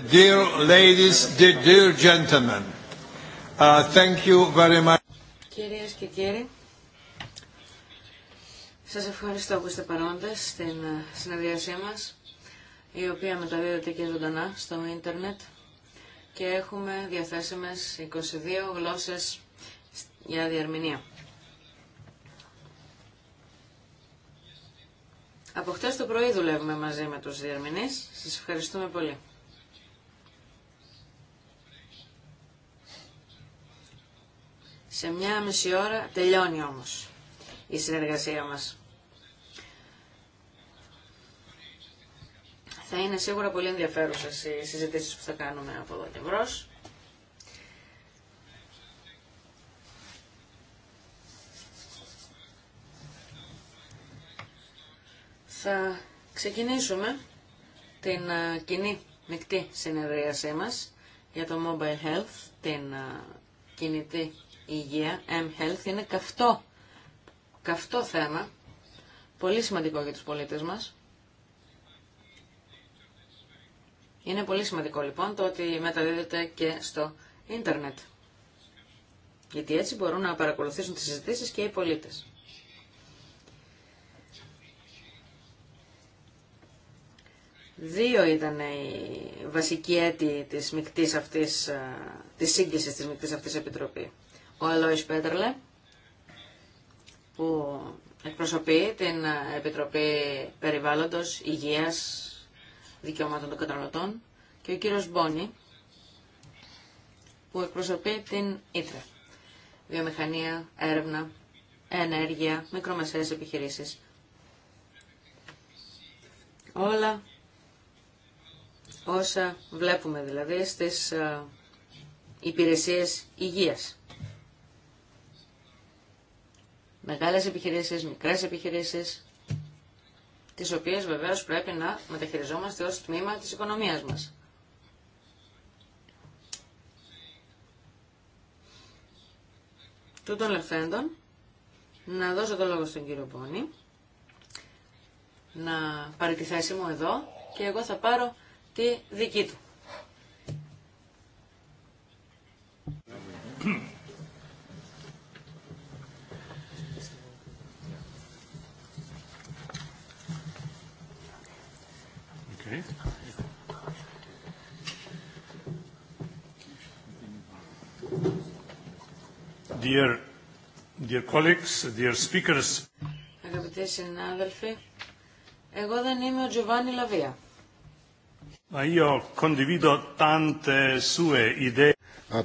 Dear ladies, dear gentlemen, uh, thank you very much. Κυρίες και κύριοι, σας ευχαριστώ που είστε παρόντες στην ε, συνεδρίασή μας, η οποία μεταδίδεται και ζωντανά στο ίντερνετ και έχουμε διαθέσιμες 22 γλώσσες για διαρμηνία. Από χτες το πρωί δουλεύουμε μαζί με τους διαρμηνείς, Σας ευχαριστούμε πολύ. Σε μια μισή ώρα τελειώνει όμως η συνεργασία μας. Θα είναι σίγουρα πολύ ενδιαφέρουσες οι συζητήσεις που θα κάνουμε από εδώ και μπρος. Θα ξεκινήσουμε την κοινή μεικτή συνεδρίασή μας για το Mobile Health, την κινητή η υγεία, M-Health, είναι καυτό, καυτό θέμα, πολύ σημαντικό για τους πολίτες μας. Είναι πολύ σημαντικό λοιπόν το ότι μεταδίδεται και στο ίντερνετ. Γιατί έτσι μπορούν να παρακολουθήσουν τις συζητήσεις και οι πολίτες. Δύο ήταν οι βασικοί αίτη της μικτής αυτής, ε, της σύγκλησης της μικτής αυτής επιτροπής ο Αλόης Πέτρελε που εκπροσωπεί την Επιτροπή Περιβάλλοντος, Υγείας, Δικαιωμάτων των Καταναλωτών και ο κύριος Μπόνι που εκπροσωπεί την Ήτρα. Βιομηχανία, έρευνα, ενέργεια, μικρομεσαίες επιχειρήσεις. Όλα όσα βλέπουμε δηλαδή στις ε, υπηρεσίες υγείας. μεγάλες επιχειρήσεις, μικρές επιχειρήσεις, τις οποίες βεβαίως πρέπει να μεταχειριζόμαστε ως τμήμα της οικονομίας μας. Τούτων λεφτάντων, να δώσω το λόγο στον κύριο Πόνη, να πάρει τη θέση μου εδώ και εγώ θα πάρω τη δική του. Dear, dear colleagues, dear speakers. Αγαπητοί συνάδελφοι, εγώ δεν είμαι ο Τζοβάνι Λαβία.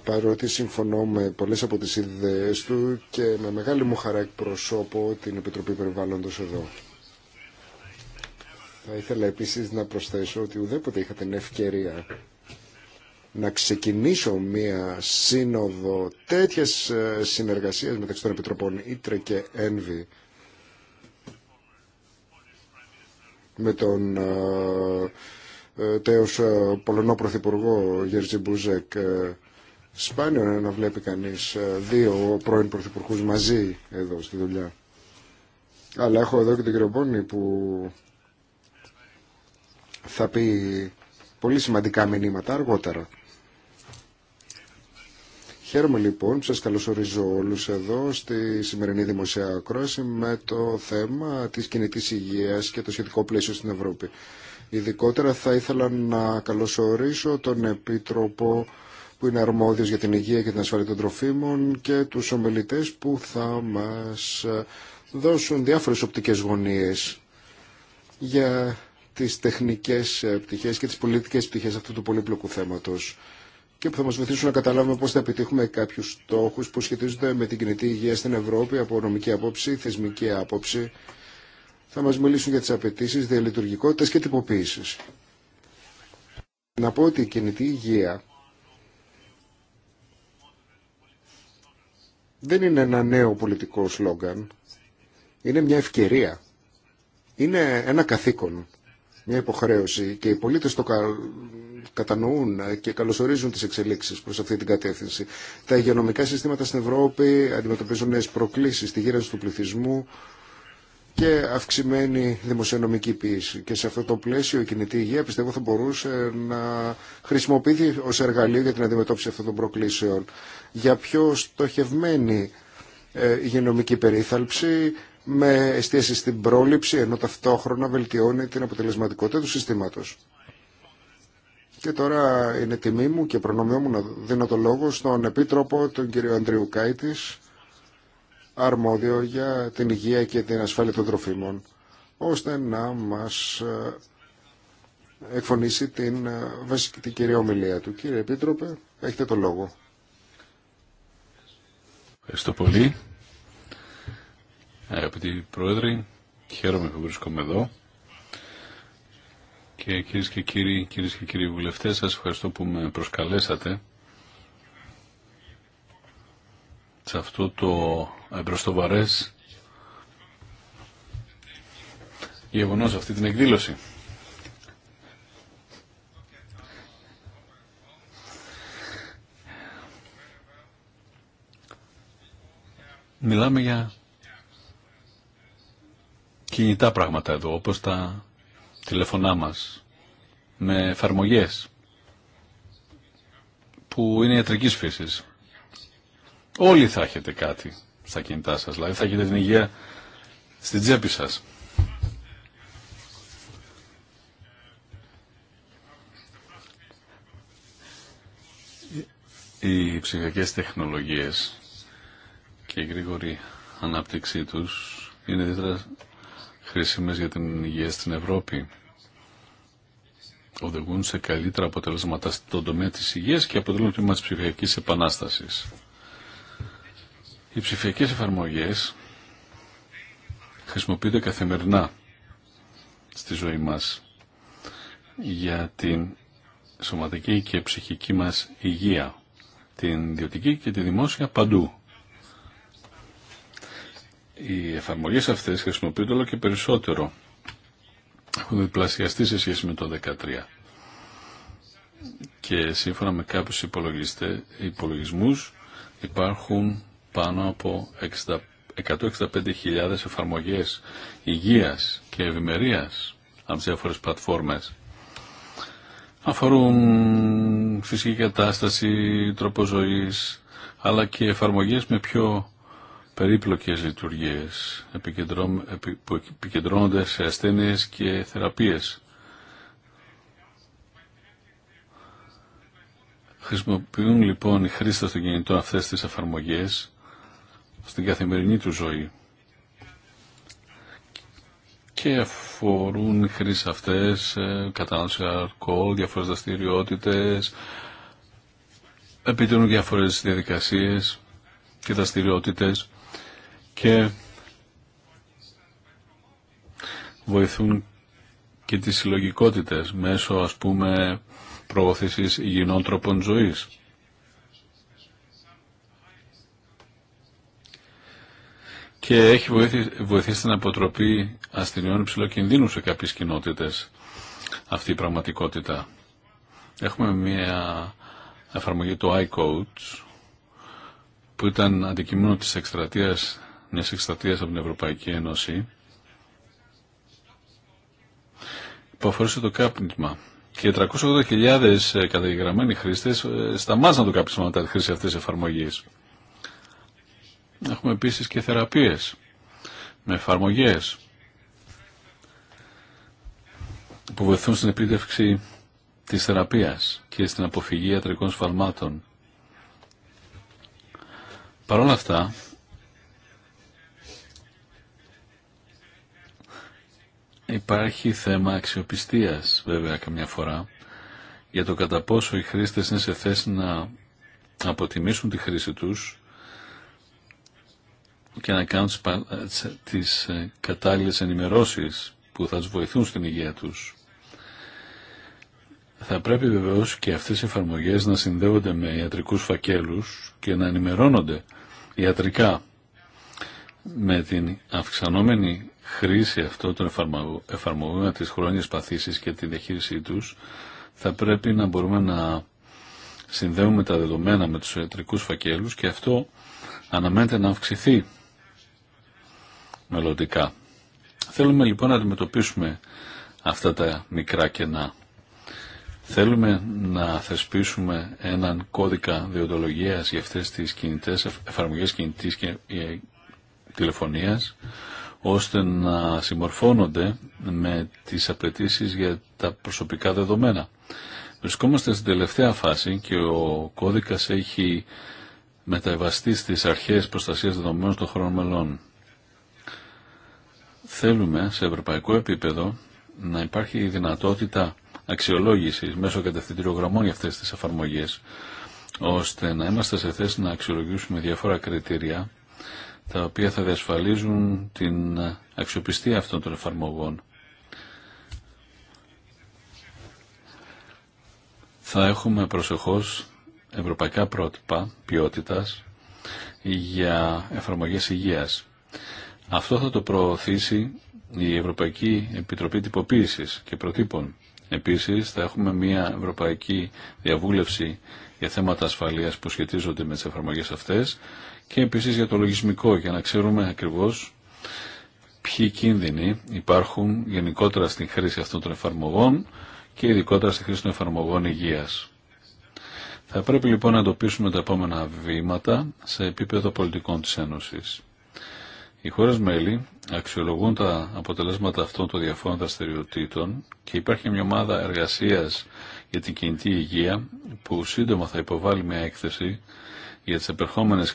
παρότι συμφωνώ με πολλές από τις ιδέες του και με μεγάλη μου χαρά εκπροσώπω την Επιτροπή Περιβάλλοντος εδώ. Θα ήθελα επίσης να προσθέσω ότι ουδέποτε είχα την ευκαιρία να ξεκινήσω μία σύνοδο τέτοιες συνεργασίες μεταξύ των Επιτροπών Ήτρε και Ένβη με τον ε, ε, τέος ε, Πολωνό Πρωθυπουργό Γερζι Μπούζεκ σπάνιο να βλέπει κανείς δύο πρώην πρωθυπουργούς μαζί εδώ στη δουλειά αλλά έχω εδώ και την κύριο που θα πει πολύ σημαντικά μηνύματα αργότερα. Χαίρομαι λοιπόν που σας καλωσορίζω όλους εδώ στη σημερινή δημοσία ακρόαση με το θέμα της κινητής υγείας και το σχετικό πλαίσιο στην Ευρώπη. Ειδικότερα θα ήθελα να καλωσορίσω τον Επίτροπο που είναι αρμόδιος για την υγεία και την ασφάλεια των τροφίμων και τους ομιλητές που θα μας δώσουν διάφορες οπτικές γωνίες για τις τεχνικές ε, πτυχές και τις πολιτικές πτυχές αυτού του πολύπλοκου θέματος και που θα μας βοηθήσουν να καταλάβουμε πώς θα επιτύχουμε κάποιους στόχους που σχετίζονται με την κινητή υγεία στην Ευρώπη από νομική άποψη, θεσμική άποψη. Θα μας μιλήσουν για τις απαιτήσει, διαλειτουργικότητες και τυποποίηση. Να πω ότι η κινητή υγεία δεν είναι ένα νέο πολιτικό σλόγγαν. Είναι μια ευκαιρία. Είναι ένα καθήκον μια υποχρέωση και οι πολίτε το κατανοούν και καλωσορίζουν τις εξελίξεις προ αυτή την κατεύθυνση. Τα υγειονομικά συστήματα στην Ευρώπη αντιμετωπίζουν νέε προκλήσεις στη γύρανση του πληθυσμού και αυξημένη δημοσιονομική πίεση. Και σε αυτό το πλαίσιο η κινητή υγεία πιστεύω θα μπορούσε να χρησιμοποιηθεί ω εργαλείο για την αντιμετώπιση αυτών των προκλήσεων. Για πιο στοχευμένη ε, υγειονομική περίθαλψη, με εστίαση στην πρόληψη, ενώ ταυτόχρονα βελτιώνει την αποτελεσματικότητα του συστήματος. Και τώρα είναι τιμή μου και προνομιό μου να δίνω το λόγο στον Επίτροπο, τον κύριο Ανδρίου Κάιτης, αρμόδιο για την υγεία και την ασφάλεια των τροφίμων, ώστε να μας ε, εκφωνήσει την ε, βασική την κυρία ομιλία του. Κύριε Επίτροπε, έχετε το λόγο. Ευχαριστώ πολύ. Αγαπητοί Πρόεδροι, χαίρομαι που βρίσκομαι εδώ. Και κυρίες και κύριοι, κυρίες και κύριοι βουλευτές, σας ευχαριστώ που με προσκαλέσατε σε αυτό το εμπροστοβαρές γεγονό αυτή την εκδήλωση. Μιλάμε για κινητά πράγματα εδώ, όπως τα τηλεφωνά μας, με φαρμογές που είναι ιατρικής φύσης. Όλοι θα έχετε κάτι στα κινητά σας, δηλαδή θα έχετε την υγεία στην τσέπη σας. Οι ψυχακές τεχνολογίες και η γρήγορη ανάπτυξή τους είναι ιδιαίτερα χρήσιμες για την υγεία στην Ευρώπη. Οδηγούν σε καλύτερα αποτελέσματα στον τομέα της υγείας και αποτελούν τμήμα της ψηφιακής επανάστασης. Οι ψηφιακές εφαρμογές χρησιμοποιούνται καθημερινά στη ζωή μας για την σωματική και ψυχική μας υγεία, την ιδιωτική και τη δημόσια παντού οι εφαρμογές αυτές χρησιμοποιούνται όλο και περισσότερο. Έχουν διπλασιαστεί σε σχέση με το 2013. Και σύμφωνα με κάποιους υπολογισμούς υπάρχουν πάνω από 165.000 εφαρμογές υγείας και ευημερίας από διάφορες πλατφόρμες. Αφορούν φυσική κατάσταση, τρόπο ζωής, αλλά και εφαρμογές με πιο περίπλοκες λειτουργίες που επικεντρώνονται σε ασθένειες και θεραπείες. Χρησιμοποιούν λοιπόν οι χρήστες των κινητών αυτές τις εφαρμογές στην καθημερινή του ζωή και αφορούν οι χρήσεις αυτές ε, κατανάλωση αλκοόλ, διαφορές δραστηριότητε, επιτείνουν διάφορες διαδικασίες και δραστηριότητε και βοηθούν και τις συλλογικότητες μέσω ας πούμε προώθησης υγιεινών τρόπων ζωής. Και έχει βοηθήσει την αποτροπή ασθενειών υψηλό κινδύνου σε κάποιες κοινότητες αυτή η πραγματικότητα. Έχουμε μια εφαρμογή του iCoach που ήταν αντικείμενο της εκστρατείας μιας εκστατείας από την Ευρωπαϊκή Ένωση που αφορούσε το κάπνισμα. Και 380.000 ε, καταγεγραμμένοι χρήστες ε, σταμάζαν το κάπνισμα μετά τη χρήση αυτής της εφαρμογής. Έχουμε επίσης και θεραπείες με εφαρμογές που βοηθούν στην επίτευξη της θεραπείας και στην αποφυγή ιατρικών σφαλμάτων. Παρ' όλα αυτά, Υπάρχει θέμα αξιοπιστίας βέβαια καμιά φορά για το κατά πόσο οι χρήστες είναι σε θέση να αποτιμήσουν τη χρήση τους και να κάνουν τις ε, κατάλληλες ενημερώσεις που θα τους βοηθούν στην υγεία τους. Θα πρέπει βεβαίως και αυτές οι εφαρμογές να συνδέονται με ιατρικούς φακέλους και να ενημερώνονται ιατρικά με την αυξανόμενη χρήση αυτό των εφαρμογών της χρόνιας παθήσεις και τη διαχείρισή τους θα πρέπει να μπορούμε να συνδέουμε τα δεδομένα με τους ιατρικούς φακέλους και αυτό αναμένεται να αυξηθεί μελλοντικά. Θέλουμε λοιπόν να αντιμετωπίσουμε αυτά τα μικρά κενά. Θέλουμε να θεσπίσουμε έναν κώδικα διοντολογίας για αυτές τις κινητές, εφαρμογές κινητής και ε, τηλεφωνίας ώστε να συμμορφώνονται με τις απαιτήσει για τα προσωπικά δεδομένα. Βρισκόμαστε στην τελευταία φάση και ο κώδικας έχει μεταβαστεί στις αρχές προστασίας δεδομένων των χρόνο μελών. Θέλουμε σε ευρωπαϊκό επίπεδο να υπάρχει η δυνατότητα αξιολόγησης μέσω κατευθυντήριου για αυτές τις εφαρμογές, ώστε να είμαστε σε θέση να αξιολογήσουμε διάφορα κριτήρια τα οποία θα διασφαλίζουν την αξιοπιστία αυτών των εφαρμογών. Θα έχουμε προσεχώς ευρωπαϊκά πρότυπα ποιότητας για εφαρμογές υγείας. Αυτό θα το προωθήσει η Ευρωπαϊκή Επιτροπή Τυποποίησης και Προτύπων. Επίσης θα έχουμε μια ευρωπαϊκή διαβούλευση για θέματα ασφαλείας που σχετίζονται με τις εφαρμογές αυτές και επίσης για το λογισμικό για να ξέρουμε ακριβώς ποιοι κίνδυνοι υπάρχουν γενικότερα στην χρήση αυτών των εφαρμογών και ειδικότερα στη χρήση των εφαρμογών υγείας. Θα πρέπει λοιπόν να εντοπίσουμε τα επόμενα βήματα σε επίπεδο πολιτικών της Ένωσης. Οι χώρες μέλη αξιολογούν τα αποτελέσματα αυτών των διαφόρων δραστηριοτήτων και υπάρχει μια ομάδα εργασίας για την κινητή υγεία που σύντομα θα υποβάλει μια έκθεση για τις επερχόμενες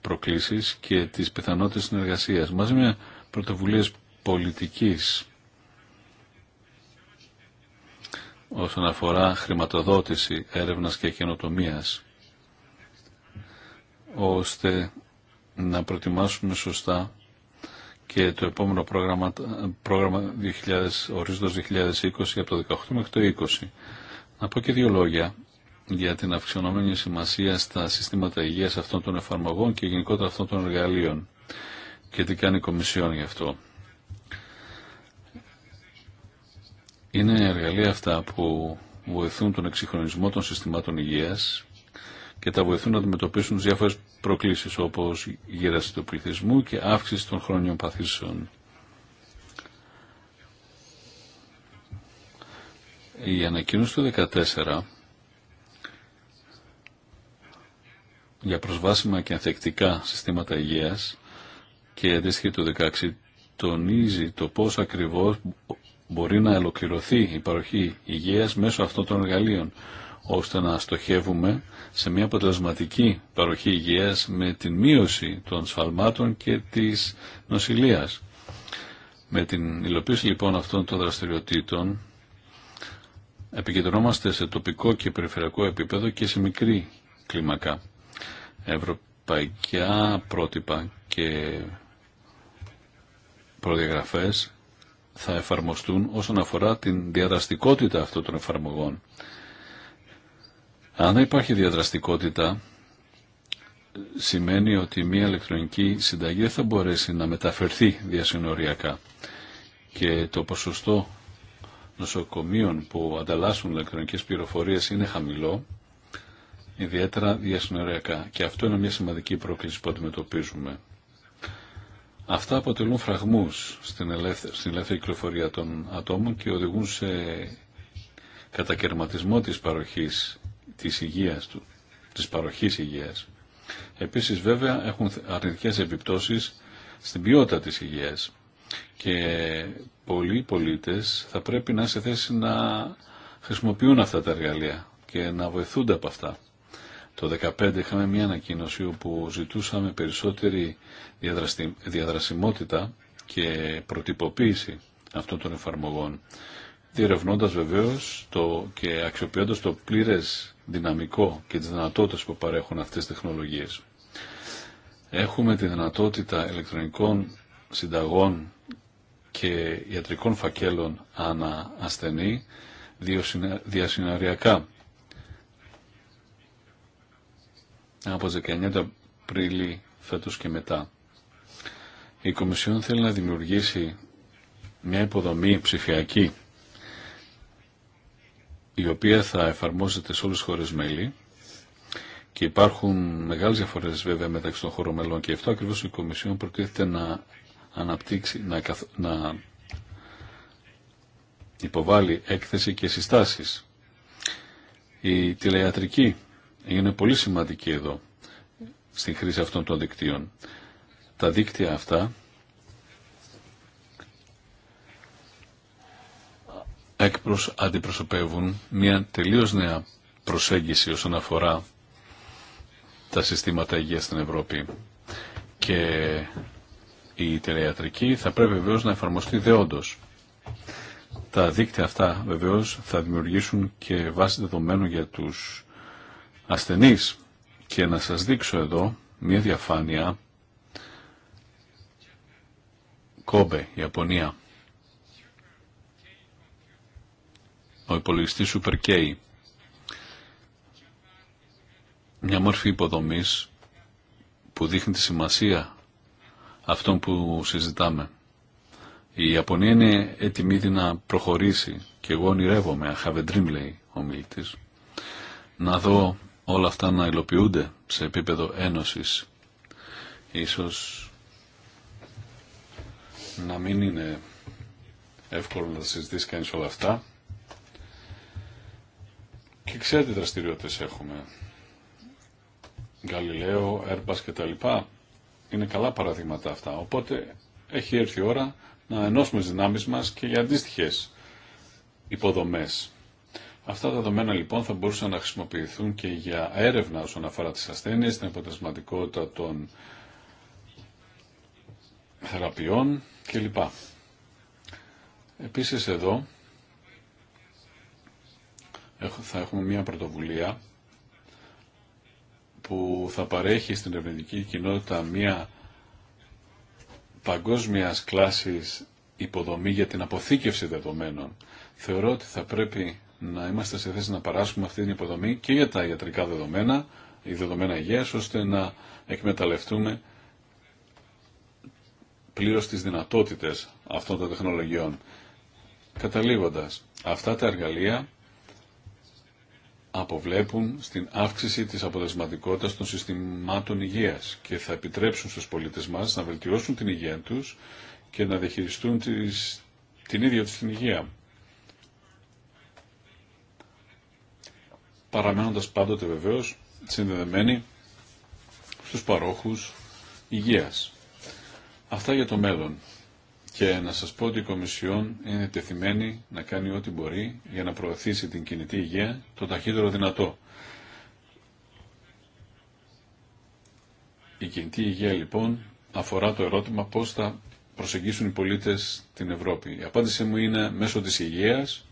προκλήσεις και τις πιθανότητες συνεργασίας μαζί με πρωτοβουλίες πολιτικής όσον αφορά χρηματοδότηση έρευνας και καινοτομίας ώστε να προετοιμάσουμε σωστά και το επόμενο πρόγραμμα, πρόγραμμα 2000, ορίζοντας 2020 από το 18 μέχρι το 20. Να πω και δύο λόγια για την αυξανόμενη σημασία στα συστήματα υγείας αυτών των εφαρμογών και γενικότερα αυτών των εργαλείων και τι κάνει η Κομισιόν γι' αυτό. Είναι εργαλεία αυτά που βοηθούν τον εξυγχρονισμό των συστημάτων υγείας και τα βοηθούν να αντιμετωπίσουν διάφορες προκλήσεις όπως γύραση του πληθυσμού και αύξηση των χρόνιων παθήσεων. Η ανακοίνωση του 2014 για προσβάσιμα και ανθεκτικά συστήματα υγείας και η αντίστοιχη του 16 τονίζει το πώς ακριβώς μπορεί να ελοκληρωθεί η παροχή υγείας μέσω αυτών των εργαλείων ώστε να στοχεύουμε σε μια αποτελεσματική παροχή υγείας με την μείωση των σφαλμάτων και της νοσηλείας. Με την υλοποίηση λοιπόν αυτών των δραστηριοτήτων επικεντρώμαστε σε τοπικό και περιφερειακό επίπεδο και σε μικρή κλίμακα ευρωπαϊκά πρότυπα και προδιαγραφές θα εφαρμοστούν όσον αφορά την διαδραστικότητα αυτών των εφαρμογών. Αν δεν υπάρχει διαδραστικότητα, σημαίνει ότι μια ηλεκτρονική συνταγή θα μπορέσει να μεταφερθεί διασυνοριακά. Και το ποσοστό νοσοκομείων που ανταλλάσσουν ηλεκτρονικές πληροφορίες είναι χαμηλό ιδιαίτερα διασυνοριακά. Και αυτό είναι μια σημαντική πρόκληση που αντιμετωπίζουμε. Αυτά αποτελούν φραγμούς στην ελεύθερη, στην κυκλοφορία των ατόμων και οδηγούν σε κατακαιρματισμό της παροχής της υγείας του, της παροχής υγείας. Επίσης βέβαια έχουν αρνητικές επιπτώσεις στην ποιότητα της υγείας και πολλοί πολίτες θα πρέπει να σε θέση να χρησιμοποιούν αυτά τα εργαλεία και να βοηθούνται από αυτά. Το 2015 είχαμε μια ανακοίνωση όπου ζητούσαμε περισσότερη διαδρασιμότητα και προτυποποίηση αυτών των εφαρμογών, διερευνώντας βεβαίως το, και αξιοποιώντας το πλήρες δυναμικό και τις δυνατότητες που παρέχουν αυτές τις τεχνολογίες. Έχουμε τη δυνατότητα ηλεκτρονικών συνταγών και ιατρικών φακέλων ανά ασθενή διασυναριακά από 19 Απρίλη φέτος και μετά. Η Κομισιόν θέλει να δημιουργήσει μια υποδομή ψηφιακή η οποία θα εφαρμόζεται σε όλες τις χώρες μέλη και υπάρχουν μεγάλες διαφορές βέβαια μεταξύ των χωρών μελών και αυτό ακριβώς η Κομισιόν προτίθεται να αναπτύξει, να, να υποβάλει έκθεση και συστάσεις. Η τηλεατρική είναι πολύ σημαντική εδώ στην χρήση αυτών των δικτύων. Τα δίκτυα αυτά έκπρος αντιπροσωπεύουν μια τελείως νέα προσέγγιση όσον αφορά τα συστήματα υγείας στην Ευρώπη. Και η τελεατρική θα πρέπει βεβαίω να εφαρμοστεί δεόντως. Τα δίκτυα αυτά βεβαίως θα δημιουργήσουν και βάση δεδομένων για τους ασθενείς και να σας δείξω εδώ μια διαφάνεια Κόμπε, Ιαπωνία. Ο υπολογιστής Super K. Μια μόρφη υποδομής που δείχνει τη σημασία αυτών που συζητάμε. Η Ιαπωνία είναι έτοιμη ήδη να προχωρήσει και εγώ ονειρεύομαι, I have λέει ο μιλητής, να δω όλα αυτά να υλοποιούνται σε επίπεδο ένωσης. Ίσως να μην είναι εύκολο να συζητήσει κανείς όλα αυτά. Και ξέρετε τι δραστηριότητες έχουμε. Γαλιλαίο, Έρμπας και τα λοιπά. Είναι καλά παραδείγματα αυτά. Οπότε έχει έρθει η ώρα να ενώσουμε τις δυνάμεις μας και για αντίστοιχε υποδομές. Αυτά τα δεδομένα λοιπόν θα μπορούσαν να χρησιμοποιηθούν και για έρευνα όσον αφορά τις ασθένειες, την αποτελεσματικότητα των θεραπείων κλπ. Επίσης εδώ θα έχουμε μια πρωτοβουλία που θα παρέχει στην ερευνητική κοινότητα μια παγκόσμιας κλάσης υποδομή για την αποθήκευση δεδομένων. Θεωρώ ότι θα πρέπει να είμαστε σε θέση να παράσχουμε αυτή την υποδομή και για τα ιατρικά δεδομένα, οι δεδομένα υγείας, ώστε να εκμεταλλευτούμε πλήρως τις δυνατότητες αυτών των τεχνολογιών. Καταλήγοντας, αυτά τα εργαλεία αποβλέπουν στην αύξηση της αποτελεσματικότητας των συστημάτων υγείας και θα επιτρέψουν στους πολίτες μας να βελτιώσουν την υγεία τους και να διαχειριστούν τις, την ίδια τους την υγεία. παραμένοντας πάντοτε βεβαίως συνδεδεμένοι στους παρόχους υγείας. Αυτά για το μέλλον. Και να σας πω ότι η Κομισιόν είναι τεθειμένη να κάνει ό,τι μπορεί για να προωθήσει την κινητή υγεία το ταχύτερο δυνατό. Η κινητή υγεία λοιπόν αφορά το ερώτημα πώς θα προσεγγίσουν οι πολίτες την Ευρώπη. Η απάντησή μου είναι μέσω της υγείας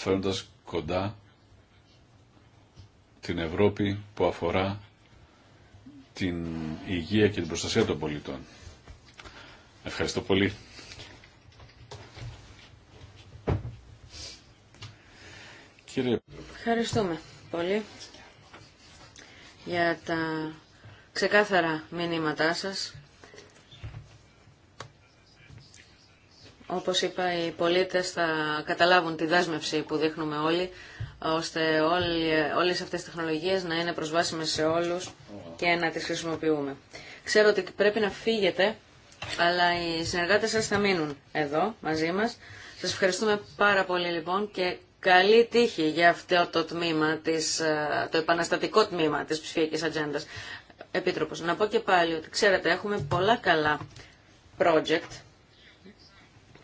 φέροντας κοντά την Ευρώπη που αφορά την υγεία και την προστασία των πολιτών. Ευχαριστώ πολύ. Κύριε... Ευχαριστούμε πολύ για τα ξεκάθαρα μηνύματά σας Όπως είπα, οι πολίτες θα καταλάβουν τη δάσμευση που δείχνουμε όλοι, ώστε όλοι, όλες αυτές τις τεχνολογίες να είναι προσβάσιμες σε όλους και να τις χρησιμοποιούμε. Ξέρω ότι πρέπει να φύγετε, αλλά οι συνεργάτες σας θα μείνουν εδώ μαζί μας. Σας ευχαριστούμε πάρα πολύ λοιπόν και καλή τύχη για αυτό το τμήμα, της, το επαναστατικό τμήμα της ψηφιακής ατζέντα. Επίτροπος, να πω και πάλι ότι ξέρετε έχουμε πολλά καλά project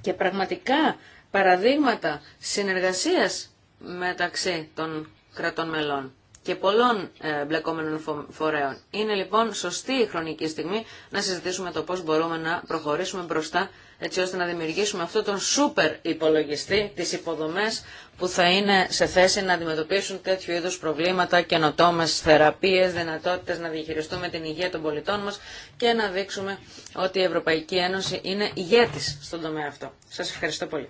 και πραγματικά παραδείγματα συνεργασίας μεταξύ των κρατών μελών και πολλών ε, μπλεκόμενων φορέων. Είναι λοιπόν σωστή η χρονική στιγμή να συζητήσουμε το πώς μπορούμε να προχωρήσουμε μπροστά έτσι ώστε να δημιουργήσουμε αυτόν τον σούπερ υπολογιστή, τις υποδομές που θα είναι σε θέση να αντιμετωπίσουν τέτοιου είδους προβλήματα, καινοτόμε θεραπείες, δυνατότητες να διαχειριστούμε την υγεία των πολιτών μας και να δείξουμε ότι η Ευρωπαϊκή Ένωση είναι ηγέτης στον τομέα αυτό. Σας ευχαριστώ πολύ.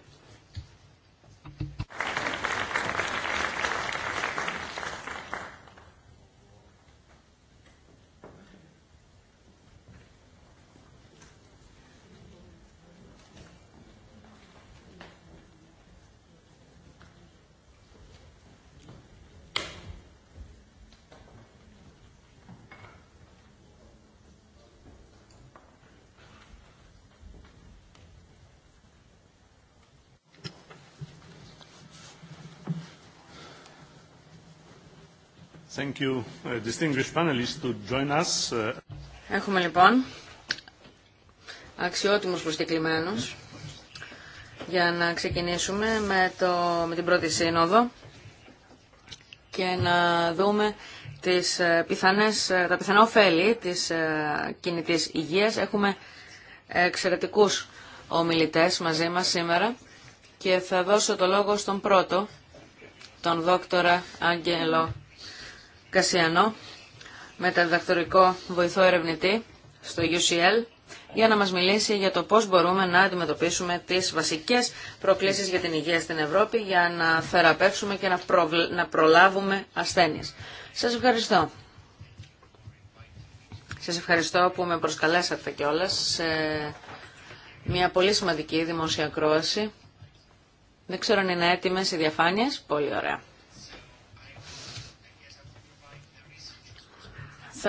Uh, uh, Έχουμε λοιπόν αξιότιμους προσκεκλημένους για να ξεκινήσουμε με, το, με την πρώτη σύνοδο και να δούμε τις ε, πιθανές, ε, τα πιθανά ωφέλη της ε, κινητής υγείας. Έχουμε εξαιρετικούς ομιλητές μαζί μας σήμερα και θα δώσω το λόγο στον πρώτο, τον δόκτορα Άγγελο Κασιανό, μεταδιδακτορικό βοηθό ερευνητή στο UCL, για να μας μιλήσει για το πώς μπορούμε να αντιμετωπίσουμε τις βασικές προκλήσεις για την υγεία στην Ευρώπη, για να θεραπεύσουμε και να, να προλάβουμε ασθένειες. Σας ευχαριστώ. Σας ευχαριστώ που με προσκαλέσατε κιόλας σε μια πολύ σημαντική δημόσια κρόαση. Δεν ξέρω αν είναι έτοιμες οι διαφάνειες. Πολύ ωραία.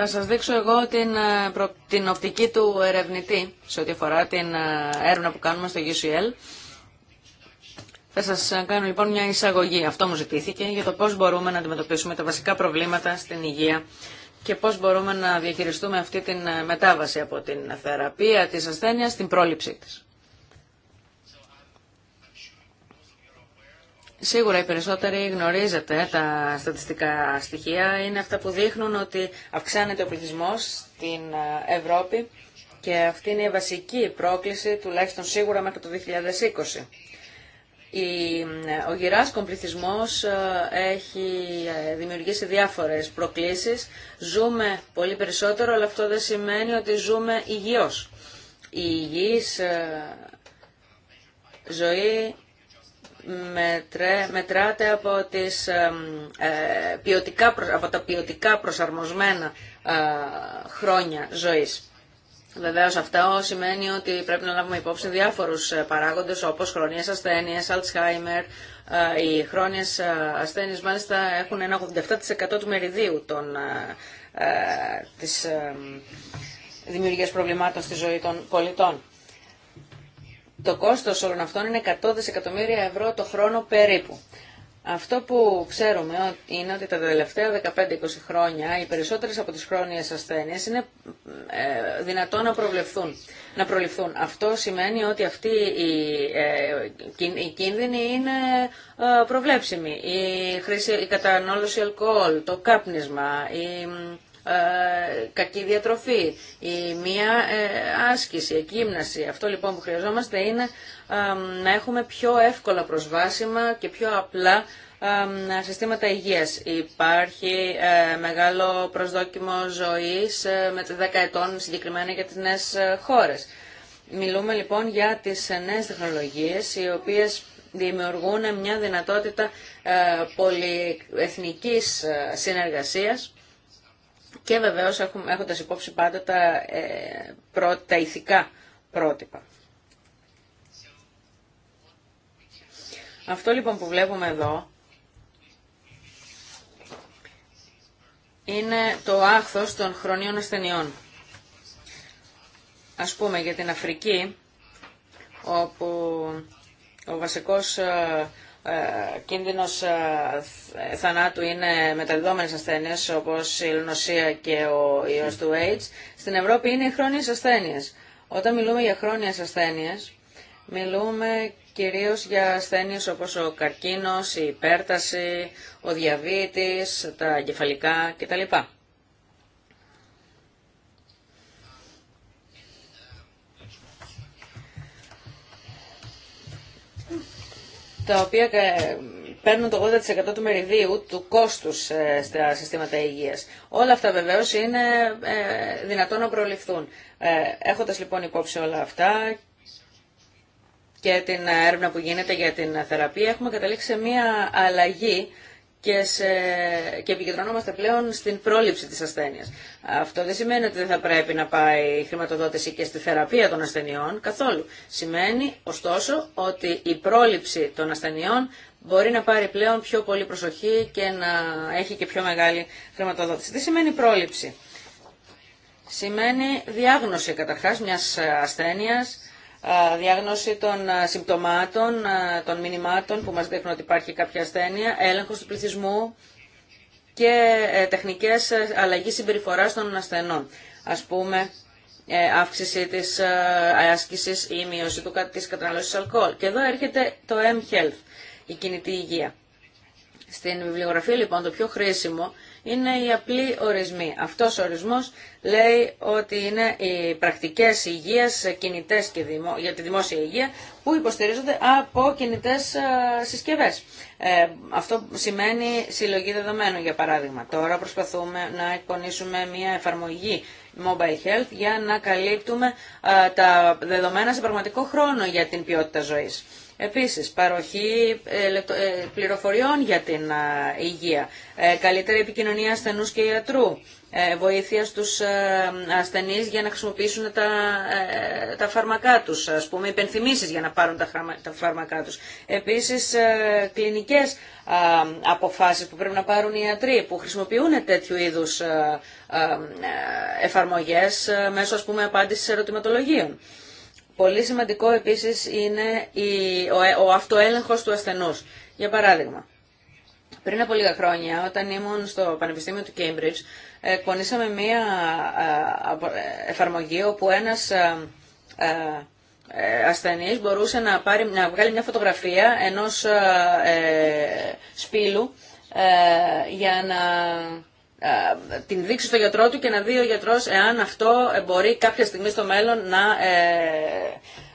Θα σας δείξω εγώ την, ε, την οπτική του ερευνητή σε ό,τι αφορά την ε, έρευνα που κάνουμε στο UCL. Θα σας ε, κάνω λοιπόν μια εισαγωγή. Αυτό μου ζητήθηκε για το πώς μπορούμε να αντιμετωπίσουμε τα βασικά προβλήματα στην υγεία και πώς μπορούμε να διαχειριστούμε αυτή την μετάβαση από την θεραπεία της ασθένειας στην πρόληψή της. Σίγουρα οι περισσότεροι γνωρίζετε τα στατιστικά στοιχεία. Είναι αυτά που δείχνουν ότι αυξάνεται ο πληθυσμός στην ε, Ευρώπη και αυτή είναι η βασική πρόκληση, τουλάχιστον σίγουρα μέχρι το 2020. Ε, ο γυράσκον πληθυσμό ε, έχει δημιουργήσει διάφορες προκλήσεις. Ζούμε πολύ περισσότερο, αλλά αυτό δεν σημαίνει ότι ζούμε υγιώς. Η υγιής ζωή μετράται από, τις, ε, από τα ποιοτικά προσαρμοσμένα ε, χρόνια ζωής. Βεβαίως αυτό σημαίνει ότι πρέπει να λάβουμε υπόψη διάφορους ε, παράγοντες όπως χρόνιες ασθένειες, αλτσχάιμερ. Οι χρόνιες ασθένειες μάλιστα έχουν ένα 87% του μεριδίου των, της δημιουργίας προβλημάτων στη ζωή των πολιτών. Το κόστος όλων αυτών είναι 100 δισεκατομμύρια ευρώ το χρόνο περίπου. Αυτό που ξέρουμε είναι ότι τα τελευταία 15-20 χρόνια οι περισσότερες από τις χρόνιες ασθένειες είναι ε, δυνατόν να προβλεφθούν. Να προληφθούν. Αυτό σημαίνει ότι αυτοί ε, η κίνδυνη είναι ε, προβλέψιμη. Η, χρήση, η κατανόλωση αλκοόλ, το κάπνισμα, η ε, κακή διατροφή, η μία ε, άσκηση, εκείμναση Αυτό λοιπόν που χρειαζόμαστε είναι να έχουμε πιο εύκολα προσβάσιμα και πιο απλά συστήματα υγείας. Υπάρχει ε, μεγάλο προσδόκιμο ζωής με 10 ετών συγκεκριμένα για τις νέες χώρες. Μιλούμε λοιπόν για τις νέες τεχνολογίες οι οποίες δημιουργούν μια δυνατότητα πολυεθνικής συνεργασίας και βεβαίως έχουμε, έχοντας υπόψη πάντα τα, ε, προ, τα ηθικά πρότυπα. Αυτό λοιπόν που βλέπουμε εδώ είναι το άχθος των χρονίων ασθενειών. Ας πούμε για την Αφρική, όπου ο βασικός ε, ε, κίνδυνος ε, θανάτου είναι μεταδιδόμενες ασθένειες όπως η λονοσία και ο ιός του AIDS. Στην Ευρώπη είναι οι χρόνιες ασθένειες. Όταν μιλούμε για χρόνιες ασθένειες, μιλούμε κυρίως για ασθένειες όπως ο καρκίνος, η υπέρταση, ο διαβήτης, τα εγκεφαλικά κτλ. τα οποία ε, παίρνουν το 80% του μεριδίου του κόστους ε, στα συστήματα υγείας. Όλα αυτά βεβαίως είναι ε, δυνατόν να προληφθούν. Έχοντα λοιπόν υπόψη όλα αυτά και την έρευνα που γίνεται για την θεραπεία, έχουμε καταλήξει σε μία αλλαγή ε, και, επικεντρωνόμαστε πλέον στην πρόληψη της ασθένειας. Αυτό δεν σημαίνει ότι δεν θα πρέπει να πάει η χρηματοδότηση και στη θεραπεία των ασθενειών καθόλου. Σημαίνει ωστόσο ότι η πρόληψη των ασθενειών μπορεί να πάρει πλέον πιο πολύ προσοχή και να έχει και πιο μεγάλη χρηματοδότηση. Τι σημαίνει πρόληψη. Σημαίνει διάγνωση καταρχάς μιας ασθένειας, διάγνωση των συμπτωμάτων, των μηνυμάτων που μας δείχνουν ότι υπάρχει κάποια ασθένεια, έλεγχος του πληθυσμού και ε, τεχνικές ε, αλλαγής συμπεριφοράς των ασθενών. Ας πούμε, ε, αύξηση της άσκησης ή μείωση της κατανάλωσης αλκοόλ. Και εδώ έρχεται το M-Health, η κινητή υγεία. Στην βιβλιογραφία λοιπόν το πιο χρήσιμο είναι οι απλοί ορισμοί. Αυτός ο ορισμός λέει ότι είναι οι πρακτικές υγείας κινητές και δημο... για τη δημόσια υγεία που υποστηρίζονται από κινητές συσκευές. Ε, αυτό σημαίνει συλλογή δεδομένων για παράδειγμα. Τώρα προσπαθούμε να εκπονήσουμε μια εφαρμογή mobile health για να καλύπτουμε τα δεδομένα σε πραγματικό χρόνο για την ποιότητα ζωής. Επίσης, παροχή ε, ε, πληροφοριών για την υγεία, ε, καλύτερη επικοινωνία ασθενούς και ιατρού, βοήθεια στους ασθενείς για να χρησιμοποιήσουν τα, τα φάρμακά τους, ας πούμε υπενθυμίσεις για να πάρουν τα, τα φάρμακά τους. Επίσης κλινικές αποφάσεις που πρέπει να πάρουν οι ιατροί που χρησιμοποιούν τέτοιου είδους εφαρμογές μέσω ας πούμε απάντησης ερωτηματολογίων. Πολύ σημαντικό επίσης είναι ο αυτοέλεγχος του ασθενούς. Για παράδειγμα, πριν από λίγα χρόνια, όταν ήμουν στο Πανεπιστήμιο του Cambridge, ε, εκπονήσαμε μία ε, ε, εφαρμογή όπου ένας ασθενής μπορούσε να, πάρει, να βγάλει μια φωτογραφία ενός σπήλου για να ε, την δείξει στο γιατρό του και να δει ο γιατρός εάν αυτό μπορεί κάποια στιγμή στο μέλλον να ε,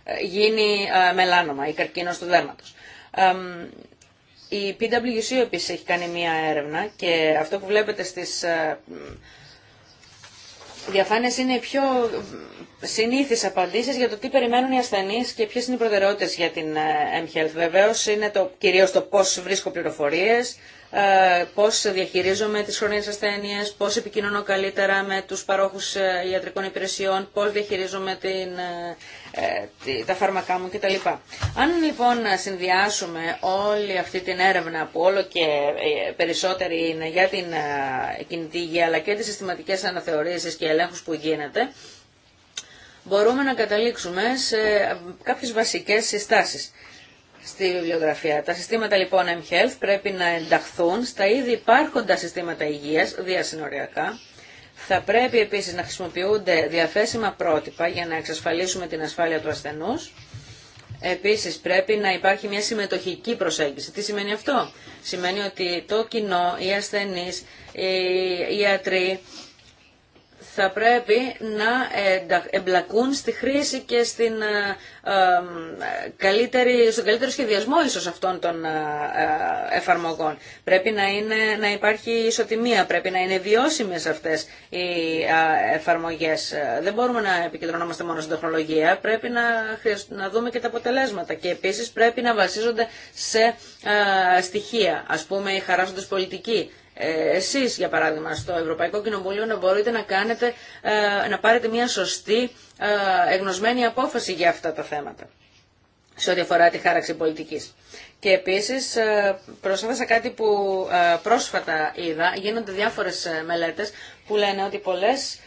ε, γίνει μελάνομα ή καρκίνος του δέρματος. Η PwC επίσης έχει κάνει μία έρευνα και αυτό που βλέπετε στις διαφάνειες είναι οι πιο συνήθεις απαντήσεις για το τι περιμένουν οι ασθενείς και ποιες είναι οι προτεραιότητες για την mHealth. Βεβαίως είναι το, κυρίως το πώς βρίσκω πληροφορίες, ε, πώς διαχειρίζομαι τις χρονικέ ασθένειες, πώς επικοινωνώ καλύτερα με τους παρόχους ε, ιατρικών υπηρεσιών, πώς διαχειρίζομαι την, ε, τα φάρμακά μου κτλ. Αν λοιπόν συνδυάσουμε όλη αυτή την έρευνα που όλο και περισσότερη είναι για την κινητή υγεία αλλά και τις συστηματικές αναθεωρήσεις και ελέγχους που γίνεται, μπορούμε να καταλήξουμε σε κάποιες βασικές συστάσεις στη βιβλιογραφία. Τα συστήματα λοιπόν M-Health πρέπει να ενταχθούν στα ήδη υπάρχοντα συστήματα υγείας διασυνοριακά. Θα πρέπει επίσης να χρησιμοποιούνται διαθέσιμα πρότυπα για να εξασφαλίσουμε την ασφάλεια του ασθενούς. Επίσης πρέπει να υπάρχει μια συμμετοχική προσέγγιση. Τι σημαίνει αυτό? Σημαίνει ότι το κοινό, οι ασθενείς, οι ιατροί, θα πρέπει να εμπλακούν στη χρήση και στην, ε, καλύτερη, στον καλύτερο σχεδιασμό ίσως αυτών των ε, ε, εφαρμογών. Πρέπει να, είναι, υπάρχει ισοτιμία, πρέπει να είναι βιώσιμες αυτές οι εφαρμογές. Δεν μπορούμε να επικεντρωνόμαστε μόνο στην τεχνολογία, πρέπει να, να δούμε και τα αποτελέσματα και επίσης πρέπει να βασίζονται σε στοιχεία, ας πούμε οι χαράζοντες πολιτικοί ε, εσείς για παράδειγμα στο Ευρωπαϊκό Κοινοβούλιο να μπορείτε να, κάνετε, ε, να πάρετε μια σωστή ε, εγνωσμένη απόφαση για αυτά τα θέματα σε ό,τι αφορά τη χάραξη πολιτικής. Και επίσης προσέθεσα κάτι που πρόσφατα είδα, γίνονται διάφορες μελέτες που λένε ότι πολλές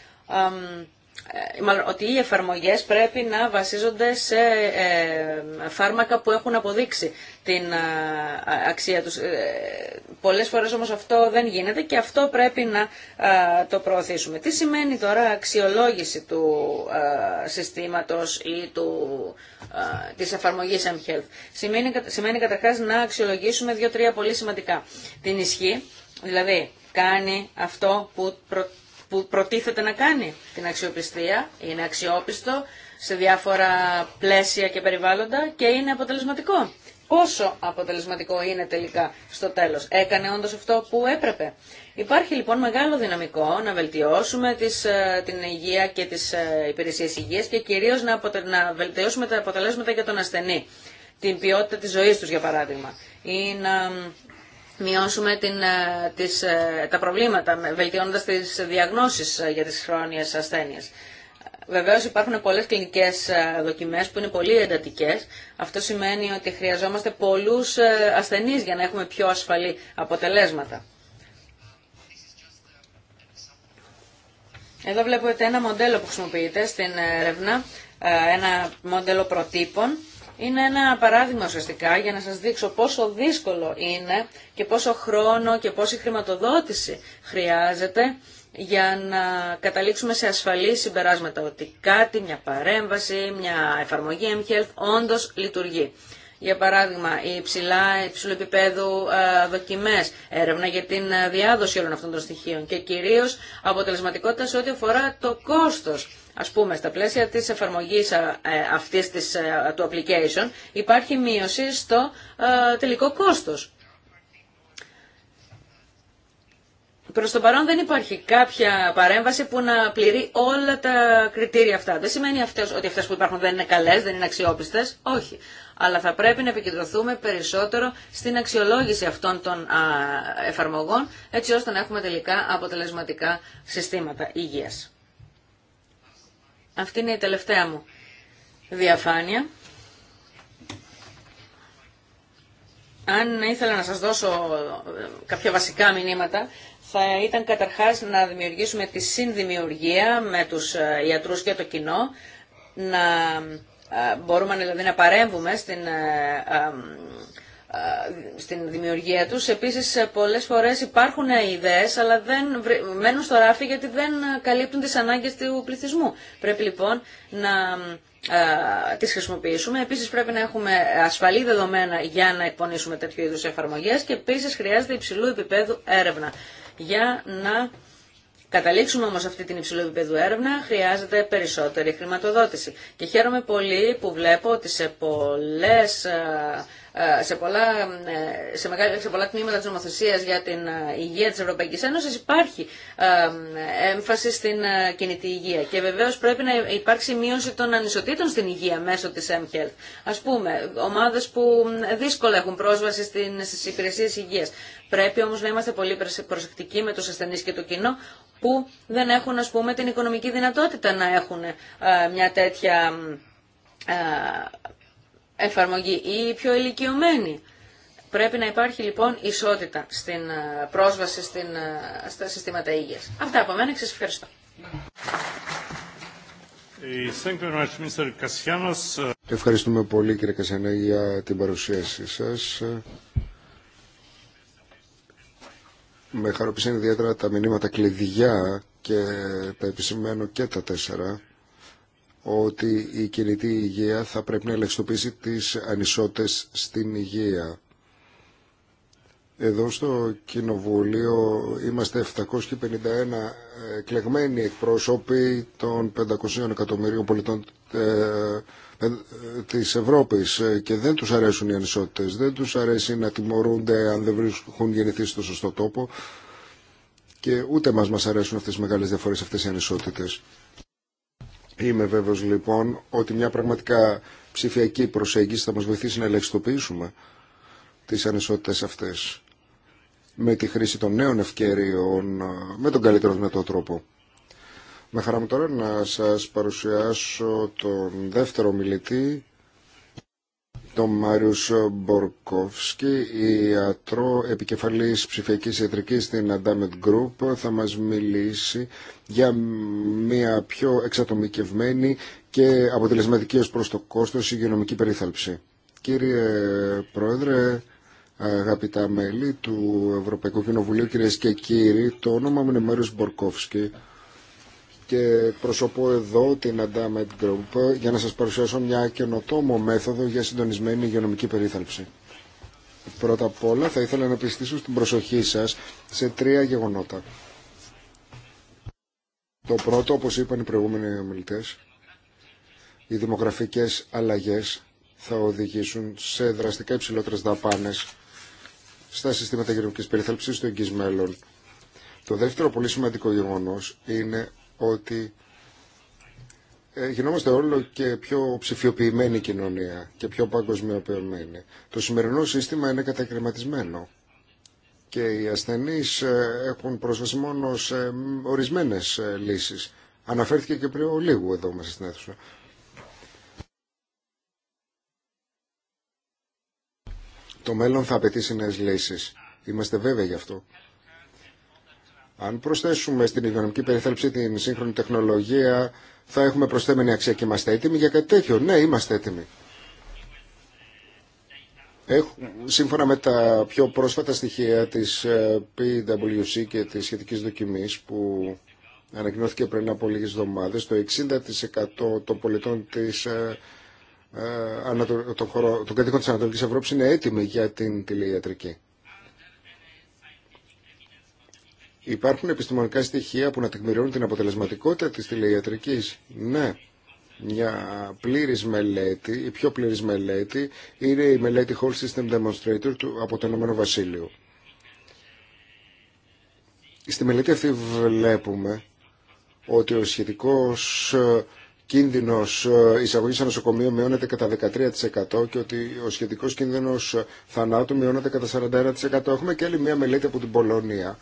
ε, ότι οι εφαρμογές πρέπει να βασίζονται σε ε, φάρμακα που έχουν αποδείξει την ε, αξία τους. Πολλές φορές όμως αυτό δεν γίνεται και αυτό πρέπει να το προωθήσουμε. Τι σημαίνει τώρα αξιολόγηση του συστήματος ή του, της εφαρμογής mHealth. Σημαίνει, σημαίνει καταρχάς να αξιολογήσουμε δύο-τρία πολύ σημαντικά. Την ισχύ, δηλαδή κάνει αυτό που που προτίθεται να κάνει την αξιοπιστία, είναι αξιόπιστο σε διάφορα πλαίσια και περιβάλλοντα και είναι αποτελεσματικό. Πόσο αποτελεσματικό είναι τελικά στο τέλος. Έκανε όντως αυτό που έπρεπε. Υπάρχει λοιπόν μεγάλο δυναμικό να βελτιώσουμε τις, ε, την υγεία και τις ε, υπηρεσίες υγείας και κυρίως να, βελτιώσουμε τα αποτελέσματα για τον ασθενή. Την ποιότητα της ζωής τους για παράδειγμα μειώσουμε την, ε, τις, ε, τα προβλήματα, βελτιώνοντας τις διαγνώσεις ε, για τις χρόνιες ασθένειες. Βεβαίως υπάρχουν πολλές κλινικές δοκιμές που είναι πολύ εντατικές. Αυτό σημαίνει ότι χρειαζόμαστε πολλούς ασθενείς για να έχουμε πιο ασφαλή αποτελέσματα. Εδώ βλέπετε ένα μοντέλο που χρησιμοποιείται στην έρευνα, ένα μοντέλο προτύπων είναι ένα παράδειγμα ουσιαστικά για να σας δείξω πόσο δύσκολο είναι και πόσο χρόνο και πόση χρηματοδότηση χρειάζεται για να καταλήξουμε σε ασφαλή συμπεράσματα ότι κάτι, μια παρέμβαση, μια εφαρμογή mHealth όντως λειτουργεί. Για παράδειγμα, οι υψηλά, υψηλού επίπεδου ε, δοκιμές, έρευνα για την ε, διάδοση όλων αυτών των στοιχείων και κυρίως αποτελεσματικότητα σε ό,τι αφορά το κόστος Ας πούμε, στα πλαίσια της εφαρμογής ε, αυτής της, ε, του application υπάρχει μείωση στο ε, τελικό κόστος. Προς το παρόν δεν υπάρχει κάποια παρέμβαση που να πληρεί όλα τα κριτήρια αυτά. Δεν σημαίνει αυτές, ότι αυτές που υπάρχουν δεν είναι καλές, δεν είναι αξιόπιστες. Όχι. Αλλά θα πρέπει να επικεντρωθούμε περισσότερο στην αξιολόγηση αυτών των εφαρμογών, έτσι ώστε να έχουμε τελικά αποτελεσματικά συστήματα υγείας. Αυτή είναι η τελευταία μου διαφάνεια. Αν ήθελα να σας δώσω ε, κάποια βασικά μηνύματα, θα ήταν καταρχάς να δημιουργήσουμε τη συνδημιουργία με τους ε, ιατρούς και το κοινό, να ε, μπορούμε δηλαδή να παρέμβουμε στην ε, στην δημιουργία τους. Επίσης ε, πολλές φορές υπάρχουν ιδέες αλλά δεν μένουν στο ράφι γιατί δεν καλύπτουν τις ανάγκες του πληθυσμού. Πρέπει λοιπόν να ε, τις χρησιμοποιήσουμε. Επίσης πρέπει να έχουμε ασφαλή δεδομένα για να εκπονήσουμε τέτοιου είδους εφαρμογές και επίσης χρειάζεται υψηλού επίπεδου έρευνα για να Καταλήξουμε όμως αυτή την υψηλού επίπεδου έρευνα, χρειάζεται περισσότερη χρηματοδότηση. Και χαίρομαι πολύ που βλέπω ότι σε πολλές ε, σε πολλά, ε, σε, μεγάλη, σε πολλά τμήματα της νομοθεσίας για την ε, υγεία της Ευρωπαϊκής Ένωσης υπάρχει έμφαση στην κινητή υγεία και βεβαίως πρέπει να υπάρξει μείωση των ανισοτήτων στην υγεία μέσω της mHealth. Ας πούμε, ομάδες που δύσκολα έχουν πρόσβαση στις υπηρεσίες υγείας. Πρέπει όμως να είμαστε πολύ προσεκτικοί με τους ασθενείς και το κοινό που δεν έχουν ας πούμε την οικονομική δυνατότητα να έχουν μια τέτοια εφαρμογή ή πιο ηλικιωμένοι. Πρέπει να υπάρχει λοιπόν ισότητα στην ε, πρόσβαση στην, ε, στα συστήματα υγείας. Αυτά από μένα και σας ευχαριστώ. Ε, Ευχαριστούμε πολύ κύριε Κασιανέ για την παρουσίασή σας. Με χαροποίησαν ιδιαίτερα τα μηνύματα κλειδιά και τα επισημαίνω και τα τέσσερα ότι η κινητή υγεία θα πρέπει να ελεγχιστοποιήσει τις ανισότητες στην υγεία. Εδώ στο Κοινοβούλιο είμαστε 751 ε, κλεγμένοι εκπρόσωποι των 500 εκατομμυρίων πολιτών ε, ε, της Ευρώπης και δεν τους αρέσουν οι ανισότητες, δεν τους αρέσει να τιμωρούνται αν δεν βρίσκουν γεννηθεί στο σωστό τόπο και ούτε μας μας αρέσουν αυτές οι μεγάλες διαφορές, αυτές οι ανισότητες. Είμαι βέβαιος λοιπόν ότι μια πραγματικά ψηφιακή προσέγγιση θα μας βοηθήσει να ελεγχιστοποιήσουμε τις ανισότητες αυτές με τη χρήση των νέων ευκαιριών με τον καλύτερο δυνατό τρόπο. Με χαρά μου τώρα να σας παρουσιάσω τον δεύτερο μιλητή τον Μάριο Μπορκόφσκι, ιατρό επικεφαλής ψηφιακής ιατρικής στην Adamet Group, θα μας μιλήσει για μια πιο εξατομικευμένη και αποτελεσματική ως προς το κόστος υγειονομική περίθαλψη. Κύριε Πρόεδρε, αγαπητά μέλη του Ευρωπαϊκού Κοινοβουλίου, κύριε και κύριοι, το όνομα μου είναι Μάριος Μπορκόφσκι και προσωπώ εδώ την Adamet Group για να σας παρουσιάσω μια καινοτόμο μέθοδο για συντονισμένη υγειονομική περίθαλψη. Πρώτα απ' όλα θα ήθελα να πιστήσω στην προσοχή σας σε τρία γεγονότα. Το πρώτο, όπως είπαν οι προηγούμενοι ομιλητές, οι δημογραφικές αλλαγές θα οδηγήσουν σε δραστικά υψηλότερες δαπάνες στα συστήματα υγειονομικής περίθαλψης στο εγγύς Το δεύτερο πολύ σημαντικό γεγονός είναι ότι ε, γινόμαστε όλο και πιο ψηφιοποιημένη κοινωνία και πιο παγκοσμιοποιημένη. Το σημερινό σύστημα είναι κατακριματισμένο και οι ασθενείς ε, έχουν πρόσβαση μόνο σε ορισμένες ε, λύσεις. Αναφέρθηκε και πριν λίγο εδώ μέσα στην αίθουσα. Το μέλλον θα απαιτήσει νέες λύσεις. Είμαστε βέβαιοι γι' αυτό. Αν προσθέσουμε στην υγειονομική περιθέλψη την σύγχρονη τεχνολογία, θα έχουμε προσθέμενη αξία και είμαστε έτοιμοι για κάτι τέτοιο. Ναι, είμαστε έτοιμοι. σύμφωνα με τα πιο πρόσφατα στοιχεία της ε, PwC και της σχετικής δοκιμής που ανακοινώθηκε πριν από λίγες εβδομάδες, το 60% των πολιτών της, ε, ε, των, χωρο, των κατοίκων της Ανατολικής Ευρώπης είναι έτοιμοι για την τηλεϊατρική. Υπάρχουν επιστημονικά στοιχεία που να τεκμηριώνουν την αποτελεσματικότητα της τηλεϊατρικής. Ναι, μια πλήρη μελέτη, η πιο πλήρης μελέτη, είναι η μελέτη Whole System Demonstrator του, από το Ηνωμένο Βασίλειο. Στη μελέτη αυτή βλέπουμε ότι ο σχετικός ε, κίνδυνος ε, εισαγωγής στο νοσοκομείο μειώνεται κατά 13% και ότι ο σχετικός κίνδυνος ε, θανάτου μειώνεται κατά 41%. Έχουμε και άλλη μια μελέτη από την Πολωνία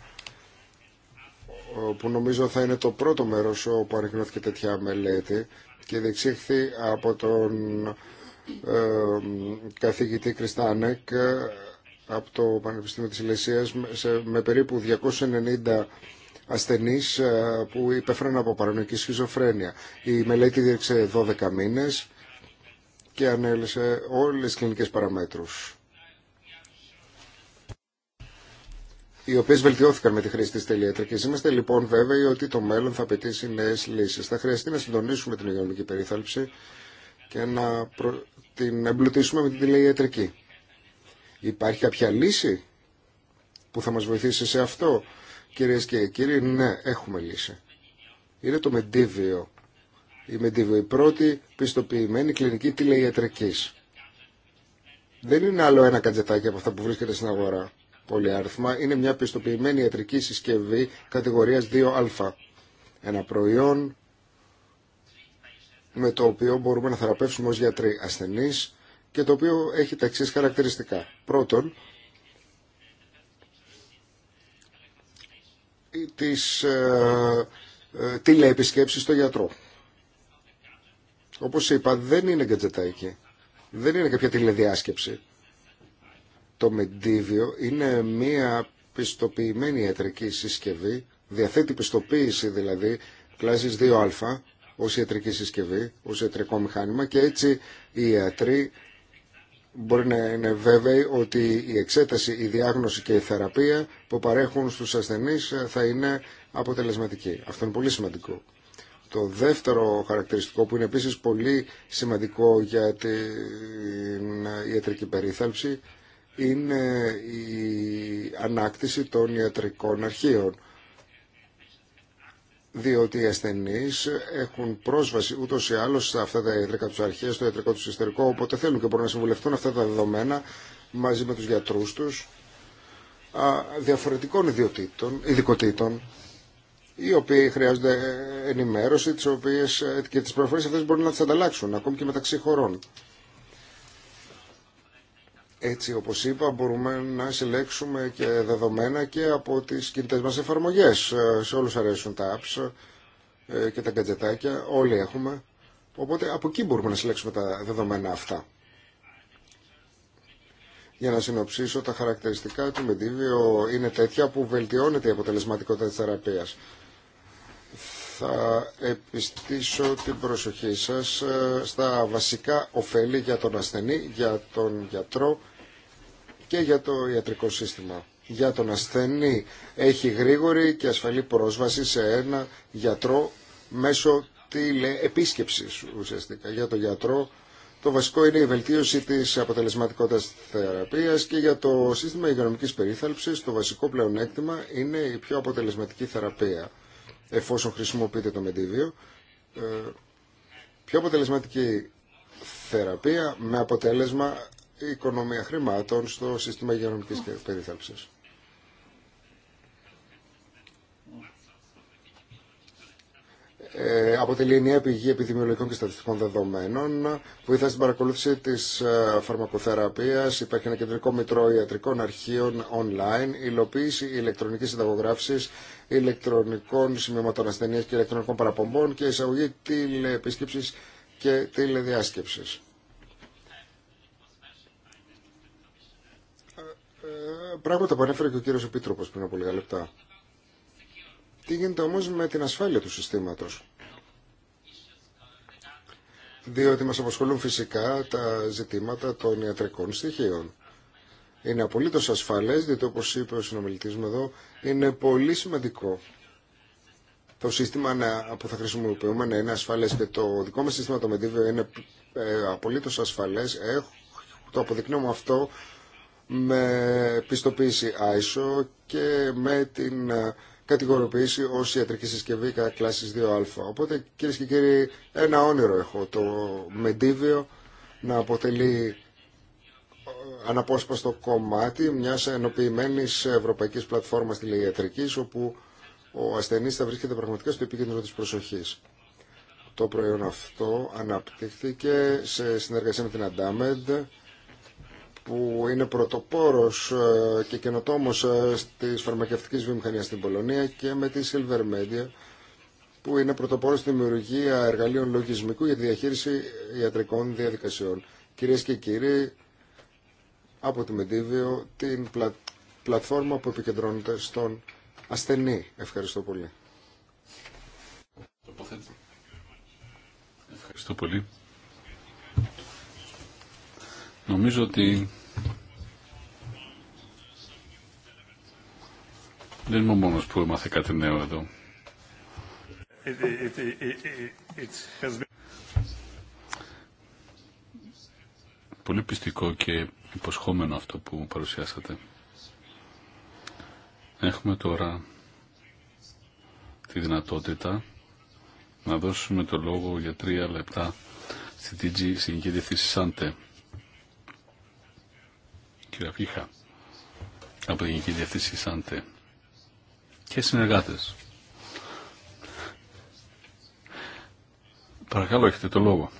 που νομίζω θα είναι το πρώτο μέρος όπου ανακοινώθηκε τέτοια μελέτη και διεξήχθη από τον ε, καθηγητή Κριστάνεκ από το Πανεπιστήμιο της Ηλεσίας σε, με περίπου 290 ασθενείς ε, που υπέφεραν από παρανοϊκή σχιζοφρένεια. Η μελέτη διεξε 12 μήνες και ανέλησε όλες τις κλινικές παραμέτρους οι οποίε βελτιώθηκαν με τη χρήση τη τηλεϊατρική. Είμαστε λοιπόν βέβαιοι ότι το μέλλον θα απαιτήσει νέε λύσει. Θα χρειαστεί να συντονίσουμε την υγειονομική περίθαλψη και να προ... την εμπλουτίσουμε με την τηλεϊατρική. Υπάρχει κάποια λύση που θα μα βοηθήσει σε αυτό. κύριε και κύριοι, ναι, έχουμε λύση. Είναι το Μεντίβιο. Η Μεντίβιο, η πρώτη πιστοποιημένη κλινική τηλεϊατρικής. Δεν είναι άλλο ένα κατζετάκι από αυτά που βρίσκεται στην αγορά πολυάριθμα είναι μια πιστοποιημένη ιατρική συσκευή κατηγορίας 2α. Ένα προϊόν με το οποίο μπορούμε να θεραπεύσουμε ως γιατροί ασθενείς και το οποίο έχει τα εξής χαρακτηριστικά. Πρώτον, τις ε, ε, τηλεεπισκέψεις στο γιατρό. Όπως είπα, δεν είναι γκατζετάκι. Δεν είναι κάποια τηλεδιάσκεψη. Το Μεντίβιο είναι μια πιστοποιημένη ιατρική συσκευή, διαθέτει πιστοποίηση δηλαδή κλάσης 2α ως ιατρική συσκευή, ως ιατρικό μηχάνημα και έτσι οι ιατροί μπορεί να είναι βέβαιοι ότι η εξέταση, η διάγνωση και η θεραπεία που παρέχουν στους ασθενείς θα είναι αποτελεσματική. Αυτό είναι πολύ σημαντικό. Το δεύτερο χαρακτηριστικό που είναι επίσης πολύ σημαντικό για την ιατρική περίθαλψη είναι η ανάκτηση των ιατρικών αρχείων διότι οι ασθενεί έχουν πρόσβαση ούτω ή άλλω σε αυτά τα ιατρικά του αρχεία, στο ιατρικό του ιστορικό, όποτε θέλουν και μπορούν να συμβουλευτούν αυτά τα δεδομένα μαζί με του γιατρού του διαφορετικών ιδιωτήτων, ειδικοτήτων, οι οποίοι χρειάζονται ενημέρωση, ε, και τι πληροφορίε αυτέ μπορούν να τι ανταλλάξουν ακόμη και μεταξύ χωρών. Έτσι, όπως είπα, μπορούμε να συλλέξουμε και δεδομένα και από τις κινητές μας εφαρμογές. Ε, σε όλους αρέσουν τα apps ε, και τα κατζετάκια, όλοι έχουμε. Οπότε από εκεί μπορούμε να συλλέξουμε τα δεδομένα αυτά. Για να συνοψίσω, τα χαρακτηριστικά του μεντίβιο είναι τέτοια που βελτιώνεται η αποτελεσματικότητα της θεραπείας θα επιστήσω την προσοχή σας ε, στα βασικά ωφέλη για τον ασθενή, για τον γιατρό και για το ιατρικό σύστημα. Για τον ασθενή έχει γρήγορη και ασφαλή πρόσβαση σε ένα γιατρό μέσω τηλεεπίσκεψης ουσιαστικά. Για τον γιατρό το βασικό είναι η βελτίωση της αποτελεσματικότητας της θεραπείας και για το σύστημα υγειονομικής περίθαλψης το βασικό πλεονέκτημα είναι η πιο αποτελεσματική θεραπεία εφόσον χρησιμοποιείται το μεντίβιο, πιο αποτελεσματική θεραπεία με αποτέλεσμα οικονομία χρημάτων στο σύστημα υγειονομικής περιθάλψης. Ε, αποτελεί ενιαία πηγή επιδημιολογικών και στατιστικών δεδομένων, βοηθά στην παρακολούθηση τη ε, φαρμακοθεραπεία, υπάρχει ένα κεντρικό μητρό ιατρικών αρχείων online, υλοποίηση ηλεκτρονική συνταγογράφηση, ηλεκτρονικών σημειωματών ασθενεία και ηλεκτρονικών παραπομπών και εισαγωγή τηλεεπισκέψη και τηλεδιάσκεψη. Ε, πράγματα που ανέφερε και ο κύριο Επίτροπο πριν από λίγα λεπτά. Τι γίνεται όμως με την ασφάλεια του συστήματος. Διότι μας απασχολούν φυσικά τα ζητήματα των ιατρικών στοιχείων. Είναι απολύτως ασφαλές, διότι όπως είπε ο συνομιλητής μου εδώ, είναι πολύ σημαντικό το σύστημα που θα χρησιμοποιούμε να είναι ασφαλές και το δικό μας σύστημα το μεντίβιο είναι ε, απολύτως ασφαλές. το αποδεικνύουμε αυτό με πιστοποίηση ISO και με την ε, κατηγοροποιήσει ω ιατρική συσκευή κατά κλάση 2α. Οπότε κυρίε και κύριοι, ένα όνειρο έχω. Το μεντίβιο να αποτελεί ε, αναπόσπαστο κομμάτι μια ενοποιημένη ευρωπαϊκή πλατφόρμα τηλεϊατρική, όπου ο ασθενή θα βρίσκεται πραγματικά στο επίκεντρο τη προσοχή. Το προϊόν αυτό αναπτύχθηκε σε συνεργασία με την Αντάμεντ που είναι πρωτοπόρος ε, και καινοτόμος ε, της φαρμακευτικής βιομηχανίας στην Πολωνία και με τη Silver Media που είναι πρωτοπόρος στη δημιουργία εργαλείων λογισμικού για τη διαχείριση ιατρικών διαδικασιών. Κυρίες και κύριοι, από τη Μεντίβιο, την πλατφόρμα που επικεντρώνεται στον ασθενή. Ευχαριστώ πολύ. Ευχαριστώ πολύ. Νομίζω ότι Δεν είμαι ο μόνος που έμαθε κάτι νέο εδώ. Πολύ πιστικό και υποσχόμενο αυτό που παρουσιάσατε. Έχουμε τώρα τη δυνατότητα να δώσουμε το λόγο για τρία λεπτά στη DG Συγγενική Διευθύνση Σάντε. Κύριε Αφίχα, από την Γενική Διευθύνση Σάντε και συνεργάτες. Παρακαλώ, έχετε το λόγο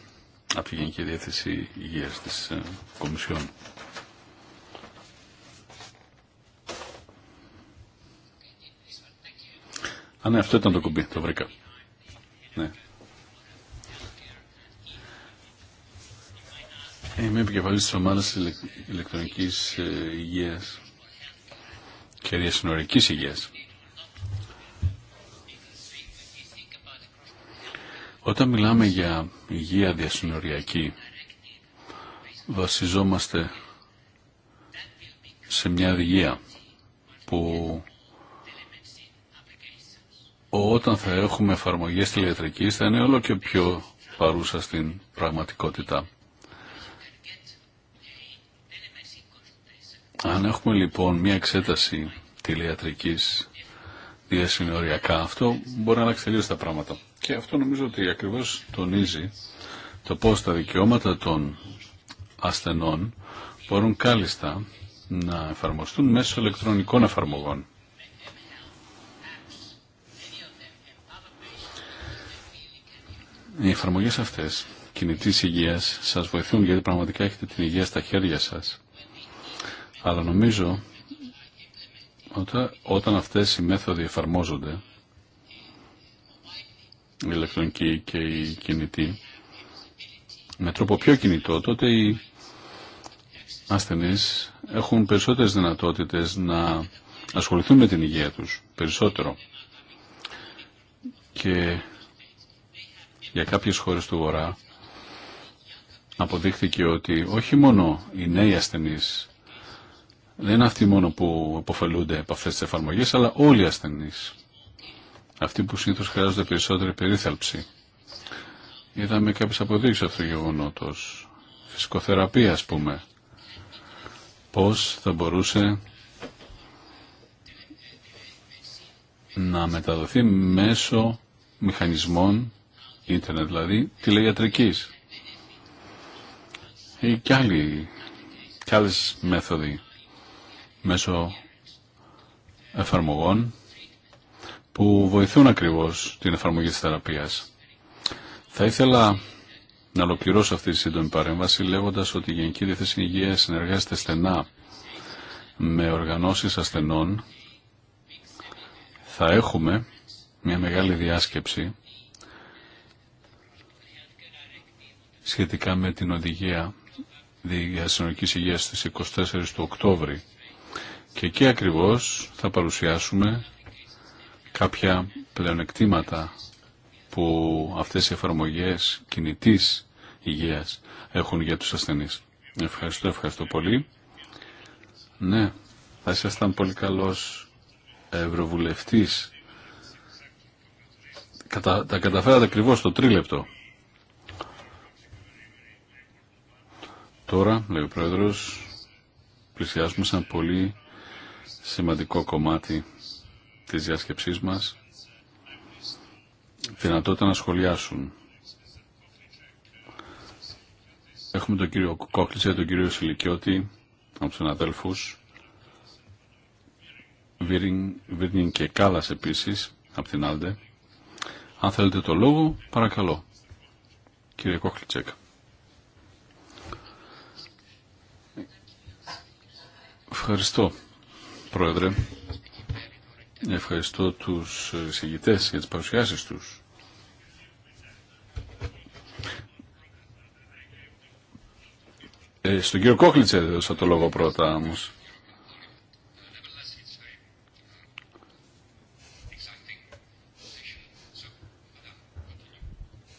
από τη Γενική Διεύθυνση Υγείας της ε, Κομισιόν. Α, ναι, αυτό ήταν το κουμπί, το βρήκα. Ναι. Είμαι επικεφαλής της ομάδας ηλεκτρονικής ε, υγείας και διασυνορικής υγείας. Όταν μιλάμε για υγεία διασυνοριακή, βασιζόμαστε σε μια οδηγία που όταν θα έχουμε εφαρμογές τηλεατρικής θα είναι όλο και πιο παρούσα στην πραγματικότητα. Αν έχουμε λοιπόν μια εξέταση τηλεατρικής διασυνοριακά. Αυτό μπορεί να αλλάξει τελείω τα πράγματα. Και αυτό νομίζω ότι ακριβώ τονίζει το πώ τα δικαιώματα των ασθενών μπορούν κάλλιστα να εφαρμοστούν μέσω ηλεκτρονικών εφαρμογών. Οι εφαρμογέ αυτέ κινητή υγεία σα βοηθούν γιατί πραγματικά έχετε την υγεία στα χέρια σα. Αλλά νομίζω όταν, όταν αυτές οι μέθοδοι εφαρμόζονται, η ηλεκτρονική και η κινητή, με τρόπο πιο κινητό, τότε οι ασθενείς έχουν περισσότερες δυνατότητες να ασχοληθούν με την υγεία τους, περισσότερο. Και για κάποιες χώρες του Βορρά αποδείχθηκε ότι όχι μόνο οι νέοι ασθενείς δεν είναι αυτοί μόνο που αποφελούνται από αυτές τις εφαρμογές, αλλά όλοι οι ασθενείς. Αυτοί που συνήθω χρειάζονται περισσότερη περίθαλψη. Είδαμε κάποιες αποδείξεις αυτού του γεγονότος. Φυσικοθεραπεία, ας πούμε. Πώς θα μπορούσε να μεταδοθεί μέσω μηχανισμών, ίντερνετ δηλαδή, τηλεγιατρικής Ή ε, κι άλλοι, κι άλλες μέθοδοι μέσω εφαρμογών που βοηθούν ακριβώς την εφαρμογή της θεραπείας. Θα ήθελα να ολοκληρώσω αυτή τη σύντομη παρέμβαση λέγοντας ότι η Γενική Διεθνή Υγεία συνεργάζεται στενά με οργανώσεις ασθενών. Θα έχουμε μια μεγάλη διάσκεψη σχετικά με την οδηγία συνολικής υγείας στις 24 του Οκτώβρη και εκεί ακριβώς θα παρουσιάσουμε κάποια πλεονεκτήματα που αυτές οι εφαρμογές κινητής υγείας έχουν για τους ασθενείς. Ευχαριστώ, ευχαριστώ πολύ. Ναι, θα ήσασταν πολύ καλός ευρωβουλευτής. Κατα, τα καταφέρατε ακριβώς το τρίλεπτο. Τώρα, λέει ο Πρόεδρος, πλησιάζουμε σαν πολύ σημαντικό κομμάτι της διάσκεψής μας δυνατότητα να σχολιάσουν. Έχουμε τον κύριο Κόκλησε, τον κύριο Σιλικιώτη από τους αδέλφους Βίρνιν και Κάλλας επίσης από την Άλντε. Αν θέλετε το λόγο, παρακαλώ. Κύριε Κόχλητσέκ. Ευχαριστώ. Πρόεδρε, ευχαριστώ τους εισηγητές για τις παρουσιάσεις τους. Ε, στον κύριο Κόχλητσε έδωσα το λόγο πρώτα όμως.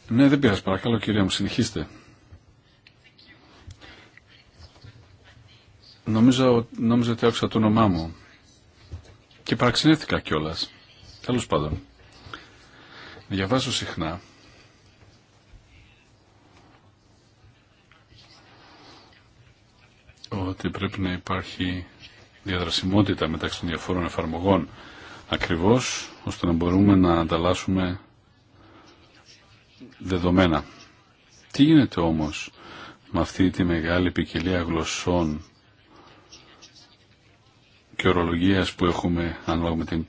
Ναι, δεν πειράζει παρακαλώ κυρία μου, συνεχίστε. Νομίζω, νομίζω ότι άκουσα το όνομά μου και παραξενήθηκα κιόλα. Τέλο πάντων, διαβάζω συχνά ότι πρέπει να υπάρχει διαδρασιμότητα μεταξύ των διαφόρων εφαρμογών ακριβώς ώστε να μπορούμε να ανταλλάσσουμε δεδομένα. Τι γίνεται όμως με αυτή τη μεγάλη ποικιλία γλωσσών και ορολογία που έχουμε ανάλογα με την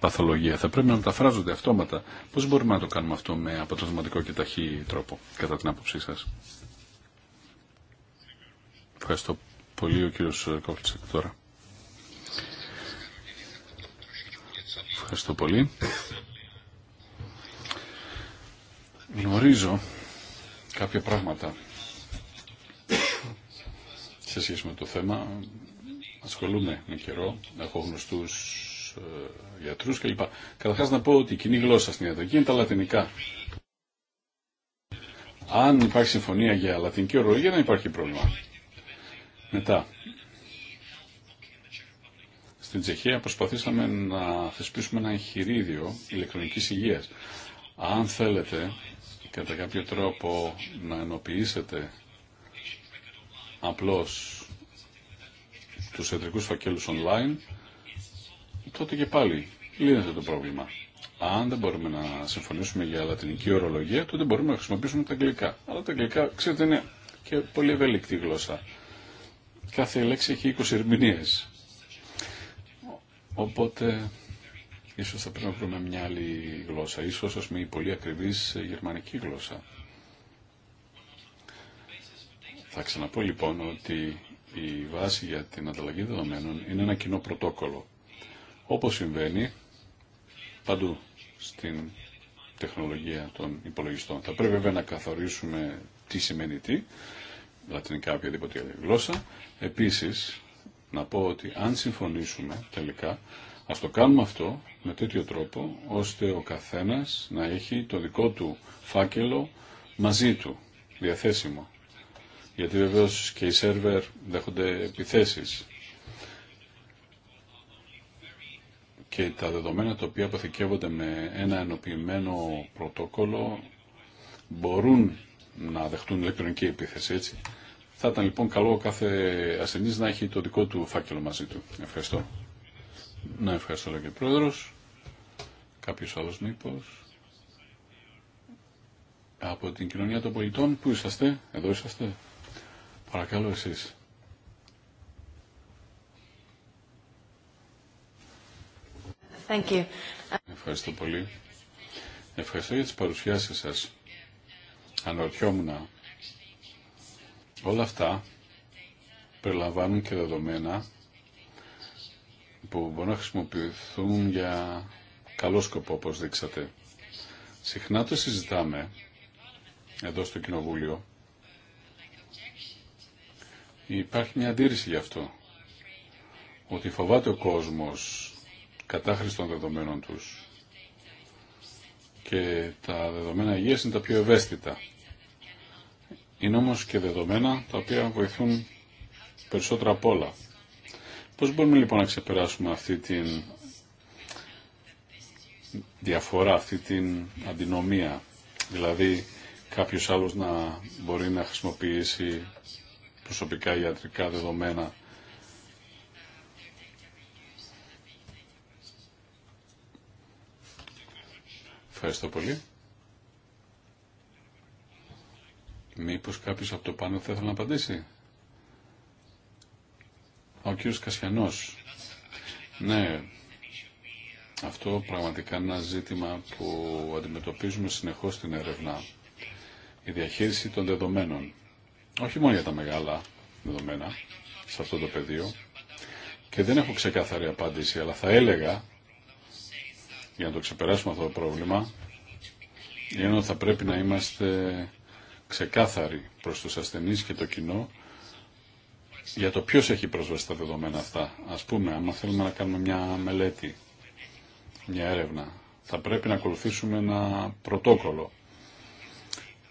παθολογία. Θα πρέπει να μεταφράζονται αυτόματα. Πώς μπορούμε να το κάνουμε αυτό με αποτελεσματικό και ταχύ τρόπο, κατά την άποψή σας. Ευχαριστώ πολύ ο κύριος τώρα. Ευχαριστώ πολύ. Γνωρίζω κάποια πράγματα σε σχέση με το θέμα ασχολούμαι με καιρό, έχω γνωστού ε, γιατρού κλπ. Καταρχά να πω ότι η κοινή γλώσσα στην ιατρική είναι τα λατινικά. Αν υπάρχει συμφωνία για λατινική ορολογία δεν υπάρχει πρόβλημα. Μετά, στην Τσεχία προσπαθήσαμε να θεσπίσουμε ένα εγχειρίδιο ηλεκτρονικής υγεία. Αν θέλετε κατά κάποιο τρόπο να ενοποιήσετε απλώς τους ιατρικούς φακέλους online, τότε και πάλι λύνεται το πρόβλημα. Αν δεν μπορούμε να συμφωνήσουμε για λατινική ορολογία, τότε μπορούμε να χρησιμοποιήσουμε τα αγγλικά. Αλλά τα αγγλικά, ξέρετε, είναι και πολύ ευέλικτη γλώσσα. Κάθε λέξη έχει 20 ερμηνείε. Οπότε, ίσως θα πρέπει να βρούμε μια άλλη γλώσσα. Ίσως, ας πούμε, πολύ ακριβής γερμανική γλώσσα. Θα ξαναπώ λοιπόν ότι η βάση για την ανταλλαγή δεδομένων είναι ένα κοινό πρωτόκολλο. Όπως συμβαίνει παντού στην τεχνολογία των υπολογιστών. Θα πρέπει βέβαια να καθορίσουμε τι σημαίνει τι, λατινικά οποιαδήποτε άλλη γλώσσα. Επίσης, να πω ότι αν συμφωνήσουμε τελικά, ας το κάνουμε αυτό με τέτοιο τρόπο, ώστε ο καθένας να έχει το δικό του φάκελο μαζί του, διαθέσιμο γιατί βεβαίως και οι σερβερ δέχονται επιθέσεις και τα δεδομένα τα οποία αποθηκεύονται με ένα ενοποιημένο πρωτόκολλο μπορούν να δεχτούν ηλεκτρονική επίθεση, έτσι. Θα ήταν λοιπόν καλό κάθε ασθενής να έχει το δικό του φάκελο μαζί του. Ευχαριστώ. Να ευχαριστώ και ο Πρόεδρος. Κάποιος άλλος μήπως. Από την κοινωνία των πολιτών, πού είσαστε, εδώ είσαστε. Παρακαλώ εσείς. Ευχαριστώ πολύ. Ευχαριστώ για τις παρουσιάσεις σας. Αναρωτιόμουν. Όλα αυτά περιλαμβάνουν και δεδομένα που μπορούν να χρησιμοποιηθούν για καλό σκοπό, όπως δείξατε. Συχνά το συζητάμε εδώ στο Κοινοβούλιο Υπάρχει μια αντίρρηση γι' αυτό. Ότι φοβάται ο κόσμος κατάχρηση των δεδομένων τους και τα δεδομένα υγείας είναι τα πιο ευαίσθητα. Είναι όμως και δεδομένα τα οποία βοηθούν περισσότερα απ' όλα. Πώς μπορούμε λοιπόν να ξεπεράσουμε αυτή την διαφορά, αυτή την αντινομία, δηλαδή κάποιος άλλος να μπορεί να χρησιμοποιήσει προσωπικά ιατρικά δεδομένα Ευχαριστώ πολύ. Μήπως κάποιος από το πάνω θα ήθελε να απαντήσει. Ο κύριος Κασιανός. Ναι, αυτό πραγματικά είναι ένα ζήτημα που αντιμετωπίζουμε συνεχώς στην έρευνα. Η διαχείριση των δεδομένων όχι μόνο για τα μεγάλα δεδομένα σε αυτό το πεδίο και δεν έχω ξεκάθαρη απάντηση, αλλά θα έλεγα για να το ξεπεράσουμε αυτό το πρόβλημα είναι ότι θα πρέπει να είμαστε ξεκάθαροι προς τους ασθενείς και το κοινό για το ποιος έχει πρόσβαση στα δεδομένα αυτά. Ας πούμε, άμα θέλουμε να κάνουμε μια μελέτη, μια έρευνα, θα πρέπει να ακολουθήσουμε ένα πρωτόκολλο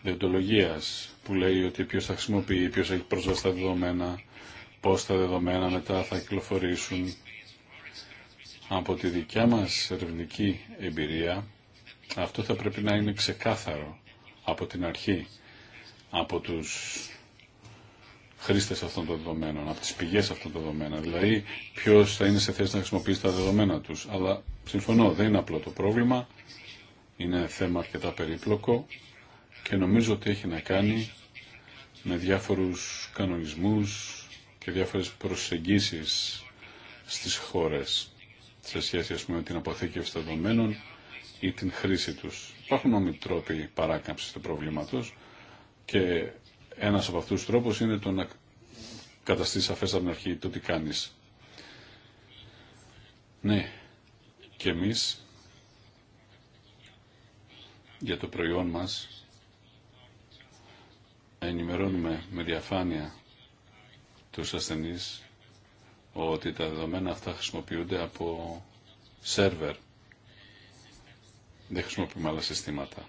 Διοντολογία που λέει ότι ποιος θα χρησιμοποιεί, ποιος έχει πρόσβαση στα δεδομένα, πώς τα δεδομένα μετά θα κυκλοφορήσουν. Από τη δικιά μας ερευνητική εμπειρία αυτό θα πρέπει να είναι ξεκάθαρο από την αρχή, από τους χρήστες αυτών των δεδομένων, από τις πηγές αυτών των δεδομένων. Δηλαδή ποιος θα είναι σε θέση να χρησιμοποιήσει τα δεδομένα τους. Αλλά συμφωνώ, δεν είναι απλό το πρόβλημα, είναι θέμα αρκετά περίπλοκο και νομίζω ότι έχει να κάνει με διάφορους κανονισμούς και διάφορες προσεγγίσεις στις χώρες σε σχέση με την αποθήκευση δεδομένων ή την χρήση τους. Υπάρχουν όμοι τρόποι παράκαμψης του προβλήματος και ένας από αυτούς τρόπους είναι το να καταστήσει σαφές από την αρχή το τι κάνεις. Ναι, και εμείς για το προϊόν μας ενημερώνουμε με διαφάνεια τους ασθενείς ότι τα δεδομένα αυτά χρησιμοποιούνται από σερβερ. Δεν χρησιμοποιούμε άλλα συστήματα.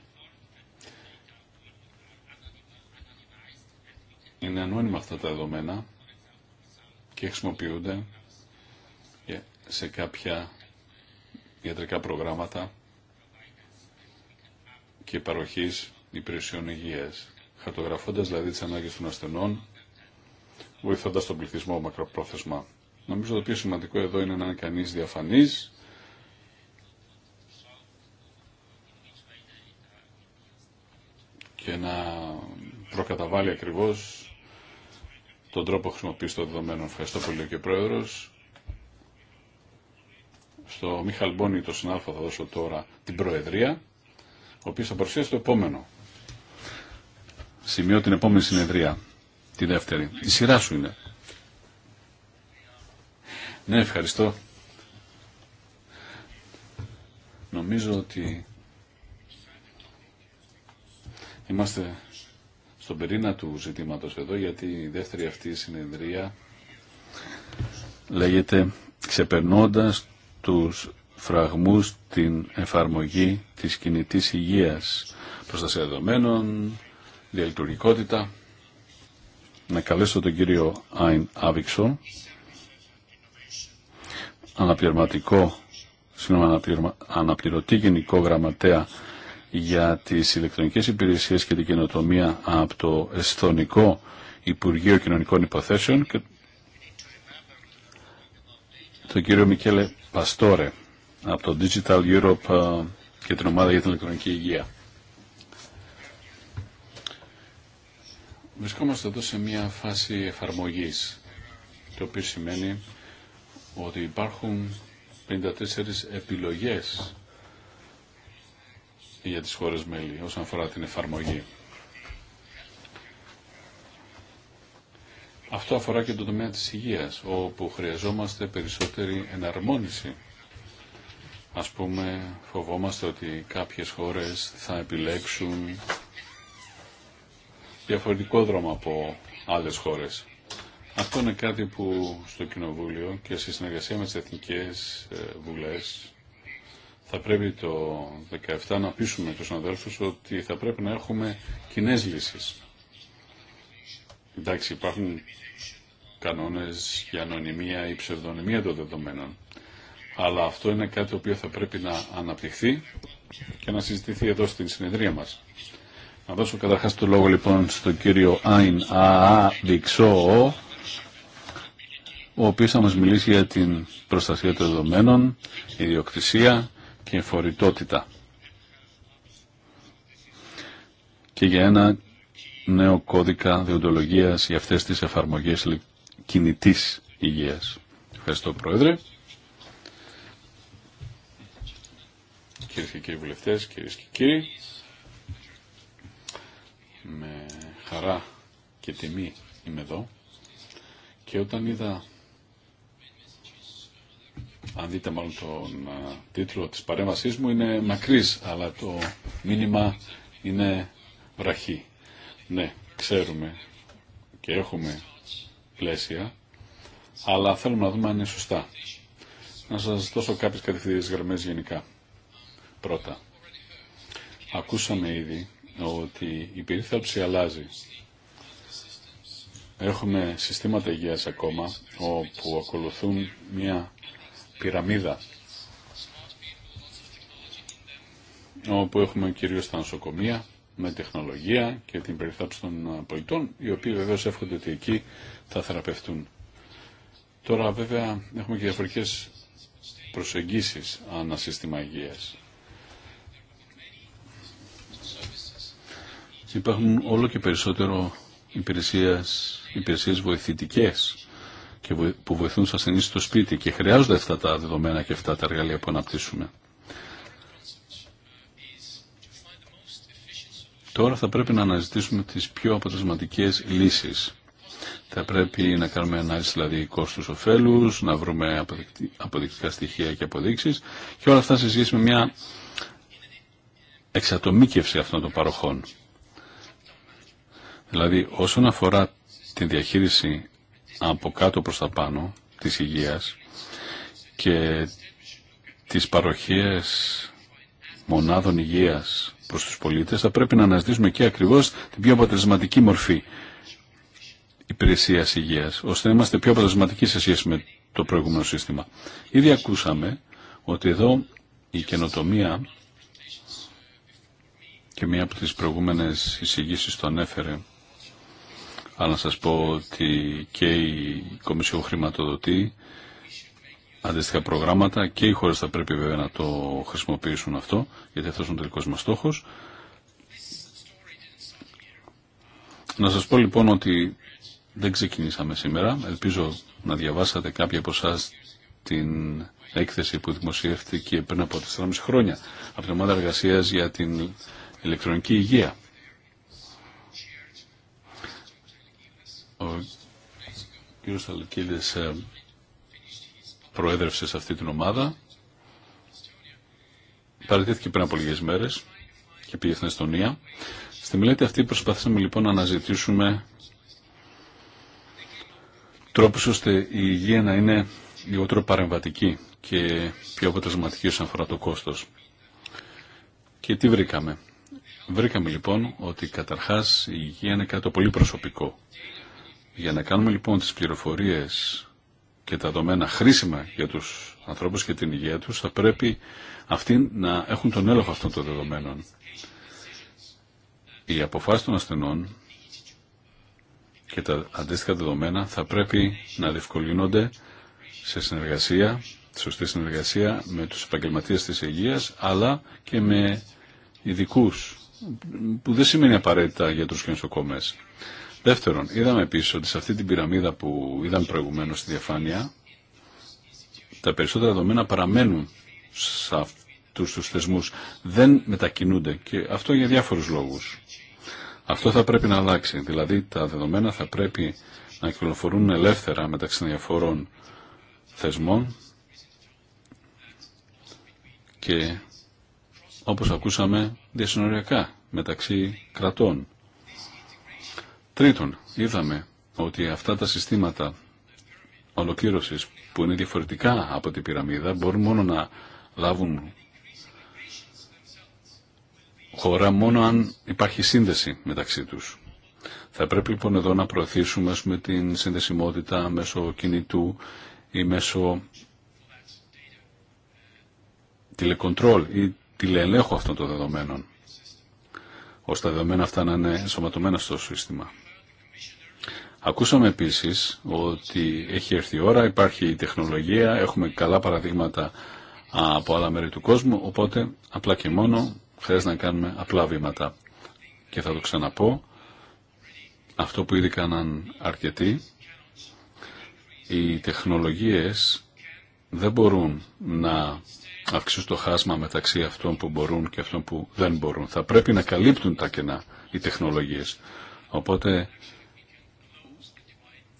Είναι ανώνυμα αυτά τα δεδομένα και χρησιμοποιούνται σε κάποια ιατρικά προγράμματα και παροχής υπηρεσιών υγείας χαρτογραφώντας δηλαδή τις ανάγκες των ασθενών, βοηθώντας τον πληθυσμό μακροπρόθεσμα. Νομίζω το πιο σημαντικό εδώ είναι να είναι κανείς διαφανής, και να προκαταβάλει ακριβώς τον τρόπο χρησιμοποίηση των δεδομένων. Ευχαριστώ πολύ και Πρόεδρος. Στο Μιχαλ Μπόνι, το συνάδελφο, θα δώσω τώρα την Προεδρία, ο οποίος θα παρουσιάσει το επόμενο σημείο την επόμενη συνεδρία. Τη δεύτερη. Η σειρά σου είναι. Ναι, ευχαριστώ. Νομίζω ότι είμαστε στον περίνα του ζητήματος εδώ γιατί η δεύτερη αυτή συνεδρία λέγεται ξεπερνώντας τους φραγμούς την εφαρμογή της κινητής υγείας τα δεδομένων, διαλειτουργικότητα. Να καλέσω τον κύριο Άιν Άβιξον, αναπληρωματικό, αναπληρωτή γενικό γραμματέα για τις ηλεκτρονικές υπηρεσίες και την καινοτομία από το Εσθονικό Υπουργείο Κοινωνικών Υποθέσεων και τον κύριο Μικέλε Παστόρε από το Digital Europe ε, και την Ομάδα για την Ελεκτρονική Υγεία. Βρισκόμαστε εδώ σε μια φάση εφαρμογής, το οποίο σημαίνει ότι υπάρχουν 54 επιλογές για τις χώρες μέλη όσον αφορά την εφαρμογή. Αυτό αφορά και το τομέα της υγείας, όπου χρειαζόμαστε περισσότερη εναρμόνιση. Ας πούμε, φοβόμαστε ότι κάποιες χώρες θα επιλέξουν διαφορετικό δρόμο από άλλες χώρες. Αυτό είναι κάτι που στο Κοινοβούλιο και στη συνεργασία με τις Εθνικές ε, Βουλές θα πρέπει το 17 να πείσουμε τους αδέλφους ότι θα πρέπει να έχουμε κοινέ λύσεις. Εντάξει, υπάρχουν κανόνες για ανωνυμία ή ψευδονυμία των δεδομένων. Αλλά αυτό είναι κάτι το οποίο θα πρέπει να αναπτυχθεί και να συζητηθεί εδώ στην συνεδρία μας. Να δώσω καταρχάς το λόγο λοιπόν στον κύριο Άιν Αά ο οποίος θα μας μιλήσει για την προστασία των δεδομένων, ιδιοκτησία και φορητότητα. Και για ένα νέο κώδικα διοντολογία για αυτές τις εφαρμογές κινητής υγεία. Ευχαριστώ Πρόεδρε. Κυρίε και κύριοι βουλευτέ, κυρίε και κύριοι, με χαρά και τιμή είμαι εδώ και όταν είδα αν δείτε μάλλον τον τίτλο της παρέμβασής μου είναι μακρύς αλλά το μήνυμα είναι βραχή. Ναι, ξέρουμε και έχουμε πλαίσια αλλά θέλουμε να δούμε αν είναι σωστά. Να σας δώσω κάποιες κατευθυντικές γραμμές γενικά. Πρώτα, ακούσαμε ήδη ότι η περίθαλψη αλλάζει. Έχουμε συστήματα υγείας ακόμα όπου ακολουθούν μια πυραμίδα όπου έχουμε κυρίως τα νοσοκομεία με τεχνολογία και την περιθάψη των πολιτών, οι οποίοι βεβαίω εύχονται ότι εκεί θα θεραπευτούν. Τώρα βέβαια έχουμε και διαφορετικές προσεγγίσεις ανά σύστημα υγείας. και υπάρχουν όλο και περισσότερο υπηρεσίες, υπηρεσίες βοηθητικές και που βοηθούν στους ασθενείς στο σπίτι και χρειάζονται αυτά τα δεδομένα και αυτά τα εργαλεία που αναπτύσσουμε. Τώρα θα πρέπει να αναζητήσουμε τις πιο αποτελεσματικές λύσεις. Θα πρέπει να κάνουμε ανάλυση δηλαδή κόστους ωφέλους, να βρούμε αποδεικτικά στοιχεία και αποδείξεις και όλα αυτά σε με μια εξατομίκευση αυτών των παροχών. Δηλαδή όσον αφορά τη διαχείριση από κάτω προς τα πάνω της υγείας και τις παροχές μονάδων υγείας προς τους πολίτες θα πρέπει να αναζητήσουμε και ακριβώς την πιο αποτελεσματική μορφή υπηρεσίας υγείας ώστε να είμαστε πιο αποτελεσματικοί σε σχέση με το προηγούμενο σύστημα. Ήδη ακούσαμε ότι εδώ η καινοτομία και μία από τις προηγούμενες εισηγήσεις το ανέφερε αλλά να σας πω ότι και η Κομισιό Χρηματοδοτή αντίστοιχα προγράμματα και οι χώρες θα πρέπει βέβαια να το χρησιμοποιήσουν αυτό, γιατί αυτός είναι ο τελικός μας στόχος. Να σας πω λοιπόν ότι δεν ξεκινήσαμε σήμερα. Ελπίζω να διαβάσατε κάποια από εσά την έκθεση που δημοσιεύτηκε πριν από 4,5 χρόνια από την ομάδα εργασία για την ηλεκτρονική υγεία. Ο κύριος Αλκίδης ε, προέδρευσε σε αυτή την ομάδα. Παρατήθηκε πριν από λίγες μέρες και πήγε στην Εστονία. Στη μελέτη αυτή προσπαθήσαμε λοιπόν να αναζητήσουμε τρόπους ώστε η υγεία να είναι λιγότερο παρεμβατική και πιο αποτελεσματική όσον αφορά το κόστος. Και τι βρήκαμε. Βρήκαμε λοιπόν ότι καταρχάς η υγεία είναι κάτι πολύ προσωπικό για να κάνουμε λοιπόν τις πληροφορίες και τα δεδομένα χρήσιμα για τους ανθρώπους και την υγεία τους, θα πρέπει αυτοί να έχουν τον έλεγχο αυτών των δεδομένων. Οι αποφάσεις των ασθενών και τα αντίστοιχα δεδομένα θα πρέπει να διευκολύνονται σε συνεργασία, σωστή συνεργασία με τους επαγγελματίε της υγείας, αλλά και με ειδικού, που δεν σημαίνει απαραίτητα γιατρούς και νοσοκόμες. Δεύτερον, είδαμε επίση ότι σε αυτή την πυραμίδα που είδαμε προηγουμένως στη διαφάνεια, τα περισσότερα δεδομένα παραμένουν σε αυτού του θεσμού, Δεν μετακινούνται και αυτό για διάφορους λόγους. Αυτό θα πρέπει να αλλάξει. Δηλαδή τα δεδομένα θα πρέπει να κυκλοφορούν ελεύθερα μεταξύ των διαφορών θεσμών και όπως ακούσαμε διασυνοριακά μεταξύ κρατών. Τρίτον, είδαμε ότι αυτά τα συστήματα ολοκλήρωσης που είναι διαφορετικά από την πυραμίδα μπορούν μόνο να λάβουν χώρα μόνο αν υπάρχει σύνδεση μεταξύ τους. Θα πρέπει λοιπόν εδώ να προωθήσουμε με την συνδεσιμότητα μέσω κινητού ή μέσω τηλεκοντρόλ ή τηλεελέγχου αυτών των δεδομένων, ώστε τα δεδομένα αυτά να είναι ενσωματωμένα στο σύστημα. Ακούσαμε επίσης ότι έχει έρθει η ώρα, υπάρχει η τεχνολογία, έχουμε καλά παραδείγματα από άλλα μέρη του κόσμου, οπότε απλά και μόνο χρειάζεται να κάνουμε απλά βήματα. Και θα το ξαναπώ, αυτό που ήδη κάναν αρκετοί, οι τεχνολογίες δεν μπορούν να αυξήσουν το χάσμα μεταξύ αυτών που μπορούν και αυτών που δεν μπορούν. Θα πρέπει να καλύπτουν τα κενά οι τεχνολογίες. Οπότε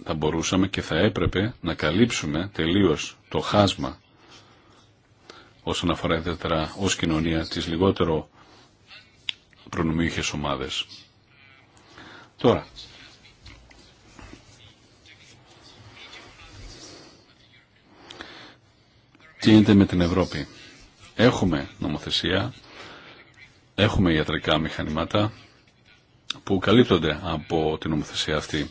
θα μπορούσαμε και θα έπρεπε να καλύψουμε τελείως το χάσμα όσον αφορά ιδιαίτερα ως κοινωνία τις λιγότερο προνομιούχες ομάδες. Τώρα, τι γίνεται με την Ευρώπη. Έχουμε νομοθεσία, έχουμε ιατρικά μηχανήματα που καλύπτονται από την νομοθεσία αυτή.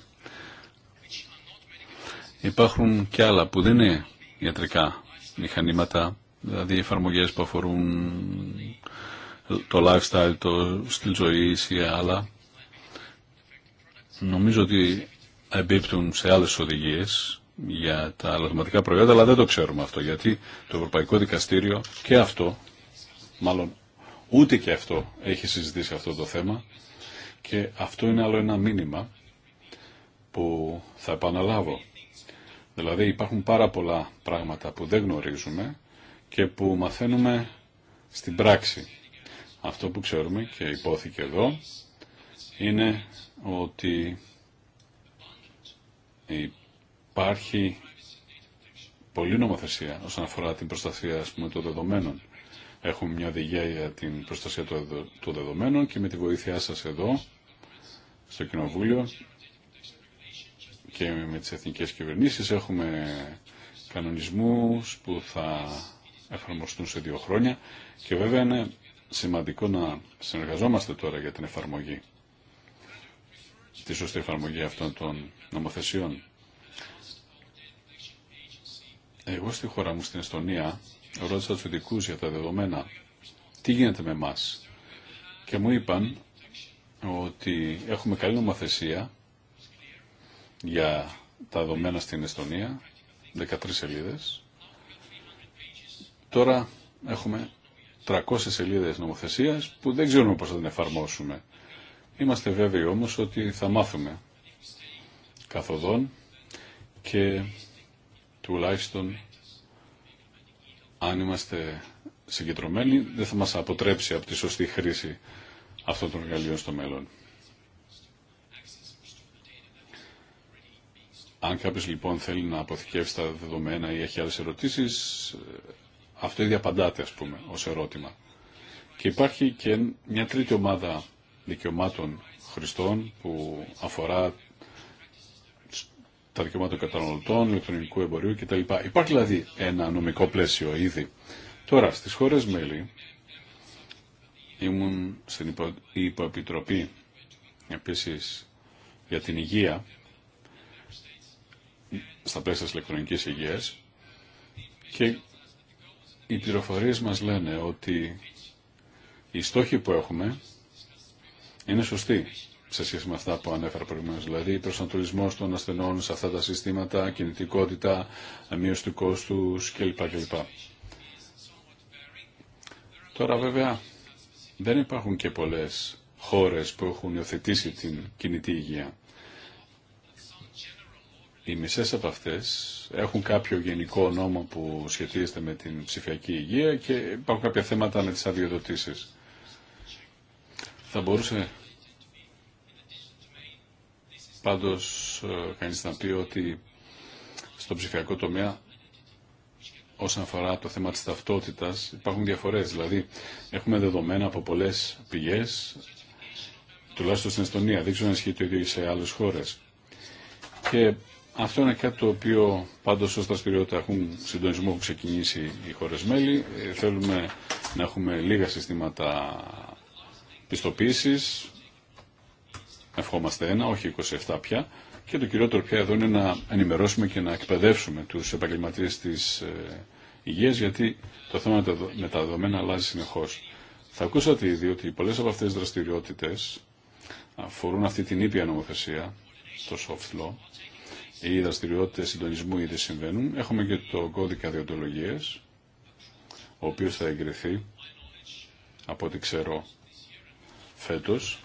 Υπάρχουν και άλλα που δεν είναι ιατρικά μηχανήματα, δηλαδή εφαρμογές που αφορούν το lifestyle, το στυλ ζωής ή άλλα. Νομίζω ότι εμπίπτουν σε άλλες οδηγίες για τα αλλαγματικά προϊόντα, αλλά δεν το ξέρουμε αυτό, γιατί το Ευρωπαϊκό Δικαστήριο και αυτό, μάλλον ούτε και αυτό έχει συζητήσει αυτό το θέμα και αυτό είναι άλλο ένα μήνυμα που θα επαναλάβω. Δηλαδή υπάρχουν πάρα πολλά πράγματα που δεν γνωρίζουμε και που μαθαίνουμε στην πράξη. Αυτό που ξέρουμε και υπόθηκε εδώ είναι ότι υπάρχει πολλή νομοθεσία όσον αφορά την προστασία ας πούμε, των δεδομένων. Έχουμε μια οδηγία για την προστασία των δεδομένων και με τη βοήθειά σας εδώ στο Κοινοβούλιο και με τις εθνικές κυβερνήσεις. Έχουμε κανονισμούς που θα εφαρμοστούν σε δύο χρόνια και βέβαια είναι σημαντικό να συνεργαζόμαστε τώρα για την εφαρμογή, τη σωστή εφαρμογή αυτών των νομοθεσιών. Εγώ στη χώρα μου, στην Εστονία, ρώτησα τους ειδικούς για τα δεδομένα τι γίνεται με εμά. Και μου είπαν ότι έχουμε καλή νομοθεσία, για τα δεδομένα στην Εστονία, 13 σελίδες. Τώρα έχουμε 300 σελίδες νομοθεσίας που δεν ξέρουμε πώς θα την εφαρμόσουμε. Είμαστε βέβαιοι όμως ότι θα μάθουμε καθοδόν και τουλάχιστον αν είμαστε συγκεντρωμένοι δεν θα μας αποτρέψει από τη σωστή χρήση αυτών των εργαλείων στο μέλλον. Αν κάποιο λοιπόν θέλει να αποθηκεύσει τα δεδομένα ή έχει άλλε ερωτήσεις, ε, αυτό ήδη απαντάται α πούμε ως ερώτημα. Και υπάρχει και μια τρίτη ομάδα δικαιωμάτων χρηστών που αφορά τα δικαιώματα των καταναλωτών, ηλεκτρονικού εμπορίου κτλ. Υπάρχει δηλαδή ένα νομικό πλαίσιο ήδη. Τώρα στι χώρε μέλη ήμουν στην υποεπιτροπή επίσης για την υγεία στα πλαίσια της ηλεκτρονικής υγείας και οι πληροφορίες μας λένε ότι οι στόχοι που έχουμε είναι σωστοί σε σχέση με αυτά που ανέφερα προηγουμένως. Δηλαδή, προσανατολισμό των ασθενών σε αυτά τα συστήματα, κινητικότητα, μείωση του κόστου κλπ. κλπ. Τώρα βέβαια δεν υπάρχουν και πολλές χώρες που έχουν υιοθετήσει την κινητή υγεία οι μισές από αυτές έχουν κάποιο γενικό νόμο που σχετίζεται με την ψηφιακή υγεία και υπάρχουν κάποια θέματα με τις αδειοδοτήσεις. Θα μπορούσε πάντως ε, κανείς να πει ότι στο ψηφιακό τομέα όσον αφορά το θέμα της ταυτότητας υπάρχουν διαφορές. Δηλαδή έχουμε δεδομένα από πολλές πηγές, τουλάχιστον στην Εστονία, Δείξω να ισχύει το ίδιο σε άλλες χώρες. Και αυτό είναι κάτι το οποίο πάντω ω δραστηριότητα έχουν συντονισμό που ξεκινήσει οι χωρε μέλη. Ε, θέλουμε να έχουμε λίγα συστήματα πιστοποίηση. Ευχόμαστε ένα, όχι 27 πια. Και το κυριότερο πια εδώ είναι να ενημερώσουμε και να εκπαιδεύσουμε του επαγγελματίες τη ε, υγεία, γιατί το θέμα με τα δεδομένα αλλάζει συνεχώ. Θα ακούσατε ήδη ότι πολλέ από αυτέ τι δραστηριότητε αφορούν αυτή την ήπια νομοθεσία, το soft law, οι δραστηριότητε συντονισμού ήδη συμβαίνουν. Έχουμε και το κώδικα διοντολογία, ο οποίο θα εγκριθεί, από ό,τι ξέρω, φέτος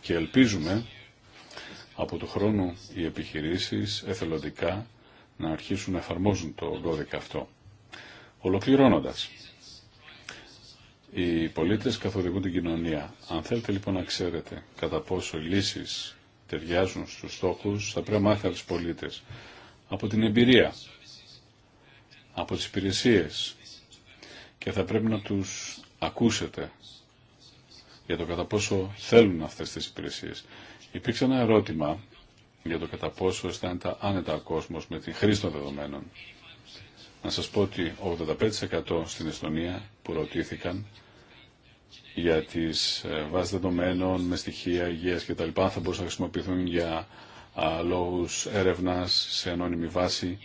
και ελπίζουμε από το χρόνο οι επιχειρήσει εθελοντικά να αρχίσουν να εφαρμόζουν το κώδικα αυτό. Ολοκληρώνοντα οι πολίτες καθοδηγούν την κοινωνία. Αν θέλετε λοιπόν να ξέρετε κατά πόσο οι λύσεις ταιριάζουν στους στόχους, θα πρέπει να μάθει από πολίτες. Από την εμπειρία, από τις υπηρεσίες και θα πρέπει να τους ακούσετε για το κατά πόσο θέλουν αυτές τις υπηρεσίες. Υπήρξε ένα ερώτημα για το κατά πόσο αισθάνεται άνετα ο κόσμος με την χρήση των δεδομένων. Να σας πω ότι 85% στην Εστονία που ρωτήθηκαν για τις ε, βάσει δεδομένων με στοιχεία υγείας και τα θα μπορούσαν να χρησιμοποιηθούν για λόγους έρευνας σε ανώνυμη βάση.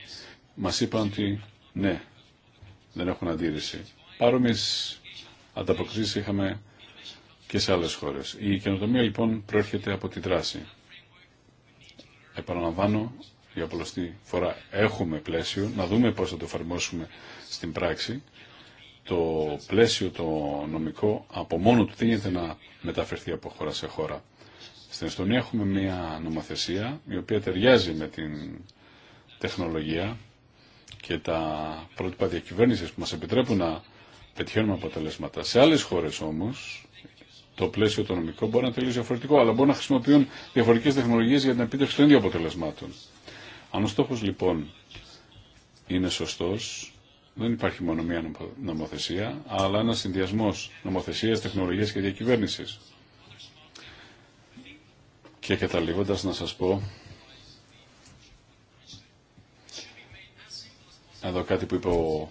Μας είπαν ότι ναι, δεν έχουν αντίρρηση. Παρόμοιε ανταποκρίσει είχαμε και σε άλλες χώρες. Η καινοτομία λοιπόν προέρχεται από τη δράση. Επαναλαμβάνω, για πολλωστή φορά έχουμε πλαίσιο, να δούμε πώς θα το εφαρμόσουμε στην πράξη το πλαίσιο το νομικό από μόνο του δεν να μεταφερθεί από χώρα σε χώρα. Στην Εστονία έχουμε μια νομοθεσία η οποία ταιριάζει με την τεχνολογία και τα πρότυπα διακυβέρνησης που μας επιτρέπουν να πετυχαίνουμε αποτελέσματα. Σε άλλες χώρες όμως το πλαίσιο το νομικό μπορεί να είναι διαφορετικό, αλλά μπορεί να χρησιμοποιούν διαφορετικές τεχνολογίες για την επίτευξη των ίδιων αποτελεσμάτων. Αν ο στόχος λοιπόν είναι σωστός, δεν υπάρχει μόνο μία νομοθεσία, αλλά ένα συνδυασμό νομοθεσία, τεχνολογία και διακυβέρνηση. Και καταλήγοντα να σα πω. Εδώ κάτι που είπε ο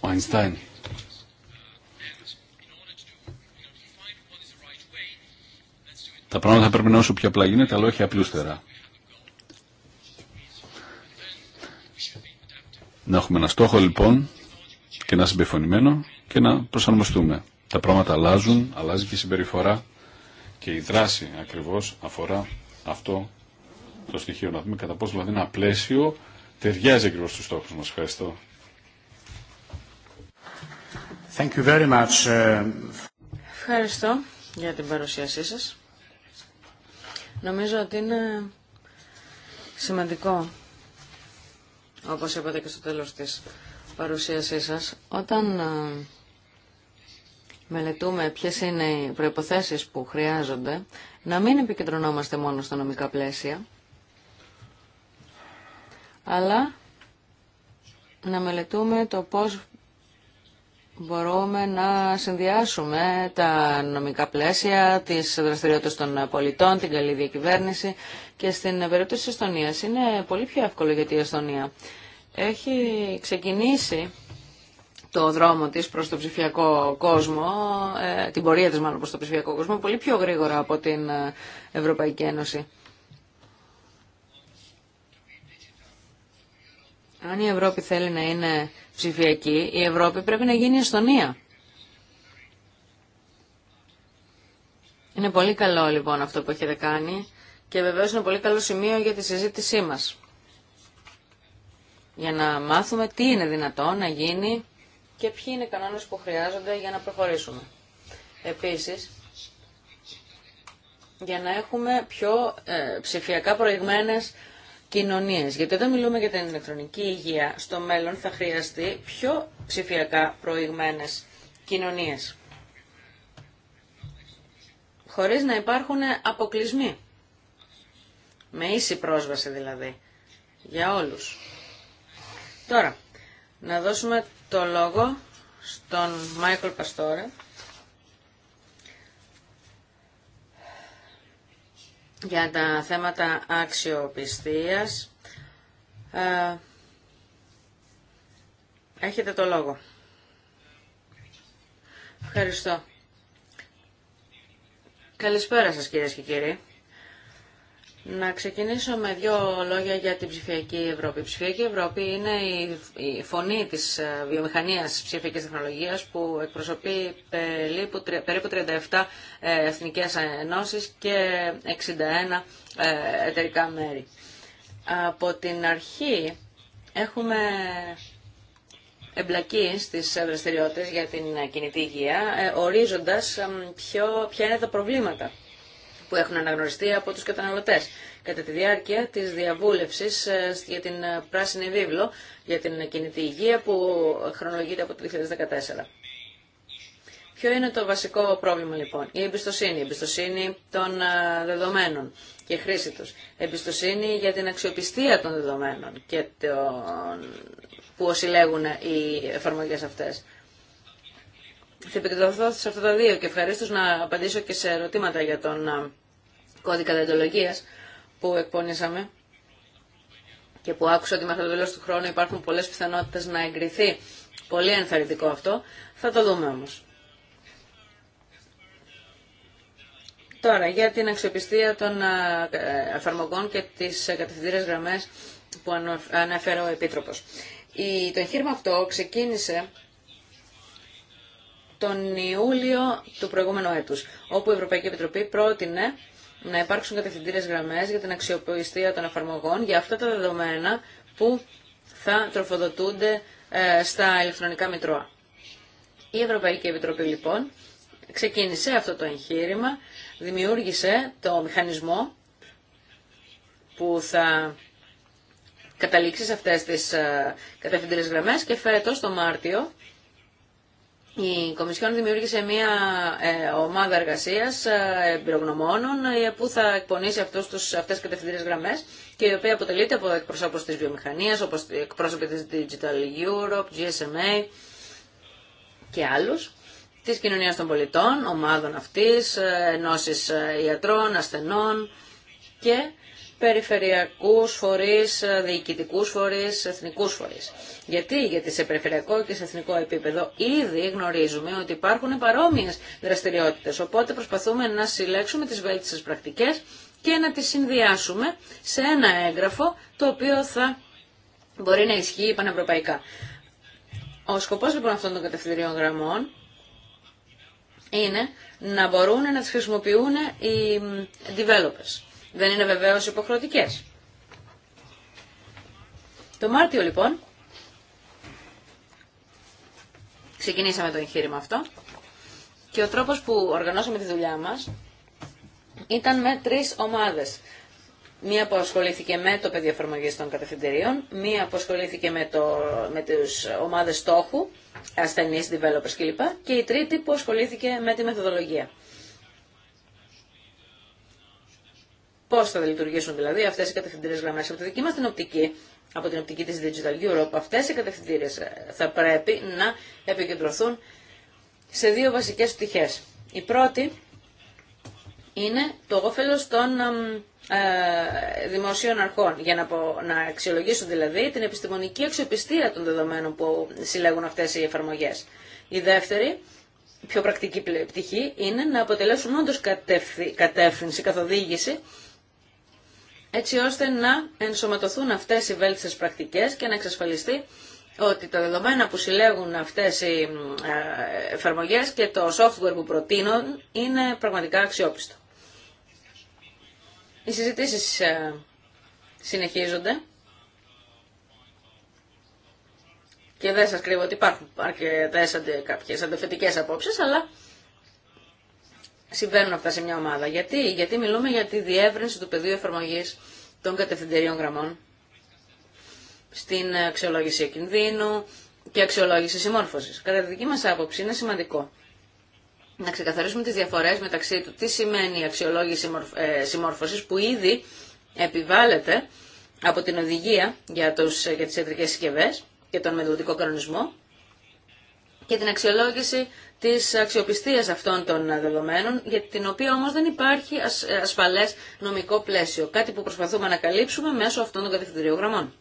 Αϊνστάιν. Τα πράγματα πρέπει να όσο πιο απλά γίνεται, αλλά όχι απλούστερα. Να έχουμε ένα στόχο λοιπόν και ένα συμπεφωνημένο και να προσαρμοστούμε. Τα πράγματα αλλάζουν, αλλάζει και η συμπεριφορά και η δράση ακριβώς αφορά αυτό το στοιχείο. Να δούμε κατά πόσο δηλαδή ένα πλαίσιο ταιριάζει ακριβώς στους στόχους μας. Ευχαριστώ. Thank you very much. Ε, Ευχαριστώ για την παρουσίασή σας. Νομίζω ότι είναι σημαντικό όπως είπατε και στο τέλος της παρουσίασής σας, όταν ε, μελετούμε ποιες είναι οι προϋποθέσεις που χρειάζονται, να μην επικεντρωνόμαστε μόνο στα νομικά πλαίσια, αλλά να μελετούμε το πώς μπορούμε να συνδυάσουμε τα νομικά πλαίσια, τις δραστηριότητες των πολιτών, την καλή διακυβέρνηση και στην περίπτωση της Εστονίας είναι πολύ πιο εύκολο γιατί η Εστονία έχει ξεκινήσει το δρόμο της προς το ψηφιακό κόσμο, ε, την πορεία της μάλλον προς το ψηφιακό κόσμο, πολύ πιο γρήγορα από την Ευρωπαϊκή Ένωση. Αν η Ευρώπη θέλει να είναι ψηφιακή, η Ευρώπη πρέπει να γίνει η Εστονία. Είναι πολύ καλό λοιπόν αυτό που έχετε κάνει και βεβαίως είναι πολύ καλό σημείο για τη συζήτησή μας. Για να μάθουμε τι είναι δυνατό να γίνει και ποιοι είναι οι κανόνες που χρειάζονται για να προχωρήσουμε. Επίσης, για να έχουμε πιο ε, ψηφιακά προηγμένες Κοινωνίε. Γιατί όταν μιλούμε για την ηλεκτρονική υγεία, στο μέλλον θα χρειαστεί πιο ψηφιακά προηγμένες κοινωνίες. Χωρίς να υπάρχουν αποκλεισμοί. Με ίση πρόσβαση δηλαδή. Για όλους. Τώρα, να δώσουμε το λόγο στον Μάικλ Παστόρε για τα θέματα αξιοπιστίας. Ε, έχετε το λόγο. Ευχαριστώ. Καλησπέρα σας κυρίες και κύριοι. Να ξεκινήσω με δύο λόγια για την ψηφιακή Ευρώπη. Η ψηφιακή Ευρώπη είναι η φωνή της ε, βιομηχανίας ψηφιακής τεχνολογίας που εκπροσωπεί περίπου 37 ε, εθνικές ενώσεις και 61 ε, εταιρικά μέρη. Από την αρχή έχουμε εμπλακεί στις δραστηριότητες για την κινητή υγεία, ορίζοντας ποια είναι τα προβλήματα που έχουν αναγνωριστεί από τους καταναλωτές. Κατά τη διάρκεια της διαβούλευσης ε, για την ε, πράσινη βίβλο, για την κινητή υγεία που χρονολογείται από το 2014. Ποιο είναι το βασικό πρόβλημα λοιπόν. Η εμπιστοσύνη, η εμπιστοσύνη των ε, δεδομένων και χρήση τους. Εμπιστοσύνη για την αξιοπιστία των δεδομένων και των... που οσυλλέγουν οι εφαρμογές αυτές θα επικεντρωθώ σε αυτά τα δύο και ευχαρίστω να απαντήσω και σε ερωτήματα για τον κώδικα διοντολογία που εκπονήσαμε και που άκουσα ότι μέχρι το τέλο του χρόνου υπάρχουν πολλέ πιθανότητε να εγκριθεί. Πολύ ενθαρρυντικό αυτό. Θα το δούμε όμω. Τώρα, για την αξιοπιστία των εφαρμογών και τις κατευθυντήρες γραμμές που αναφέρω ο Επίτροπος. Το εγχείρημα αυτό ξεκίνησε τον Ιούλιο του προηγούμενου έτους, όπου η Ευρωπαϊκή Επιτροπή πρότεινε να υπάρξουν κατευθυντήρες γραμμές για την αξιοποιηστία των εφαρμογών για αυτά τα δεδομένα που θα τροφοδοτούνται ε, στα ηλεκτρονικά μητρώα. Η Ευρωπαϊκή Επιτροπή λοιπόν ξεκίνησε αυτό το εγχείρημα, δημιούργησε το μηχανισμό που θα καταλήξει σε αυτές τις ε, κατευθυντήρες γραμμές και φέτος το Μάρτιο η Κομισιόν δημιούργησε μια ε, ομάδα εργασίας ε, εμπειρογνωμόνων ε, που θα εκπονήσει αυτούς τους, αυτές τις κατευθυντήρες γραμμές και η οποία αποτελείται από εκπροσώπους της βιομηχανίας όπως εκπρόσωποι της Digital Europe, GSMA και άλλους της κοινωνίας των πολιτών, ομάδων αυτής, ενώσεις ιατρών, ασθενών και περιφερειακούς φορείς, διοικητικούς φορείς, εθνικούς φορείς. Γιατί, γιατί σε περιφερειακό και σε εθνικό επίπεδο ήδη γνωρίζουμε ότι υπάρχουν παρόμοιες δραστηριότητες, οπότε προσπαθούμε να συλλέξουμε τις βέλτιστες πρακτικές και να τις συνδυάσουμε σε ένα έγγραφο το οποίο θα μπορεί να ισχύει πανευρωπαϊκά. Ο σκοπός λοιπόν αυτών των κατευθυντηριών γραμμών είναι να μπορούν να τις χρησιμοποιούν οι developers. Δεν είναι βεβαίως υποχρεωτικές. Το Μάρτιο λοιπόν ξεκινήσαμε το εγχείρημα αυτό και ο τρόπος που οργανώσαμε τη δουλειά μας ήταν με τρεις ομάδες. Μία που ασχολήθηκε με το πεδίο εφαρμογή των κατευθυντηρίων, μία που ασχολήθηκε με, το, με τις ομάδες στόχου, ασθενείς, developers κλπ. Και η τρίτη που ασχολήθηκε με τη μεθοδολογία. Πώ θα λειτουργήσουν δηλαδή αυτέ οι κατευθυντήρε γραμμέ από τη δική μα την οπτική, από την οπτική της Digital Europe, αυτές οι κατευθυντήρε θα πρέπει να επικεντρωθούν σε δύο βασικέ πτυχέ. Η πρώτη είναι το όφελο των ε, δημοσίων αρχών, για να, να αξιολογήσουν δηλαδή την επιστημονική αξιοπιστία των δεδομένων που συλλέγουν αυτές οι εφαρμογές. Η δεύτερη, πιο πρακτική πτυχή, είναι να αποτελέσουν όντως κατεύθυνση, καθοδήγηση έτσι ώστε να ενσωματωθούν αυτές οι βέλτιστες πρακτικές και να εξασφαλιστεί ότι τα δεδομένα που συλλέγουν αυτές οι ε, εφαρμογέ και το software που προτείνουν είναι πραγματικά αξιόπιστο. Οι συζητήσεις ε, συνεχίζονται και δεν σας κρύβω ότι υπάρχουν αρκετές κάποιες αντεφετικές απόψεις, αλλά συμβαίνουν αυτά σε μια ομάδα. Γιατί, Γιατί μιλούμε για τη διεύρυνση του πεδίου εφαρμογή των κατευθυντηρίων γραμμών στην αξιολόγηση κινδύνου και αξιολόγηση συμμόρφωση. Κατά τη δική μα άποψη, είναι σημαντικό να ξεκαθαρίσουμε τι διαφορέ μεταξύ του τι σημαίνει αξιολόγηση ε, συμμόρφωση που ήδη επιβάλλεται από την οδηγία για, τους, για τις ιατρικές και τον μελλοντικό κανονισμό και την αξιολόγηση Τη αξιοπιστία αυτών των δεδομένων, για την οποία όμως δεν υπάρχει ε, ασφαλέ νομικό πλαίσιο, κάτι που προσπαθούμε να καλύψουμε μέσω αυτών των κατευθυντηριογραμμών.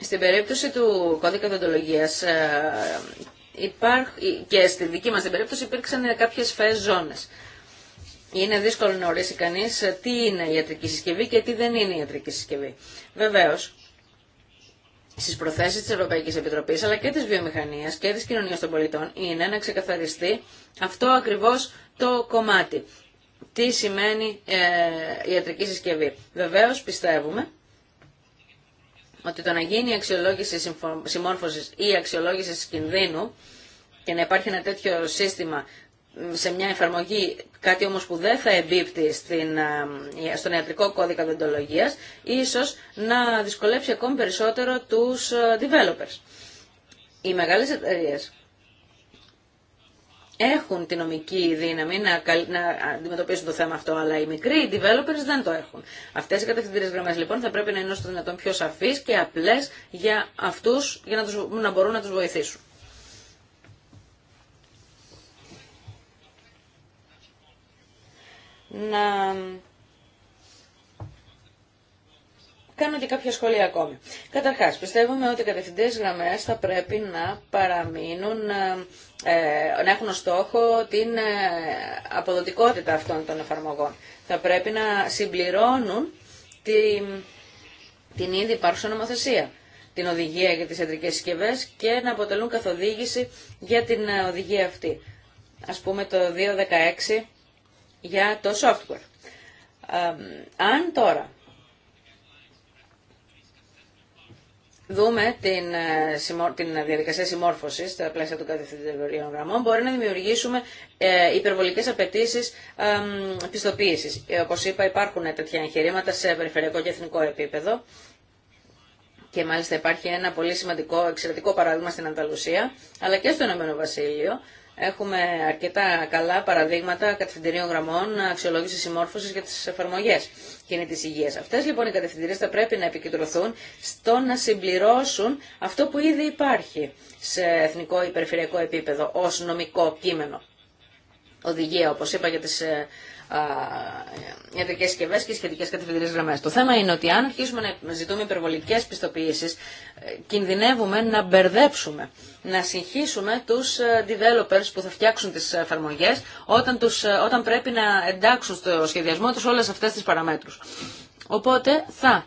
Στην περίπτωση του κώδικα διοντολογία, ε, ε, και στη δική μα την περίπτωση υπήρξαν κάποιες φαίες ζώνες. Είναι δύσκολο να ορίσει κανεί τι είναι η ιατρική συσκευή και τι δεν είναι η ιατρική συσκευή. Βεβαίω. Στι προθέσεις της Ευρωπαϊκή Επιτροπής αλλά και τη βιομηχανία και τη Κοινωνία των πολιτών είναι να ξεκαθαριστεί αυτό ακριβώς το κομμάτι. Τι σημαίνει ε, ιατρική συσκευή. Βεβαίως πιστεύουμε ότι το να γίνει η αξιολόγηση συμμόρφωσης ή η αξιολόγηση κινδύνου και να υπάρχει ένα τέτοιο σύστημα σε μια εφαρμογή, κάτι όμως που δεν θα εμπίπτει ε, στον ιατρικό κώδικα δοντολογίας, ίσως να δυσκολέψει ακόμη περισσότερο τους ε, developers. Οι μεγάλες εταιρείε έχουν τη νομική δύναμη να, να αντιμετωπίσουν το θέμα αυτό, αλλά οι μικροί developers δεν το έχουν. Αυτέ οι κατευθυντήρε γραμμέ λοιπόν θα πρέπει να είναι όσο δυνατόν πιο σαφεί και απλέ για αυτού για να, τους, να μπορούν να του βοηθήσουν. να κάνω και κάποια σχόλια ακόμη. Καταρχάς, πιστεύουμε ότι οι κατευθυντές γραμμές θα πρέπει να παραμείνουν, ε, να έχουν στόχο την ε, αποδοτικότητα αυτών των εφαρμογών. Θα πρέπει να συμπληρώνουν την, την ήδη υπάρχουσα νομοθεσία την οδηγία για τις ιατρικές συσκευέ και να αποτελούν καθοδήγηση για την ε, οδηγία αυτή. Ας πούμε το 2016 για το software. Αν τώρα δούμε την, ε, την διαδικασία συμμόρφωση στα πλαίσια του κατευθυντηρίων γραμμών, μπορεί να δημιουργήσουμε ε, υπερβολικέ απαιτήσει ε, πιστοποίηση. Όπω είπα, υπάρχουν τέτοια εγχειρήματα σε περιφερειακό και εθνικό επίπεδο. Και μάλιστα υπάρχει ένα πολύ σημαντικό, εξαιρετικό παράδειγμα στην Ανταλουσία, αλλά και στο Ηνωμένο Βασίλειο, Έχουμε αρκετά καλά παραδείγματα κατευθυντηρίων γραμμών αξιολόγηση συμμόρφωση για τι εφαρμογέ κινητή υγεία. Αυτέ λοιπόν οι κατευθυντηρίε θα πρέπει να επικεντρωθούν στο να συμπληρώσουν αυτό που ήδη υπάρχει σε εθνικό ή περιφερειακό επίπεδο ω νομικό κείμενο. Οδηγία, όπω είπα, για τι ε, ιατρικέ συσκευέ και σχετικέ κατευθυντήρε γραμμέ. Το θέμα είναι ότι αν αρχίσουμε να ζητούμε υπερβολικέ πιστοποιήσει, ε, κινδυνεύουμε να μπερδέψουμε, να συγχύσουμε του ε, developers που θα φτιάξουν τι εφαρμογέ όταν, ε, όταν πρέπει να εντάξουν στο σχεδιασμό του όλε αυτέ τι παραμέτρου. Οπότε θα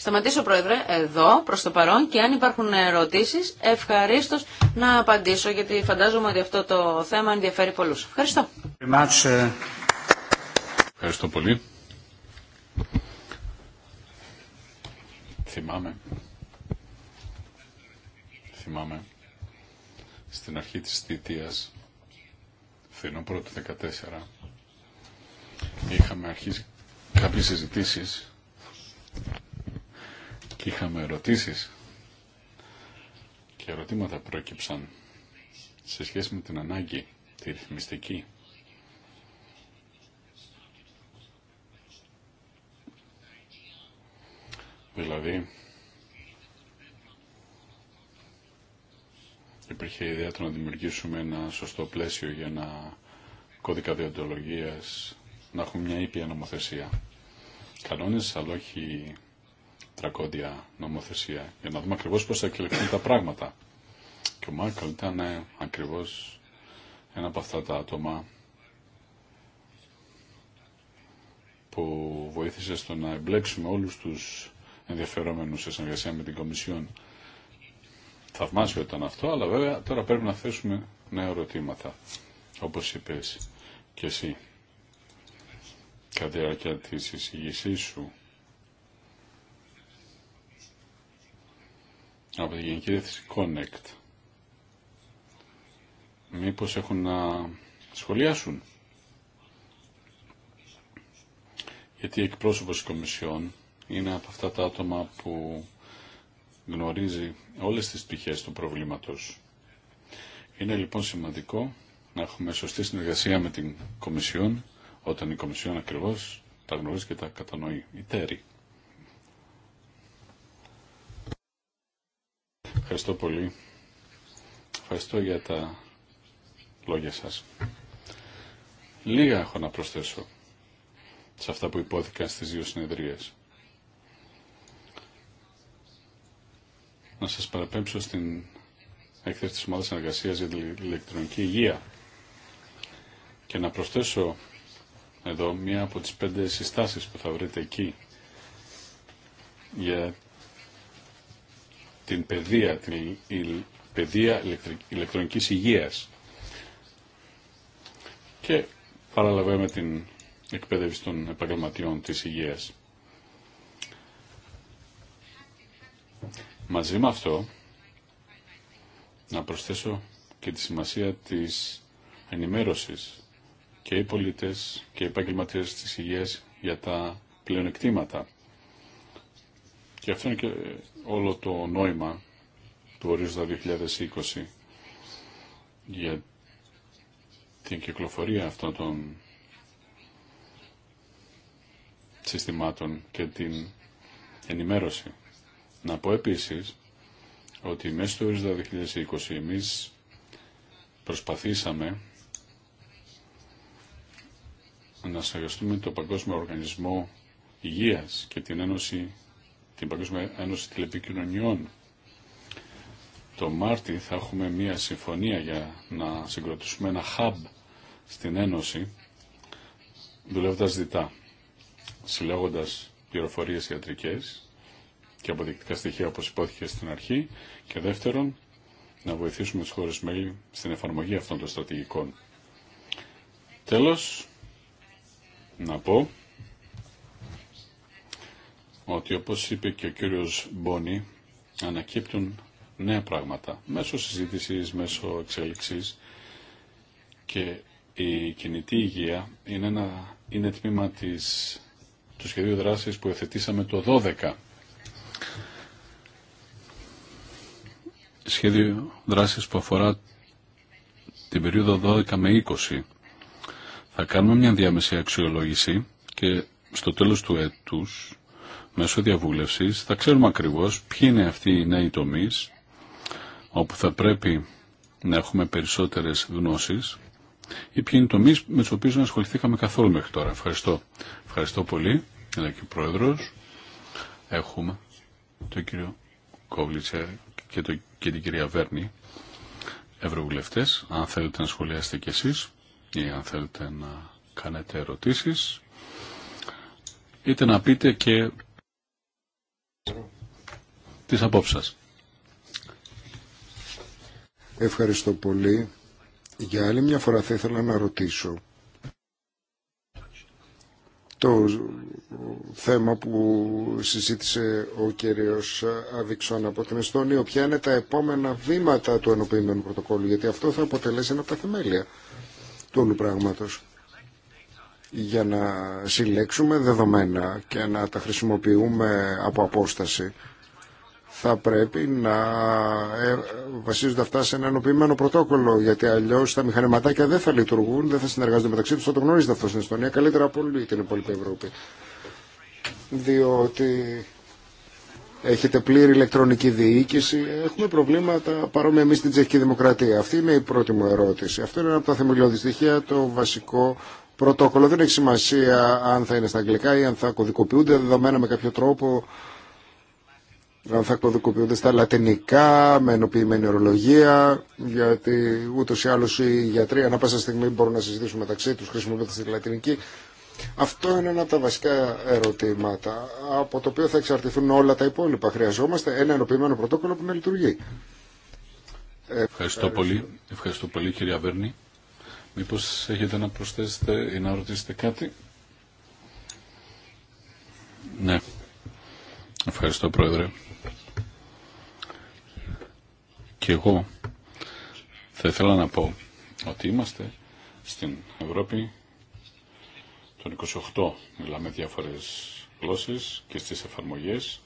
σταματήσω, Πρόεδρε, εδώ προς το παρόν και αν υπάρχουν ερωτήσεις, ευχαρίστως να απαντήσω, γιατί φαντάζομαι ότι αυτό το θέμα ενδιαφέρει πολλούς. Ευχαριστώ. Ευχαριστώ πολύ. Θυμάμαι. Θυμάμαι. Στην αρχή της θητείας, φθινόπωρο του 2014, είχαμε αρχίσει κάποιες συζητήσεις και είχαμε ερωτήσεις και ερωτήματα πρόκυψαν σε σχέση με την ανάγκη τη ρυθμιστική δηλαδή υπήρχε η ιδέα του να δημιουργήσουμε ένα σωστό πλαίσιο για ένα κώδικα διοντολογίας να έχουμε μια ήπια νομοθεσία κανόνες αλλά όχι τρακόντια νομοθεσία για να δούμε ακριβώς πώς θα εκλεχθούν τα πράγματα. Και ο Μάρκελ ήταν ε, ακριβώς ένα από αυτά τα άτομα που βοήθησε στο να εμπλέξουμε όλους τους ενδιαφερόμενους σε συνεργασία με την Κομισιόν. Θαυμάσιο ήταν αυτό, αλλά βέβαια τώρα πρέπει να θέσουμε νέα ερωτήματα, όπως είπες και εσύ. Κατά τη διάρκεια της εισηγησής σου από τη Γενική Διεύθυνση Connect. Μήπως έχουν να σχολιάσουν. Γιατί εκπρόσωπος της Κομισιόν είναι από αυτά τα άτομα που γνωρίζει όλες τις πτυχές του προβλήματος. Είναι λοιπόν σημαντικό να έχουμε σωστή συνεργασία με την Κομισιόν, όταν η Κομισιόν ακριβώς τα γνωρίζει και τα κατανοεί. Η Ευχαριστώ πολύ. Ευχαριστώ για τα λόγια σας. Λίγα έχω να προσθέσω σε αυτά που υπόθηκαν στις δύο συνεδρίες. Να σας παραπέμψω στην έκθεση της Ομάδας Εργασίας για την ηλεκτρονική υγεία και να προσθέσω εδώ μία από τις πέντε συστάσεις που θα βρείτε εκεί για την παιδεία, την παιδεία ηλεκτρονικής υγείας. Και με την εκπαίδευση των επαγγελματιών της υγείας. Μαζί με αυτό, να προσθέσω και τη σημασία της ενημέρωσης και οι πολίτες και οι επαγγελματίες της υγείας για τα πλεονεκτήματα και αυτό είναι και όλο το νόημα του ορίζοντα 2020 για την κυκλοφορία αυτών των συστημάτων και την ενημέρωση. Να πω επίσης ότι μέσα στο ορίζοντα 2020 εμείς προσπαθήσαμε να συνεργαστούμε το Παγκόσμιο Οργανισμό Υγείας και την Ένωση την Παγκόσμια Ένωση Τηλεπικοινωνιών. Το Μάρτι θα έχουμε μία συμφωνία για να συγκροτήσουμε ένα hub στην Ένωση, δουλεύοντα διτά, συλλέγοντας πληροφορίες ιατρικές και αποδεικτικά στοιχεία όπω υπόθηκε στην αρχή και δεύτερον, να βοηθήσουμε τις χώρες μέλη στην εφαρμογή αυτών των στρατηγικών. Τέλος, να πω ότι όπως είπε και ο κύριος Μπόνι ανακύπτουν νέα πράγματα μέσω συζήτησης, μέσω εξέλιξης και η κινητή υγεία είναι, ένα, είναι τμήμα της, του σχεδίου δράσης που εθετήσαμε το 12. Σχέδιο δράσης που αφορά την περίοδο 12 με 20. Θα κάνουμε μια διάμεση αξιολόγηση και στο τέλος του έτους μέσω διαβούλευσης θα ξέρουμε ακριβώς ποιοι είναι αυτοί οι νέοι τομείς όπου θα πρέπει να έχουμε περισσότερες γνώσεις ή ποιοι είναι οι τομείς με τους οποίους δεν ασχοληθήκαμε καθόλου μέχρι τώρα. Ευχαριστώ. Ευχαριστώ πολύ. Είναι και ο Πρόεδρος. Έχουμε τον κύριο Κόβλητσε και, το, και την κυρία Βέρνη, ευρωβουλευτές. Αν θέλετε να σχολιάσετε κι εσείς ή αν θέλετε να κάνετε ερωτήσεις, είτε να πείτε και τις απόψης σας. Ευχαριστώ πολύ. Για άλλη μια φορά θα ήθελα να ρωτήσω το θέμα που συζήτησε ο κύριος Αβιξόν από την Εστόνια, ποια είναι τα επόμενα βήματα του ενοποιημένου πρωτοκόλλου, γιατί αυτό θα αποτελέσει ένα από τα θεμέλια του όλου πράγματος για να συλλέξουμε δεδομένα και να τα χρησιμοποιούμε από απόσταση θα πρέπει να ε, βασίζονται αυτά σε ένα ενοποιημένο πρωτόκολλο. Γιατί αλλιώς τα μηχανηματάκια δεν θα λειτουργούν, δεν θα συνεργάζονται μεταξύ τους Θα το γνωρίζετε αυτό στην Εστονία καλύτερα από όλη την υπόλοιπη Ευρώπη. Διότι έχετε πλήρη ηλεκτρονική διοίκηση. Έχουμε προβλήματα παρόμοια εμείς στην Τσεχική Δημοκρατία. Αυτή είναι η πρώτη μου ερώτηση. Αυτό είναι ένα από τα θεμελιώδη στοιχεία, το βασικό πρωτόκολλο. Δεν έχει σημασία αν θα είναι στα αγγλικά ή αν θα κωδικοποιούνται δεδομένα με κάποιο τρόπο, αν θα κωδικοποιούνται στα λατινικά, με ενοποιημένη ορολογία, γιατί ούτω ή άλλω οι γιατροί ανά πάσα στιγμή μπορούν να συζητήσουν μεταξύ του χρησιμοποιώντα τη λατινική. Αυτό είναι ένα από τα βασικά ερωτήματα, από το οποίο θα εξαρτηθούν όλα τα υπόλοιπα. Χρειαζόμαστε ένα ενοποιημένο πρωτόκολλο που να λειτουργεί. Ευχαριστώ πολύ. Ευχαριστώ πολύ κύριε Αβέρνη. Μήπως έχετε να προσθέσετε ή να ρωτήσετε κάτι. Ναι. Ευχαριστώ Πρόεδρε. Και εγώ θα ήθελα να πω ότι είμαστε στην Ευρώπη των 28. Μιλάμε διάφορες γλώσσες και στις εφαρμογές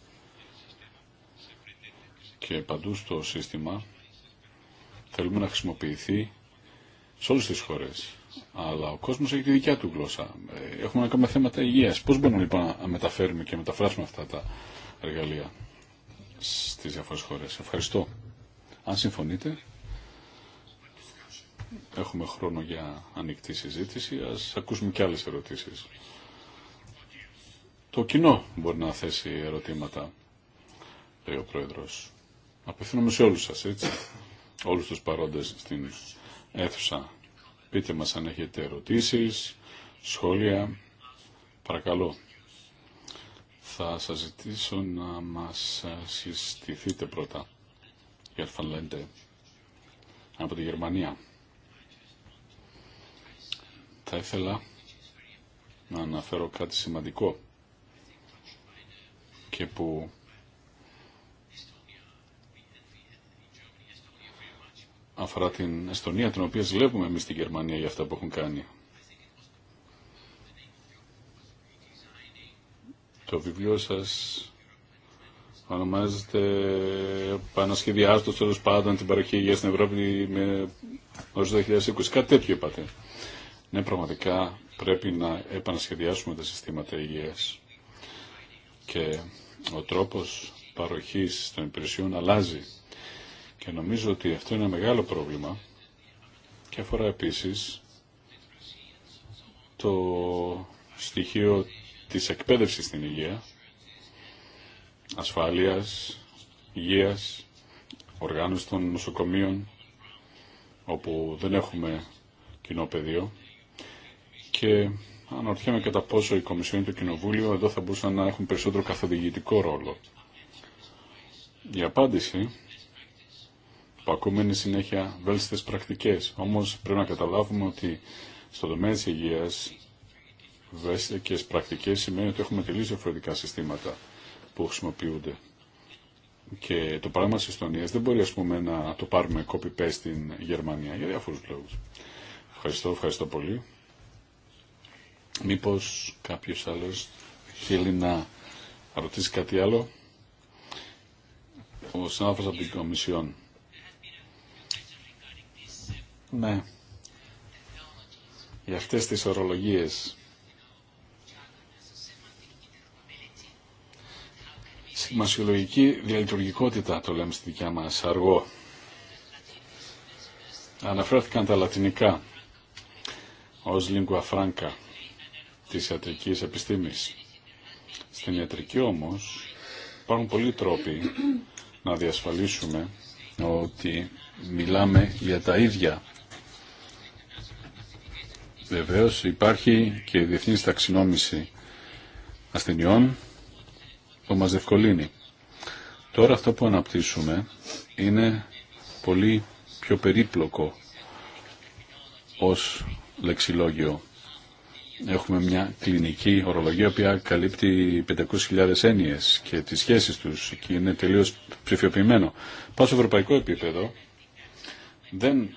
και παντού στο σύστημα θέλουμε να χρησιμοποιηθεί σε όλε τι χώρε. Αλλά ο κόσμο έχει τη δικιά του γλώσσα. Ε, έχουμε ακόμα θέματα υγείας. Πώς μπορούμε λοιπόν να μεταφέρουμε και μεταφράσουμε αυτά τα εργαλεία στις διαφορέ χώρε. Ευχαριστώ. Αν συμφωνείτε, έχουμε χρόνο για ανοιχτή συζήτηση. Ας ακούσουμε και άλλες ερωτήσεις. Το κοινό μπορεί να θέσει ερωτήματα, λέει ο Πρόεδρος. Απευθύνομαι σε όλους σας, έτσι. Όλους τους παρόντες στην αίθουσα. Πείτε μας αν έχετε ερωτήσεις, σχόλια. Παρακαλώ. Θα σας ζητήσω να μας συστηθείτε πρώτα. αυτό λέτε, από τη Γερμανία. Θα ήθελα να αναφέρω κάτι σημαντικό και που αφορά την Εστονία, την οποία ζηλεύουμε εμείς στην Γερμανία για αυτά που έχουν κάνει. Το βιβλίο σας ονομάζεται «Πανασχεδιάστο τέλο πάντων την παροχή υγείας στην Ευρώπη με ως 2020». Κάτι τέτοιο είπατε. Ναι, πραγματικά πρέπει να επανασχεδιάσουμε τα συστήματα υγείας. Και ο τρόπος παροχής των υπηρεσιών αλλάζει και νομίζω ότι αυτό είναι ένα μεγάλο πρόβλημα και αφορά επίσης το στοιχείο της εκπαίδευσης στην υγεία, ασφάλειας, υγείας, οργάνωση των νοσοκομείων, όπου δεν έχουμε κοινό πεδίο. Και αναρωτιέμαι κατά πόσο η Κομισιόν του το Κοινοβούλιο εδώ θα μπορούσαν να έχουν περισσότερο καθοδηγητικό ρόλο. Η απάντηση που ακούμε είναι συνέχεια βέλτιστες πρακτικές. Όμως πρέπει να καταλάβουμε ότι στο τομέα της υγείας βέλτιστες πρακτικές σημαίνει ότι έχουμε τελείως διαφορετικά συστήματα που χρησιμοποιούνται. Και το πράγμα της Ιστονίας δεν μπορεί ας πούμε, να το πάρουμε copy-paste στην Γερμανία για διάφορους λόγους. Ευχαριστώ, ευχαριστώ πολύ. Μήπως κάποιος άλλος θέλει να ρωτήσει κάτι άλλο. Ο συνάδελφος από την Κομισιόν. Ναι. για αυτές τις ορολογίες. Σημασιολογική διαλειτουργικότητα το λέμε στη δικιά μας αργό. Αναφέρθηκαν τα λατινικά ως lingua franca της ιατρικής επιστήμης. Στην ιατρική όμως υπάρχουν πολλοί τρόποι να διασφαλίσουμε ότι μιλάμε για τα ίδια Βεβαίω υπάρχει και η διεθνή ταξινόμηση ασθενειών που μα διευκολύνει. Τώρα αυτό που αναπτύσσουμε είναι πολύ πιο περίπλοκο ως λεξιλόγιο. Έχουμε μια κλινική ορολογία που καλύπτει 500.000 έννοιες και τις σχέσεις τους και είναι τελείως ψηφιοποιημένο. Πάω στο ευρωπαϊκό επίπεδο δεν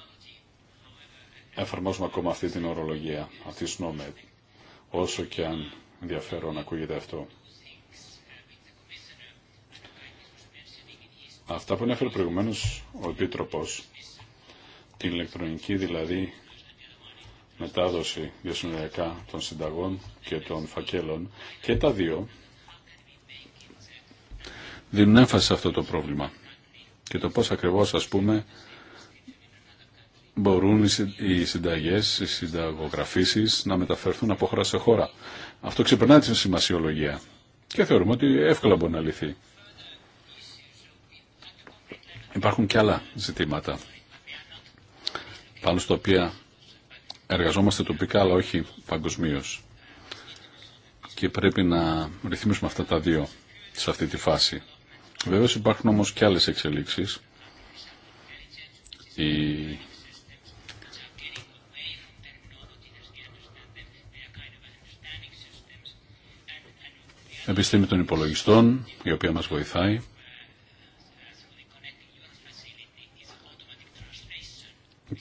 εφαρμόζουμε ακόμα αυτή την ορολογία, αυτή τη νόμη, όσο και αν ενδιαφέρον ακούγεται αυτό. Αυτά που ανέφερε προηγουμένω ο Επίτροπο, την ηλεκτρονική δηλαδή μετάδοση διασυνοριακά των συνταγών και των φακέλων και τα δύο δίνουν έμφαση σε αυτό το πρόβλημα και το πώς ακριβώς ας πούμε μπορούν οι συνταγές, οι συνταγογραφήσει να μεταφερθούν από χώρα σε χώρα. Αυτό ξεπερνάει τη σημασιολογία και θεωρούμε ότι εύκολα μπορεί να λυθεί. Υπάρχουν και άλλα ζητήματα πάνω στα οποία εργαζόμαστε τοπικά αλλά όχι παγκοσμίω. Και πρέπει να ρυθμίσουμε αυτά τα δύο σε αυτή τη φάση. Βέβαια υπάρχουν όμως και άλλες εξελίξεις. επιστήμη των υπολογιστών, η οποία μας βοηθάει.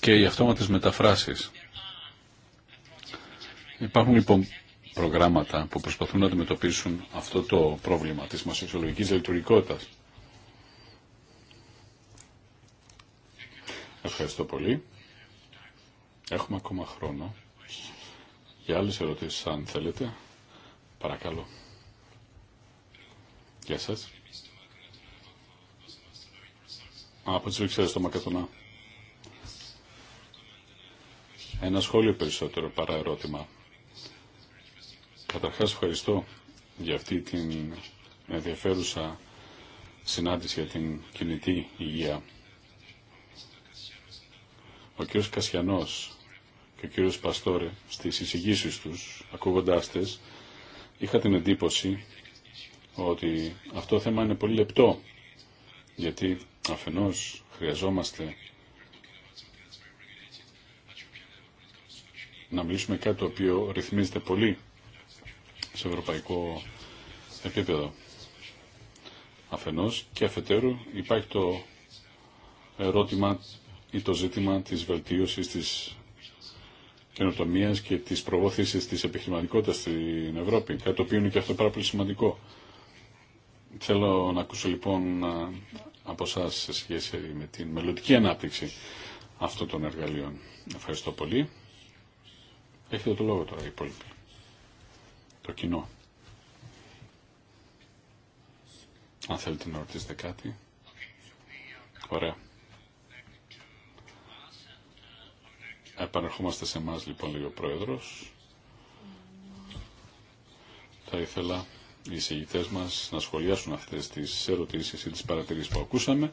Και οι αυτόματες μεταφράσεις. Υπάρχουν λοιπόν προγράμματα που προσπαθούν να αντιμετωπίσουν αυτό το πρόβλημα της μασοξιολογικής λειτουργικότητας. Ευχαριστώ πολύ. Έχουμε ακόμα χρόνο για άλλες ερωτήσεις αν θέλετε. Παρακαλώ. Γεια σας. Από τις Βρυξέλλες στο Μακεδονά. Ένα σχόλιο περισσότερο παρά ερώτημα. Καταρχάς ευχαριστώ για αυτή την ενδιαφέρουσα συνάντηση για την κινητή υγεία. Ο κύριος Κασιανός και ο κύριος Παστόρε στις εισηγήσεις τους, ακούγοντάς τες, είχα την εντύπωση ότι αυτό το θέμα είναι πολύ λεπτό, γιατί αφενός χρειαζόμαστε να μιλήσουμε κάτι το οποίο ρυθμίζεται πολύ σε ευρωπαϊκό επίπεδο. Αφενός και αφετέρου υπάρχει το ερώτημα ή το ζήτημα της βελτίωσης της καινοτομία και της προώθησης της επιχειρηματικότητας στην Ευρώπη, κάτι το οποίο είναι και αυτό πάρα πολύ σημαντικό. Θέλω να ακούσω λοιπόν από εσά σε σχέση με την μελλοντική ανάπτυξη αυτών των εργαλείων. Ευχαριστώ πολύ. Έχετε το λόγο τώρα οι υπόλοιποι. Το κοινό. Αν θέλετε να ρωτήσετε κάτι. Ωραία. Επανερχόμαστε σε εμά λοιπόν, λέει ο Πρόεδρος. Θα ήθελα οι εισηγητές μα να σχολιάσουν αυτές τις ερωτήσει ή τις παρατηρήσεις που ακούσαμε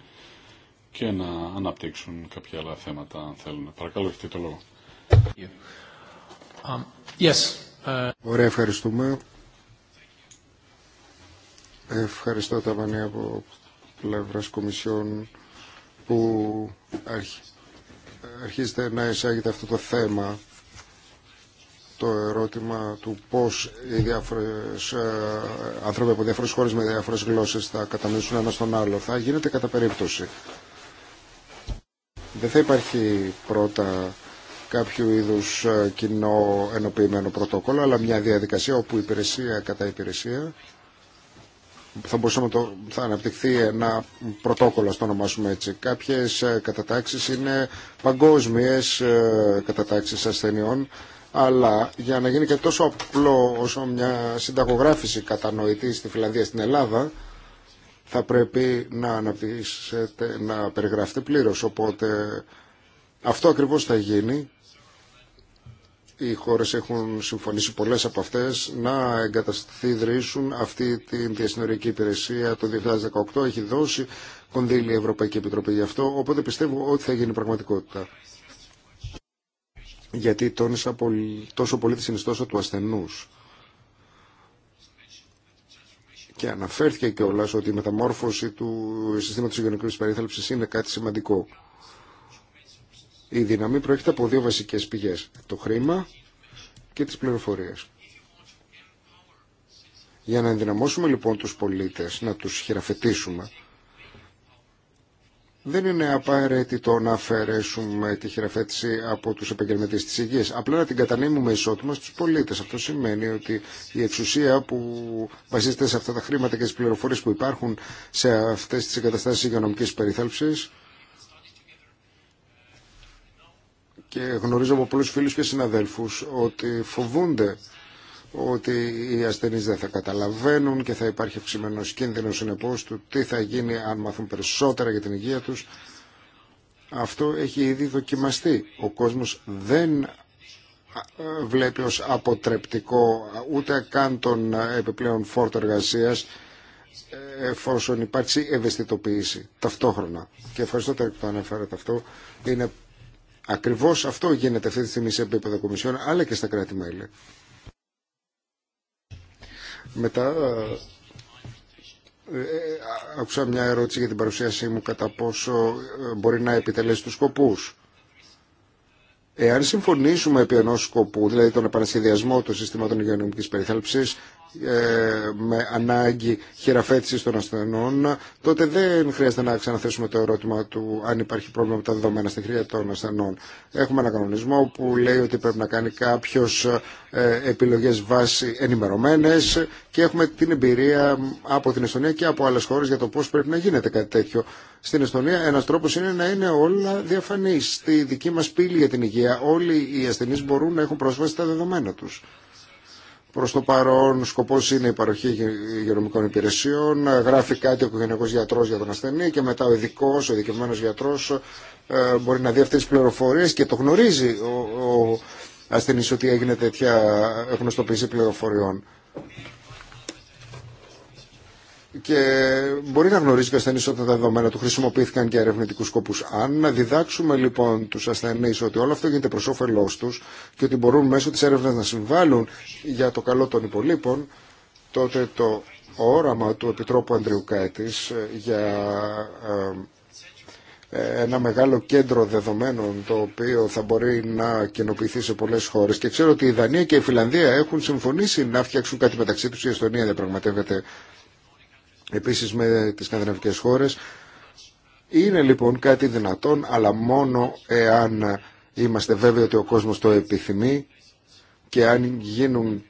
και να αναπτύξουν κάποια άλλα θέματα αν θέλουν. Παρακαλώ, έχετε το λόγο. Um, uh, Ωραία, ευχαριστούμε. Ευχαριστώ τα βανή από πλευρά Κομισιόν που αρχίζετε να εισάγετε αυτό το θέμα το ερώτημα του πώς οι διάφορες, ε, άνθρωποι από διάφορες χώρες με διάφορες γλώσσες θα κατανοήσουν ένα στον άλλο θα γίνεται κατά περίπτωση. Δεν θα υπάρχει πρώτα κάποιο είδους ε, κοινό ενοποιημένο πρωτόκολλο, αλλά μια διαδικασία όπου υπηρεσία κατά υπηρεσία θα μπορούσαμε το, θα αναπτυχθεί ένα πρωτόκολλο, ας το ονομάσουμε έτσι. Κάποιες ε, κατατάξεις είναι παγκόσμιες κατατάξεις ασθενειών αλλά για να γίνει και τόσο απλό όσο μια συνταγογράφηση κατανοητή στη Φιλανδία στην Ελλάδα θα πρέπει να αναπτυχθεί, να πλήρως. Οπότε αυτό ακριβώς θα γίνει. Οι χώρες έχουν συμφωνήσει πολλές από αυτές να εγκαταστηρίσουν αυτή την διασυνοριακή υπηρεσία. Το 2018 έχει δώσει κονδύλια η Ευρωπαϊκή Επιτροπή γι' αυτό, οπότε πιστεύω ότι θα γίνει πραγματικότητα γιατί τόνισα τόσο πολύ τη συνιστόσα του ασθενούς. Και αναφέρθηκε κιόλα ότι η μεταμόρφωση του συστήματος υγειονομική περίθαλψης είναι κάτι σημαντικό. Η δύναμη προέρχεται από δύο βασικές πηγές, το χρήμα και τις πληροφορίες. Για να ενδυναμώσουμε λοιπόν τους πολίτες, να τους χειραφετήσουμε, δεν είναι απαραίτητο να αφαιρέσουμε τη χειραφέτηση από τους επαγγελματίες της υγείας. Απλά να την κατανέμουμε ισότιμα στους πολίτες. Αυτό σημαίνει ότι η εξουσία που βασίζεται σε αυτά τα χρήματα και τις πληροφορίες που υπάρχουν σε αυτές τις εγκαταστάσεις υγειονομικής περιθάλψης και γνωρίζω από πολλούς φίλους και συναδέλφους ότι φοβούνται ότι οι ασθενείς δεν θα καταλαβαίνουν και θα υπάρχει αυξημένο κίνδυνο συνεπώ του τι θα γίνει αν μάθουν περισσότερα για την υγεία τους. Αυτό έχει ήδη δοκιμαστεί. Ο κόσμος δεν βλέπει ως αποτρεπτικό ούτε καν τον επιπλέον φόρτο εργασία εφόσον υπάρξει ευαισθητοποίηση ταυτόχρονα. Και ευχαριστώ που το αναφέρατε αυτό. Είναι ακριβώς αυτό γίνεται αυτή τη στιγμή σε επίπεδο κομισιών αλλά και στα κράτη-μέλη. Μετά ε, ε, άκουσα μια ερώτηση για την παρουσίασή μου κατά πόσο ε, μπορεί να επιτελέσει τους σκοπούς. Εάν συμφωνήσουμε επί ενός σκοπού, δηλαδή τον επανασχεδιασμό των συστημάτων υγειονομικής περιθάλψης, ε, με ανάγκη χειραφέτηση των ασθενών, τότε δεν χρειάζεται να ξαναθέσουμε το ερώτημα του αν υπάρχει πρόβλημα με τα δεδομένα στην χρήση των ασθενών. Έχουμε ένα κανονισμό που λέει ότι πρέπει να κάνει κάποιο ε, επιλογέ βάση ενημερωμένε και έχουμε την εμπειρία από την Εστονία και από άλλε χώρε για το πώ πρέπει να γίνεται κάτι τέτοιο. Στην Εστονία ένα τρόπο είναι να είναι όλα διαφανείς. Στη δική μα πύλη για την υγεία όλοι οι ασθενεί μπορούν να έχουν πρόσβαση στα δεδομένα του. Προς το παρόν σκοπός είναι η παροχή υγειονομικών υπηρεσιών, γράφει κάτι ο οικογενειακός γιατρός για τον ασθενή και μετά ο ειδικό, ο ειδικευμένος γιατρός ε, μπορεί να δει αυτές τις πληροφορίες και το γνωρίζει ο, ο ασθενής ότι έγινε τέτοια γνωστοποίηση πληροφοριών και μπορεί να γνωρίζει ο ασθενή όταν τα δεδομένα του χρησιμοποιήθηκαν για ερευνητικού σκοπού. Αν να διδάξουμε λοιπόν του ασθενεί ότι όλο αυτό γίνεται προ όφελό του και ότι μπορούν μέσω τη έρευνα να συμβάλλουν για το καλό των υπολείπων, τότε το όραμα του Επιτρόπου Ανδριουκάητη ε, για ε, ε, ένα μεγάλο κέντρο δεδομένων το οποίο θα μπορεί να κοινοποιηθεί σε πολλέ χώρε. Και ξέρω ότι η Δανία και η Φιλανδία έχουν συμφωνήσει να φτιάξουν κάτι μεταξύ του. Η Εστονία πραγματεύεται επίσης με τις σκανδιναβικές χώρες. Είναι λοιπόν κάτι δυνατόν, αλλά μόνο εάν είμαστε βέβαιοι ότι ο κόσμος το επιθυμεί και αν γίνουν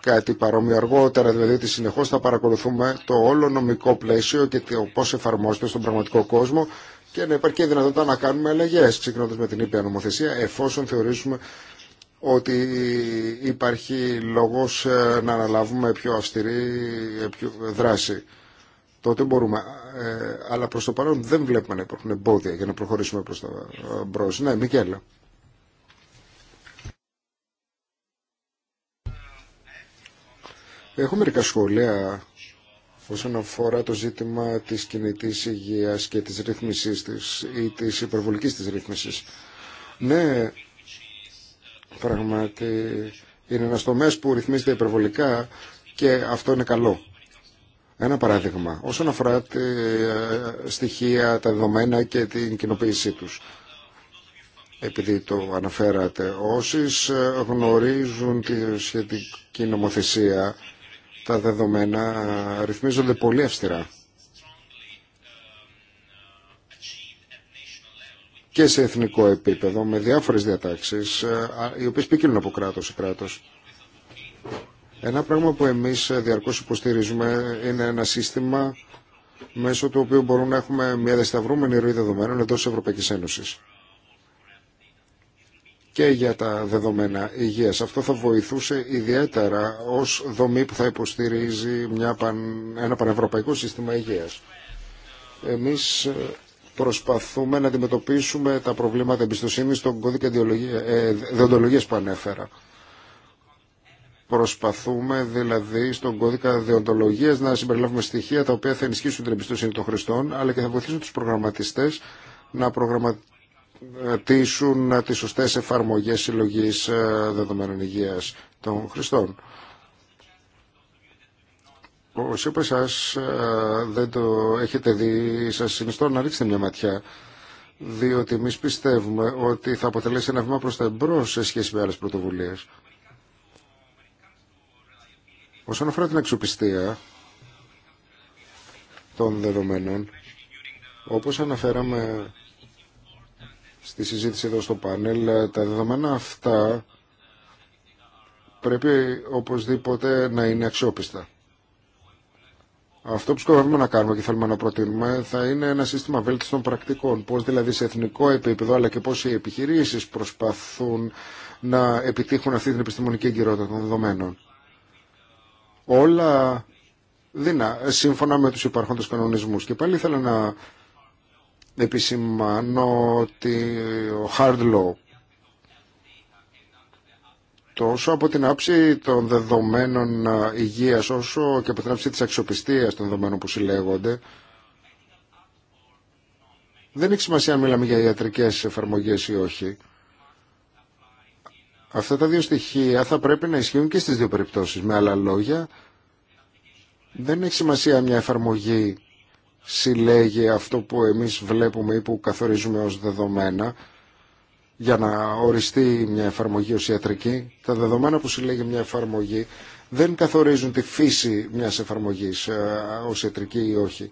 κάτι παρόμοιο αργότερα, δηλαδή ότι συνεχώς θα παρακολουθούμε το όλο νομικό πλαίσιο και το πώς εφαρμόζεται στον πραγματικό κόσμο και να υπάρχει και δυνατότητα να κάνουμε αλλαγέ ξεκινώντα με την ήπια νομοθεσία, εφόσον θεωρήσουμε ότι υπάρχει λόγος ε, να αναλάβουμε πιο αυστηρή ε, πιο δράση. Τότε μπορούμε. Ε, αλλά προς το παρόν δεν βλέπουμε να υπάρχουν εμπόδια για να προχωρήσουμε προς τα μπρος. Ναι, Μικέλα. Έχω μερικά σχόλια όσον αφορά το ζήτημα της κινητής υγείας και της ρύθμισής της ή της υπερβολικής της ρύθμισης. Ναι, Πραγματι είναι ένα τομέα που ρυθμίζεται υπερβολικά και αυτό είναι καλό. Ένα παράδειγμα, όσον αφορά τα ε, στοιχεία, τα δεδομένα και την κοινοποίησή τους. Επειδή το αναφέρατε, όσοι ε, γνωρίζουν τη σχετική νομοθεσία, τα δεδομένα ρυθμίζονται πολύ αυστηρά. και σε εθνικό επίπεδο με διάφορες διατάξεις ε, οι οποίες ποικίλουν από κράτος σε κράτος. Ένα πράγμα που εμείς ε, διαρκώς υποστηρίζουμε είναι ένα σύστημα μέσω του οποίου μπορούμε να έχουμε μια δεσταυρούμενη ροή δεδομένων εντός της Ευρωπαϊκής Ένωσης και για τα δεδομένα υγείας. Αυτό θα βοηθούσε ιδιαίτερα ως δομή που θα υποστηρίζει μια ένα πανευρωπαϊκό σύστημα υγείας. Εμείς ε, προσπαθούμε να αντιμετωπίσουμε τα προβλήματα εμπιστοσύνη στον κώδικα δεοντολογία που ανέφερα. Προσπαθούμε δηλαδή στον κώδικα δεοντολογία να συμπεριλάβουμε στοιχεία τα οποία θα ενισχύσουν την εμπιστοσύνη των χρηστών αλλά και θα βοηθήσουν του προγραμματιστέ να προγραμματίσουν τι σωστέ εφαρμογέ συλλογή ε, δεδομένων υγεία των χρηστών. Όσοι από εσά δεν το έχετε δει, σα συνιστώ να ρίξετε μια ματιά, διότι εμεί πιστεύουμε ότι θα αποτελέσει ένα βήμα προς τα εμπρό σε σχέση με άλλε πρωτοβουλίες. Όσον αφορά την αξιοπιστία των δεδομένων, όπως αναφέραμε στη συζήτηση εδώ στο πάνελ, τα δεδομένα αυτά πρέπει οπωσδήποτε να είναι αξιόπιστα. Αυτό που σκοπεύουμε να κάνουμε και θέλουμε να προτείνουμε θα είναι ένα σύστημα βέλτιστων πρακτικών. Πώ δηλαδή σε εθνικό επίπεδο αλλά και πώ οι επιχειρήσει προσπαθούν να επιτύχουν αυτή την επιστημονική εγκυρότητα των δεδομένων. Όλα δίνα, σύμφωνα με του υπάρχοντες κανονισμού. Και πάλι ήθελα να επισημάνω ότι ο hard law τόσο από την άψη των δεδομένων ε, υγείας όσο και από την άψη της αξιοπιστίας των δεδομένων που συλλέγονται. Δεν έχει σημασία αν μιλάμε για ιατρικές εφαρμογές ή όχι. Αυτά τα δύο στοιχεία θα πρέπει να ισχύουν και στις δύο περιπτώσεις. Με άλλα λόγια, δεν έχει σημασία μια εφαρμογή συλλέγει αυτό που εμείς βλέπουμε ή που καθορίζουμε ως δεδομένα για να οριστεί μια εφαρμογή ως ιατρική. Τα δεδομένα που συλλέγει μια εφαρμογή δεν καθορίζουν τη φύση μιας εφαρμογής ε, ως ιατρική ή όχι.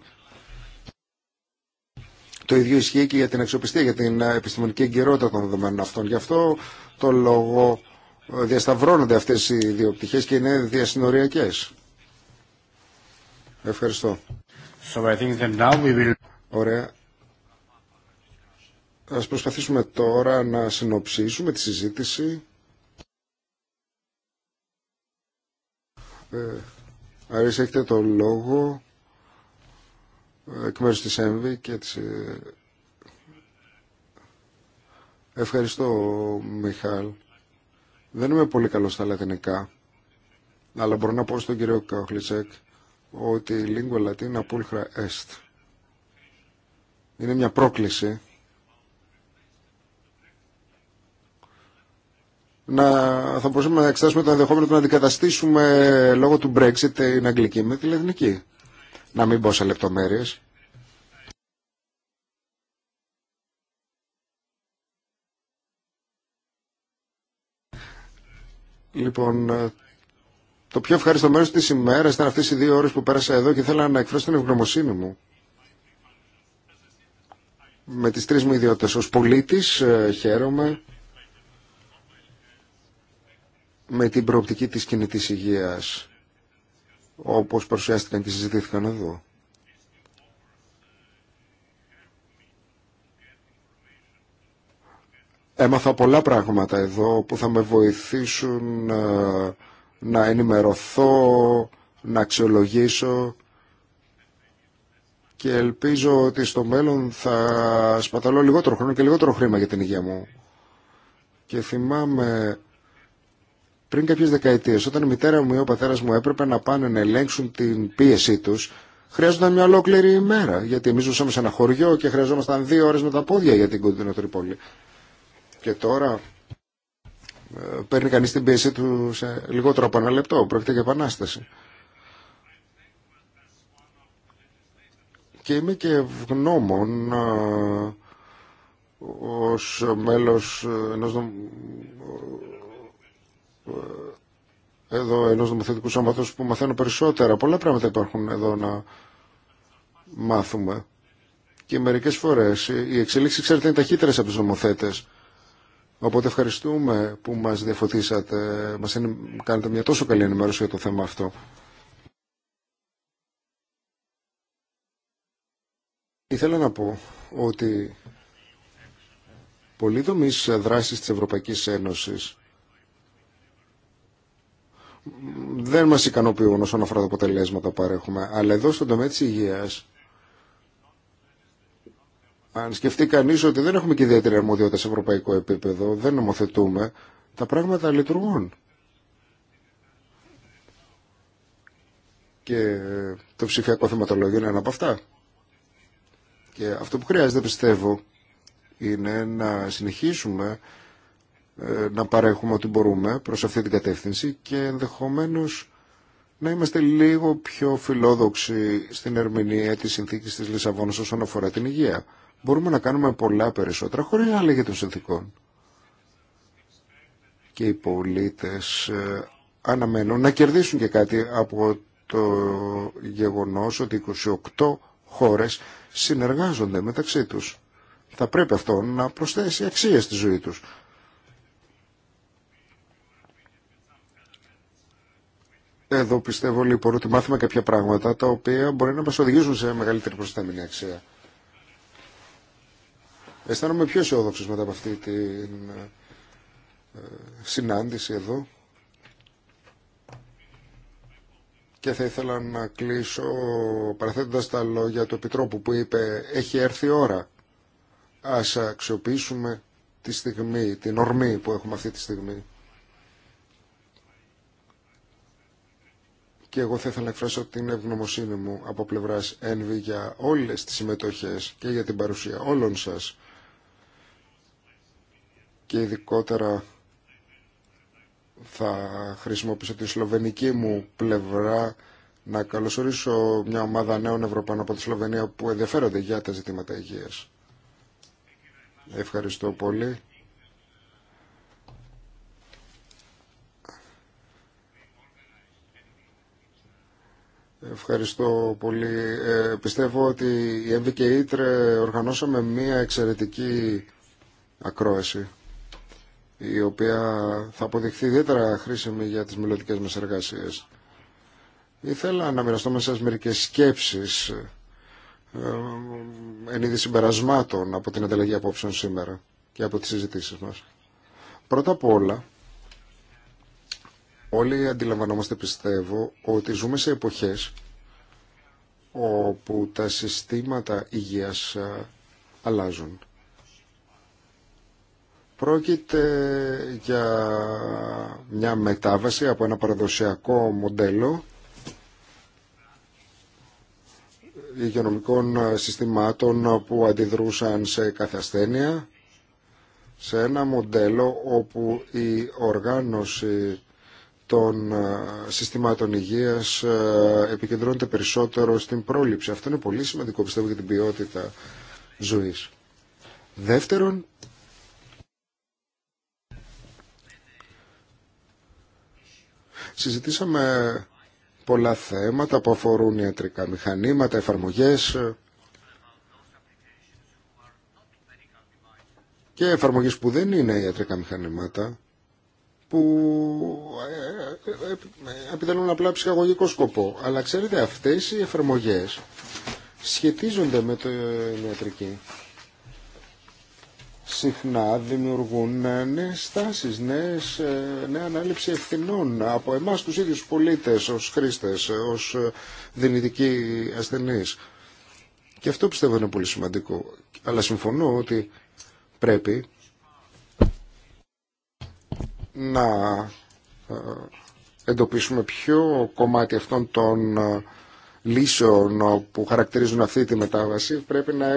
Το ίδιο ισχύει και για την αξιοπιστία, για την ε, επιστημονική εγκυρότητα των δεδομένων αυτών. Γι' αυτό το λόγο ε, διασταυρώνονται αυτές οι δύο πτυχές και είναι διασυνοριακές. Ευχαριστώ. So I think that now we will... Ωραία. Ας προσπαθήσουμε τώρα να συνοψίσουμε τη συζήτηση. Ε, έχετε το λόγο ε, εκ μέρους της ΕΜΒΗ και της... Ε, Ευχαριστώ, Μιχάλ. Δεν είμαι πολύ καλός στα λατινικά, αλλά μπορώ να πω στον κύριο Καοχλιτσέκ ότι η lingua λατίνα πουλχρα έστ. Είναι μια πρόκληση να, θα μπορούσαμε να εξετάσουμε το ενδεχόμενο του να αντικαταστήσουμε λόγω του Brexit την Αγγλική με τη Λεθνική. Να μην μπω σε λεπτομέρειες. Λοιπόν, το πιο ευχαριστώ μέρο τη ημέρα ήταν αυτέ οι δύο ώρε που πέρασα εδώ και ήθελα να εκφράσω την ευγνωμοσύνη μου. Με τις τρεις μου ιδιότητες. Ως πολίτης, ε, χαίρομαι με την προοπτική της κινητής υγείας όπως παρουσιάστηκαν και συζητήθηκαν εδώ. Έμαθα πολλά πράγματα εδώ που θα με βοηθήσουν ε, να ενημερωθώ, να αξιολογήσω και ελπίζω ότι στο μέλλον θα σπαταλώ λιγότερο χρόνο και λιγότερο χρήμα για την υγεία μου. Και θυμάμαι πριν κάποιε δεκαετίε, όταν η μητέρα μου ή ο πατέρα μου έπρεπε να πάνε να ελέγξουν την πίεσή του, χρειάζονταν μια ολόκληρη ημέρα. Γιατί εμεί ζούσαμε σε ένα χωριό και χρειαζόμασταν δύο ώρε με τα πόδια για την κοντινότερη πόλη. Και τώρα ε, παίρνει κανεί την πίεση του σε λιγότερο από ένα λεπτό. Πρόκειται για επανάσταση. Και είμαι και ευγνώμων ε, ως μέλος ενός ε, εδώ ενό νομοθετικού σώματο που μαθαίνω περισσότερα. Πολλά πράγματα υπάρχουν εδώ να μάθουμε. Και μερικές φορές η εξέλιξη ξέρετε, είναι ταχύτερε από τους νομοθέτε. Οπότε ευχαριστούμε που μας διαφωτίσατε, μας κάνετε μια τόσο καλή ενημέρωση για το θέμα αυτό. Ήθελα να πω ότι πολλοί δομείς δράσης της Ευρωπαϊκής Ένωσης δεν μας ικανοποιούν όσον αφορά τα αποτελέσματα που παρέχουμε. Αλλά εδώ στον τομέα της υγείας, αν σκεφτεί κανείς ότι δεν έχουμε και ιδιαίτερη αρμοδιότητα σε ευρωπαϊκό επίπεδο, δεν νομοθετούμε, τα πράγματα λειτουργούν. Και το ψηφιακό θεματολόγιο είναι ένα από αυτά. Και αυτό που χρειάζεται πιστεύω είναι να συνεχίσουμε ε, να παρέχουμε ό,τι μπορούμε προς αυτή την κατεύθυνση και ενδεχομένως να είμαστε λίγο πιο φιλόδοξοι στην ερμηνεία της συνθήκης της Λισαβόνας όσον αφορά την υγεία. Μπορούμε να κάνουμε πολλά περισσότερα χωρίς αλλαγή των συνθήκων. Και οι πολίτες ε, αναμένουν να κερδίσουν και κάτι από το γεγονός ότι 28 χώρες συνεργάζονται μεταξύ τους. Θα πρέπει αυτό να προσθέσει αξία στη ζωή τους. Εδώ πιστεύω λοιπόν ότι μάθαμε κάποια πράγματα τα οποία μπορεί να μας οδηγήσουν σε μεγαλύτερη προστάμινη αξία. Αισθάνομαι πιο αισιόδοξο μετά από αυτή τη ε, συνάντηση εδώ. Και θα ήθελα να κλείσω παραθέτοντας τα λόγια του Επιτρόπου που είπε «Έχει έρθει η ώρα, ας αξιοποιήσουμε τη στιγμή, την ορμή που έχουμε αυτή τη στιγμή». και εγώ θα ήθελα να εκφράσω την ευγνωμοσύνη μου από πλευράς ΕΝΒΙ για όλες τις συμμετοχές και για την παρουσία όλων σας και ειδικότερα θα χρησιμοποιήσω τη σλοβενική μου πλευρά να καλωσορίσω μια ομάδα νέων Ευρωπαίων από τη Σλοβενία που ενδιαφέρονται για τα ζητήματα υγείας. Ευχαριστώ πολύ. Ευχαριστώ πολύ. Ε, πιστεύω ότι η MVK οργανώσαμε μία εξαιρετική ακρόαση η οποία θα αποδειχθεί ιδιαίτερα χρήσιμη για τις μελλοντικέ μας εργασίες. Ήθελα να μοιραστώ με σας μερικές σκέψεις ε, εν είδη συμπερασμάτων από την ανταλλαγή απόψεων σήμερα και από τις συζητήσεις μας. Πρώτα απ' όλα, Όλοι αντιλαμβανόμαστε, πιστεύω, ότι ζούμε σε εποχές όπου τα συστήματα υγείας αλλάζουν. Πρόκειται για μια μετάβαση από ένα παραδοσιακό μοντέλο υγειονομικών συστημάτων που αντιδρούσαν σε κάθε ασθένεια, σε ένα μοντέλο όπου η οργάνωση των ε, συστημάτων υγείας ε, επικεντρώνεται περισσότερο στην πρόληψη. Αυτό είναι πολύ σημαντικό πιστεύω για την ποιότητα ζωής. Δεύτερον, συζητήσαμε πολλά θέματα που αφορούν ιατρικά μηχανήματα, εφαρμογές ε, και εφαρμογές που δεν είναι ιατρικά μηχανήματα που ε, ε, ε, επιδελούν απλά ψυχαγωγικό σκοπό. Αλλά ξέρετε, αυτές οι εφαρμογές σχετίζονται με το ιατρική. Συχνά δημιουργούν νέες στάσεις, νέες, νέα ανάληψη ευθυνών από εμάς τους ίδιους πολίτες, ως χρήστες, ως δυνητικοί ασθενείς. Και αυτό πιστεύω είναι πολύ σημαντικό. Αλλά συμφωνώ ότι πρέπει να ε, εντοπίσουμε ποιο κομμάτι αυτών των ε, λύσεων ε, που χαρακτηρίζουν αυτή τη μετάβαση πρέπει να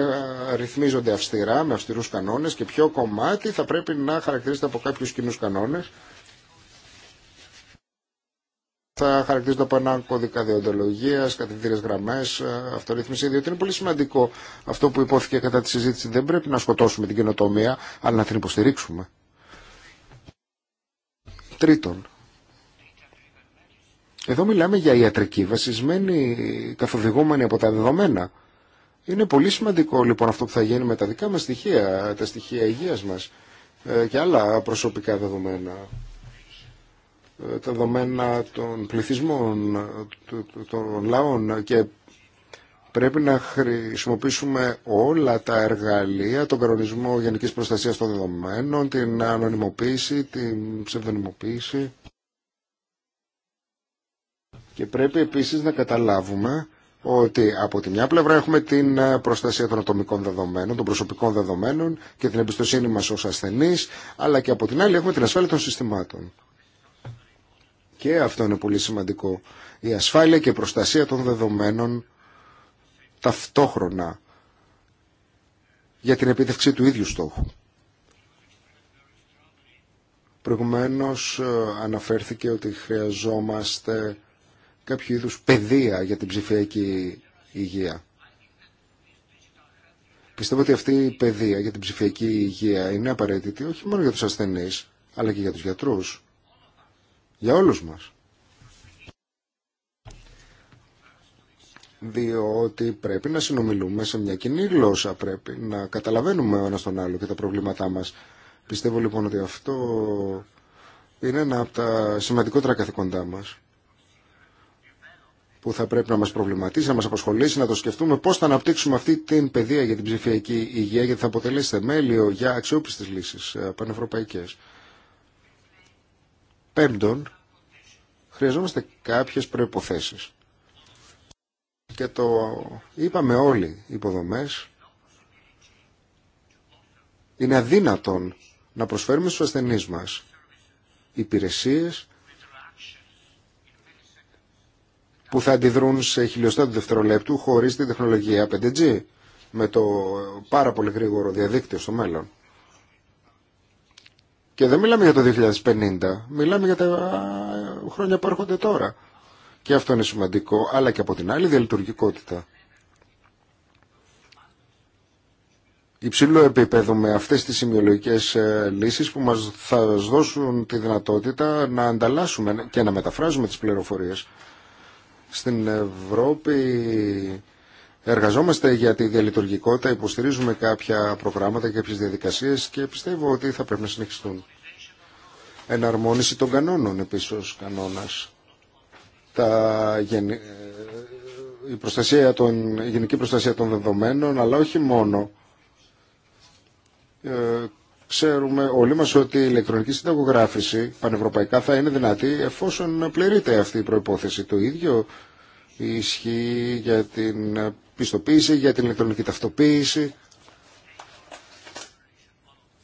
ρυθμίζονται αυστηρά με αυστηρούς κανόνες και ποιο κομμάτι θα πρέπει να χαρακτηρίζεται από κάποιους κοινούς κανόνες θα χαρακτηρίζονται από έναν κώδικα διοντολογία, κατευθυντήρε γραμμέ, αυτορύθμιση. Διότι είναι πολύ σημαντικό αυτό που υπόθηκε κατά τη συζήτηση. Δεν πρέπει να σκοτώσουμε την καινοτομία, αλλά να την υποστηρίξουμε. Τρίτον, εδώ μιλάμε για ιατρική βασισμένη καθοδηγούμενη από τα δεδομένα. Είναι πολύ σημαντικό λοιπόν αυτό που θα γίνει με τα δικά μας στοιχεία, τα στοιχεία υγείας μας ε, και άλλα προσωπικά δεδομένα. Ε, τα δεδομένα των πληθυσμών, ε, των λαών και Πρέπει να χρησιμοποιήσουμε όλα τα εργαλεία, τον κανονισμό γενικής προστασίας των δεδομένων, την ανωνυμοποίηση, την ψευδονυμοποίηση. Και πρέπει επίσης να καταλάβουμε ότι από τη μια πλευρά έχουμε την προστασία των ατομικών δεδομένων, των προσωπικών δεδομένων και την εμπιστοσύνη μας ως ασθενείς, αλλά και από την άλλη έχουμε την ασφάλεια των συστημάτων. Και αυτό είναι πολύ σημαντικό. Η ασφάλεια και η προστασία των δεδομένων ταυτόχρονα για την επίτευξη του ίδιου στόχου. Προηγουμένως ε, αναφέρθηκε ότι χρειαζόμαστε κάποιο είδους παιδεία για την ψηφιακή υγεία. Πιστεύω ότι αυτή η παιδεία για την ψηφιακή υγεία είναι απαραίτητη όχι μόνο για τους ασθενείς, αλλά και για τους γιατρούς. Για όλους μας. διότι πρέπει να συνομιλούμε σε μια κοινή γλώσσα, πρέπει να καταλαβαίνουμε ο ένας τον άλλο και τα προβλήματά μας. Πιστεύω λοιπόν ότι αυτό είναι ένα από τα σημαντικότερα καθηκοντά μας που θα πρέπει να μας προβληματίσει, να μας απασχολήσει, να το σκεφτούμε πώς θα αναπτύξουμε αυτή την παιδεία για την ψηφιακή υγεία γιατί θα αποτελέσει θεμέλιο για αξιόπιστες λύσεις ε, πανευρωπαϊκές. Πέμπτον, χρειαζόμαστε κάποιες προϋποθέσεις και το είπαμε όλοι οι υποδομές είναι αδύνατον να προσφέρουμε στους ασθενείς μας υπηρεσίες που θα αντιδρούν σε χιλιοστά του δευτερολέπτου χωρίς την τεχνολογία 5G με το πάρα πολύ γρήγορο διαδίκτυο στο μέλλον. Και δεν μιλάμε για το 2050, μιλάμε για τα χρόνια που έρχονται τώρα. Και αυτό είναι σημαντικό, αλλά και από την άλλη διαλειτουργικότητα. Υψηλό επίπεδο με αυτές τις σημειολογικές ε, λύσεις που μας θα δώσουν τη δυνατότητα να ανταλλάσσουμε και να μεταφράζουμε τις πληροφορίες. Στην Ευρώπη Εργαζόμαστε για τη διαλειτουργικότητα, υποστηρίζουμε κάποια προγράμματα και κάποιες διαδικασίες και πιστεύω ότι θα πρέπει να συνεχιστούν. Εναρμόνιση των κανόνων επίσης κανόνας τα ε, η, προστασία των... η γενική προστασία των δεδομένων, αλλά όχι μόνο. Ε, ξέρουμε όλοι μας ότι η ηλεκτρονική συνταγογράφηση πανευρωπαϊκά θα είναι δυνατή εφόσον πληρείται αυτή η προϋπόθεση. Το ίδιο ισχύει για την πιστοποίηση, για την ηλεκτρονική ταυτοποίηση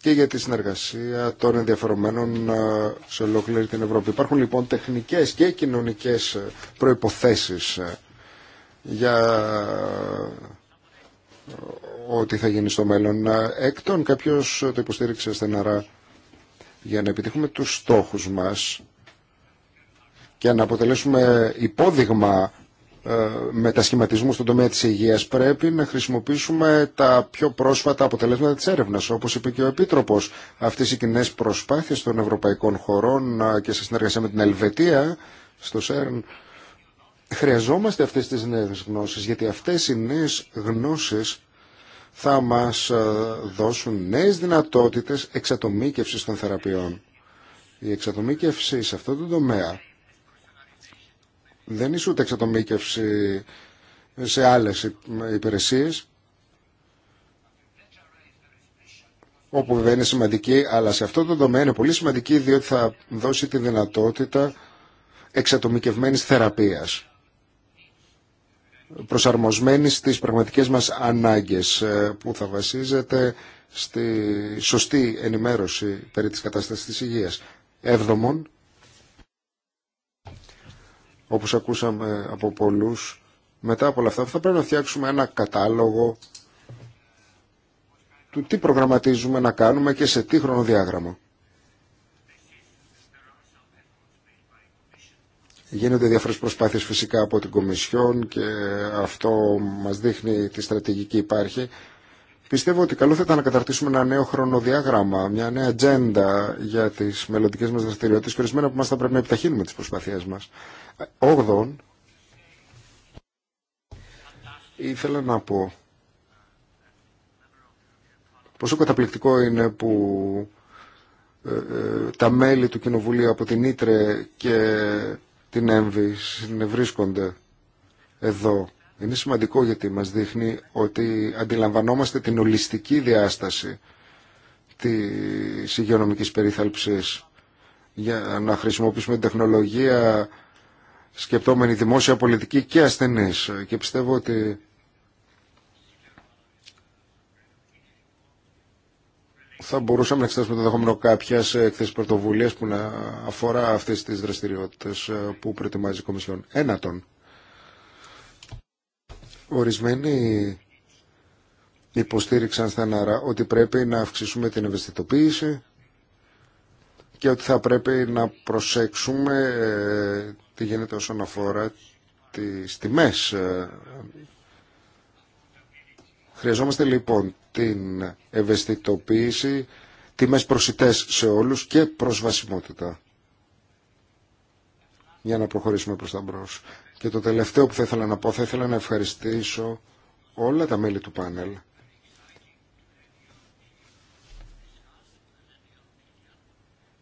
και για τη συνεργασία των ενδιαφερομένων ε, σε ολόκληρη την Ευρώπη. Υπάρχουν λοιπόν τεχνικές και κοινωνικές προϋποθέσεις ε, για ε, ό,τι θα γίνει στο μέλλον. Έκτον, κάποιος το υποστήριξε στεναρά για να επιτύχουμε τους στόχους μας και να αποτελέσουμε υπόδειγμα ε, μετασχηματισμού στον τομέα της υγείας πρέπει να χρησιμοποιήσουμε τα πιο πρόσφατα αποτελέσματα της έρευνας. Όπως είπε και ο Επίτροπος, αυτές οι κοινέ προσπάθειες των ευρωπαϊκών χωρών ε, και σε συνεργασία με την Ελβετία στο ΣΕΡΝ χρειαζόμαστε αυτές τις νέες γνώσεις γιατί αυτές οι νέες γνώσεις θα μας ε, δώσουν νέες δυνατότητες εξατομίκευσης των θεραπείων. Η εξατομίκευση σε αυτό το τομέα δεν ούτε εξατομίκευση σε άλλες υπηρεσίες όπου βέβαια είναι σημαντική, αλλά σε αυτό το τομέα είναι πολύ σημαντική διότι θα δώσει τη δυνατότητα εξατομικευμένης θεραπείας προσαρμοσμένη στις πραγματικές μας ανάγκες ε, που θα βασίζεται στη σωστή ενημέρωση περί της κατάστασης της υγείας. Έβδομον, όπως ακούσαμε από πολλούς, μετά από όλα αυτά θα πρέπει να φτιάξουμε ένα κατάλογο του τι προγραμματίζουμε να κάνουμε και σε τι χρονοδιάγραμμα. Γίνονται διάφορες προσπάθειες φυσικά από την Κομισιόν και αυτό μας δείχνει τη στρατηγική υπάρχει, Πιστεύω ότι καλό θα ήταν να καταρτήσουμε ένα νέο χρονοδιάγραμμα, μια νέα ατζέντα για τι μελλοντικέ μα δραστηριότητε και ορισμένα που μα θα πρέπει να επιταχύνουμε τι προσπαθίε μα. Όγδον, ήθελα να πω πόσο καταπληκτικό είναι που ε, ε, τα μέλη του Κοινοβουλίου από την Ήτρε και την Έμβη συνευρίσκονται εδώ είναι σημαντικό γιατί μας δείχνει ότι αντιλαμβανόμαστε την ολιστική διάσταση της υγειονομικής περίθαλψης για να χρησιμοποιήσουμε την τεχνολογία σκεπτόμενη δημόσια πολιτική και ασθενείς. Και πιστεύω ότι θα μπορούσαμε να εξετάσουμε το δεχόμενο κάποια εκθέσει πρωτοβουλία που να αφορά αυτέ τι δραστηριότητε που προετοιμάζει η Κομισιόν. Ένατον. Ορισμένοι υποστήριξαν στεναρά ότι πρέπει να αυξήσουμε την ευαισθητοποίηση και ότι θα πρέπει να προσέξουμε ε, τι γίνεται όσον αφορά τις τιμές. Ε, χρειαζόμαστε λοιπόν την ευαισθητοποίηση, τιμές προσιτές σε όλους και προσβασιμότητα για να προχωρήσουμε προς τα μπρος. Και το τελευταίο που θα ήθελα να πω, θα ήθελα να ευχαριστήσω όλα τα μέλη του πάνελ.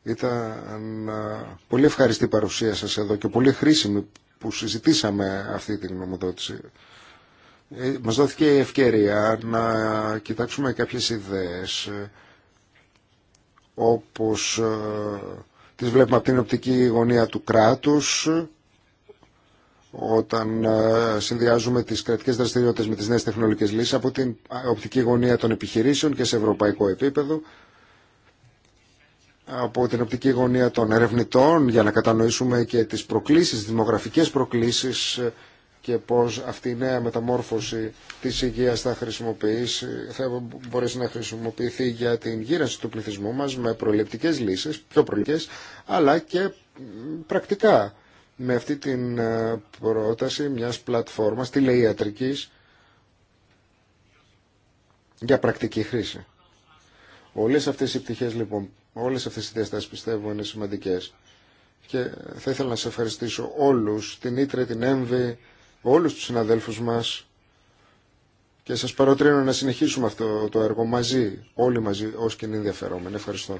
Ήταν ε, πολύ ευχαριστή η παρουσία σας εδώ και πολύ χρήσιμη που συζητήσαμε αυτή την νομοδότηση. Ε, μας δόθηκε η ευκαιρία να κοιτάξουμε κάποιες ιδέες ε, όπως τις βλέπουμε από την οπτική γωνία του κράτους όταν ε, συνδυάζουμε τις κρατικές δραστηριότητες με τις νέες τεχνολογικές λύσεις από την οπτική γωνία των επιχειρήσεων και σε ευρωπαϊκό επίπεδο από την οπτική γωνία των ερευνητών για να κατανοήσουμε και τις προκλήσεις, τι δημογραφικές προκλήσεις ε, και πώς αυτή η νέα μεταμόρφωση της υγείας θα, χρησιμοποιήσει, θα μπορέσει να χρησιμοποιηθεί για την γύρανση του πληθυσμού μας με προληπτικές λύσεις, πιο προληπτικές, αλλά και πρακτικά με αυτή την ε, πρόταση μιας πλατφόρμας τηλεϊατρικής για πρακτική χρήση. Όλες αυτές οι πτυχές λοιπόν, όλες αυτές οι διαστάσεις πιστεύω είναι σημαντικές και θα ήθελα να σε ευχαριστήσω όλους, την Ήτρε, την Έμβη, όλους τους συναδέλφους μας και σας παροτρύνω να συνεχίσουμε αυτό το έργο μαζί, όλοι μαζί, ως κοινή ενδιαφερόμενοι. Ευχαριστώ.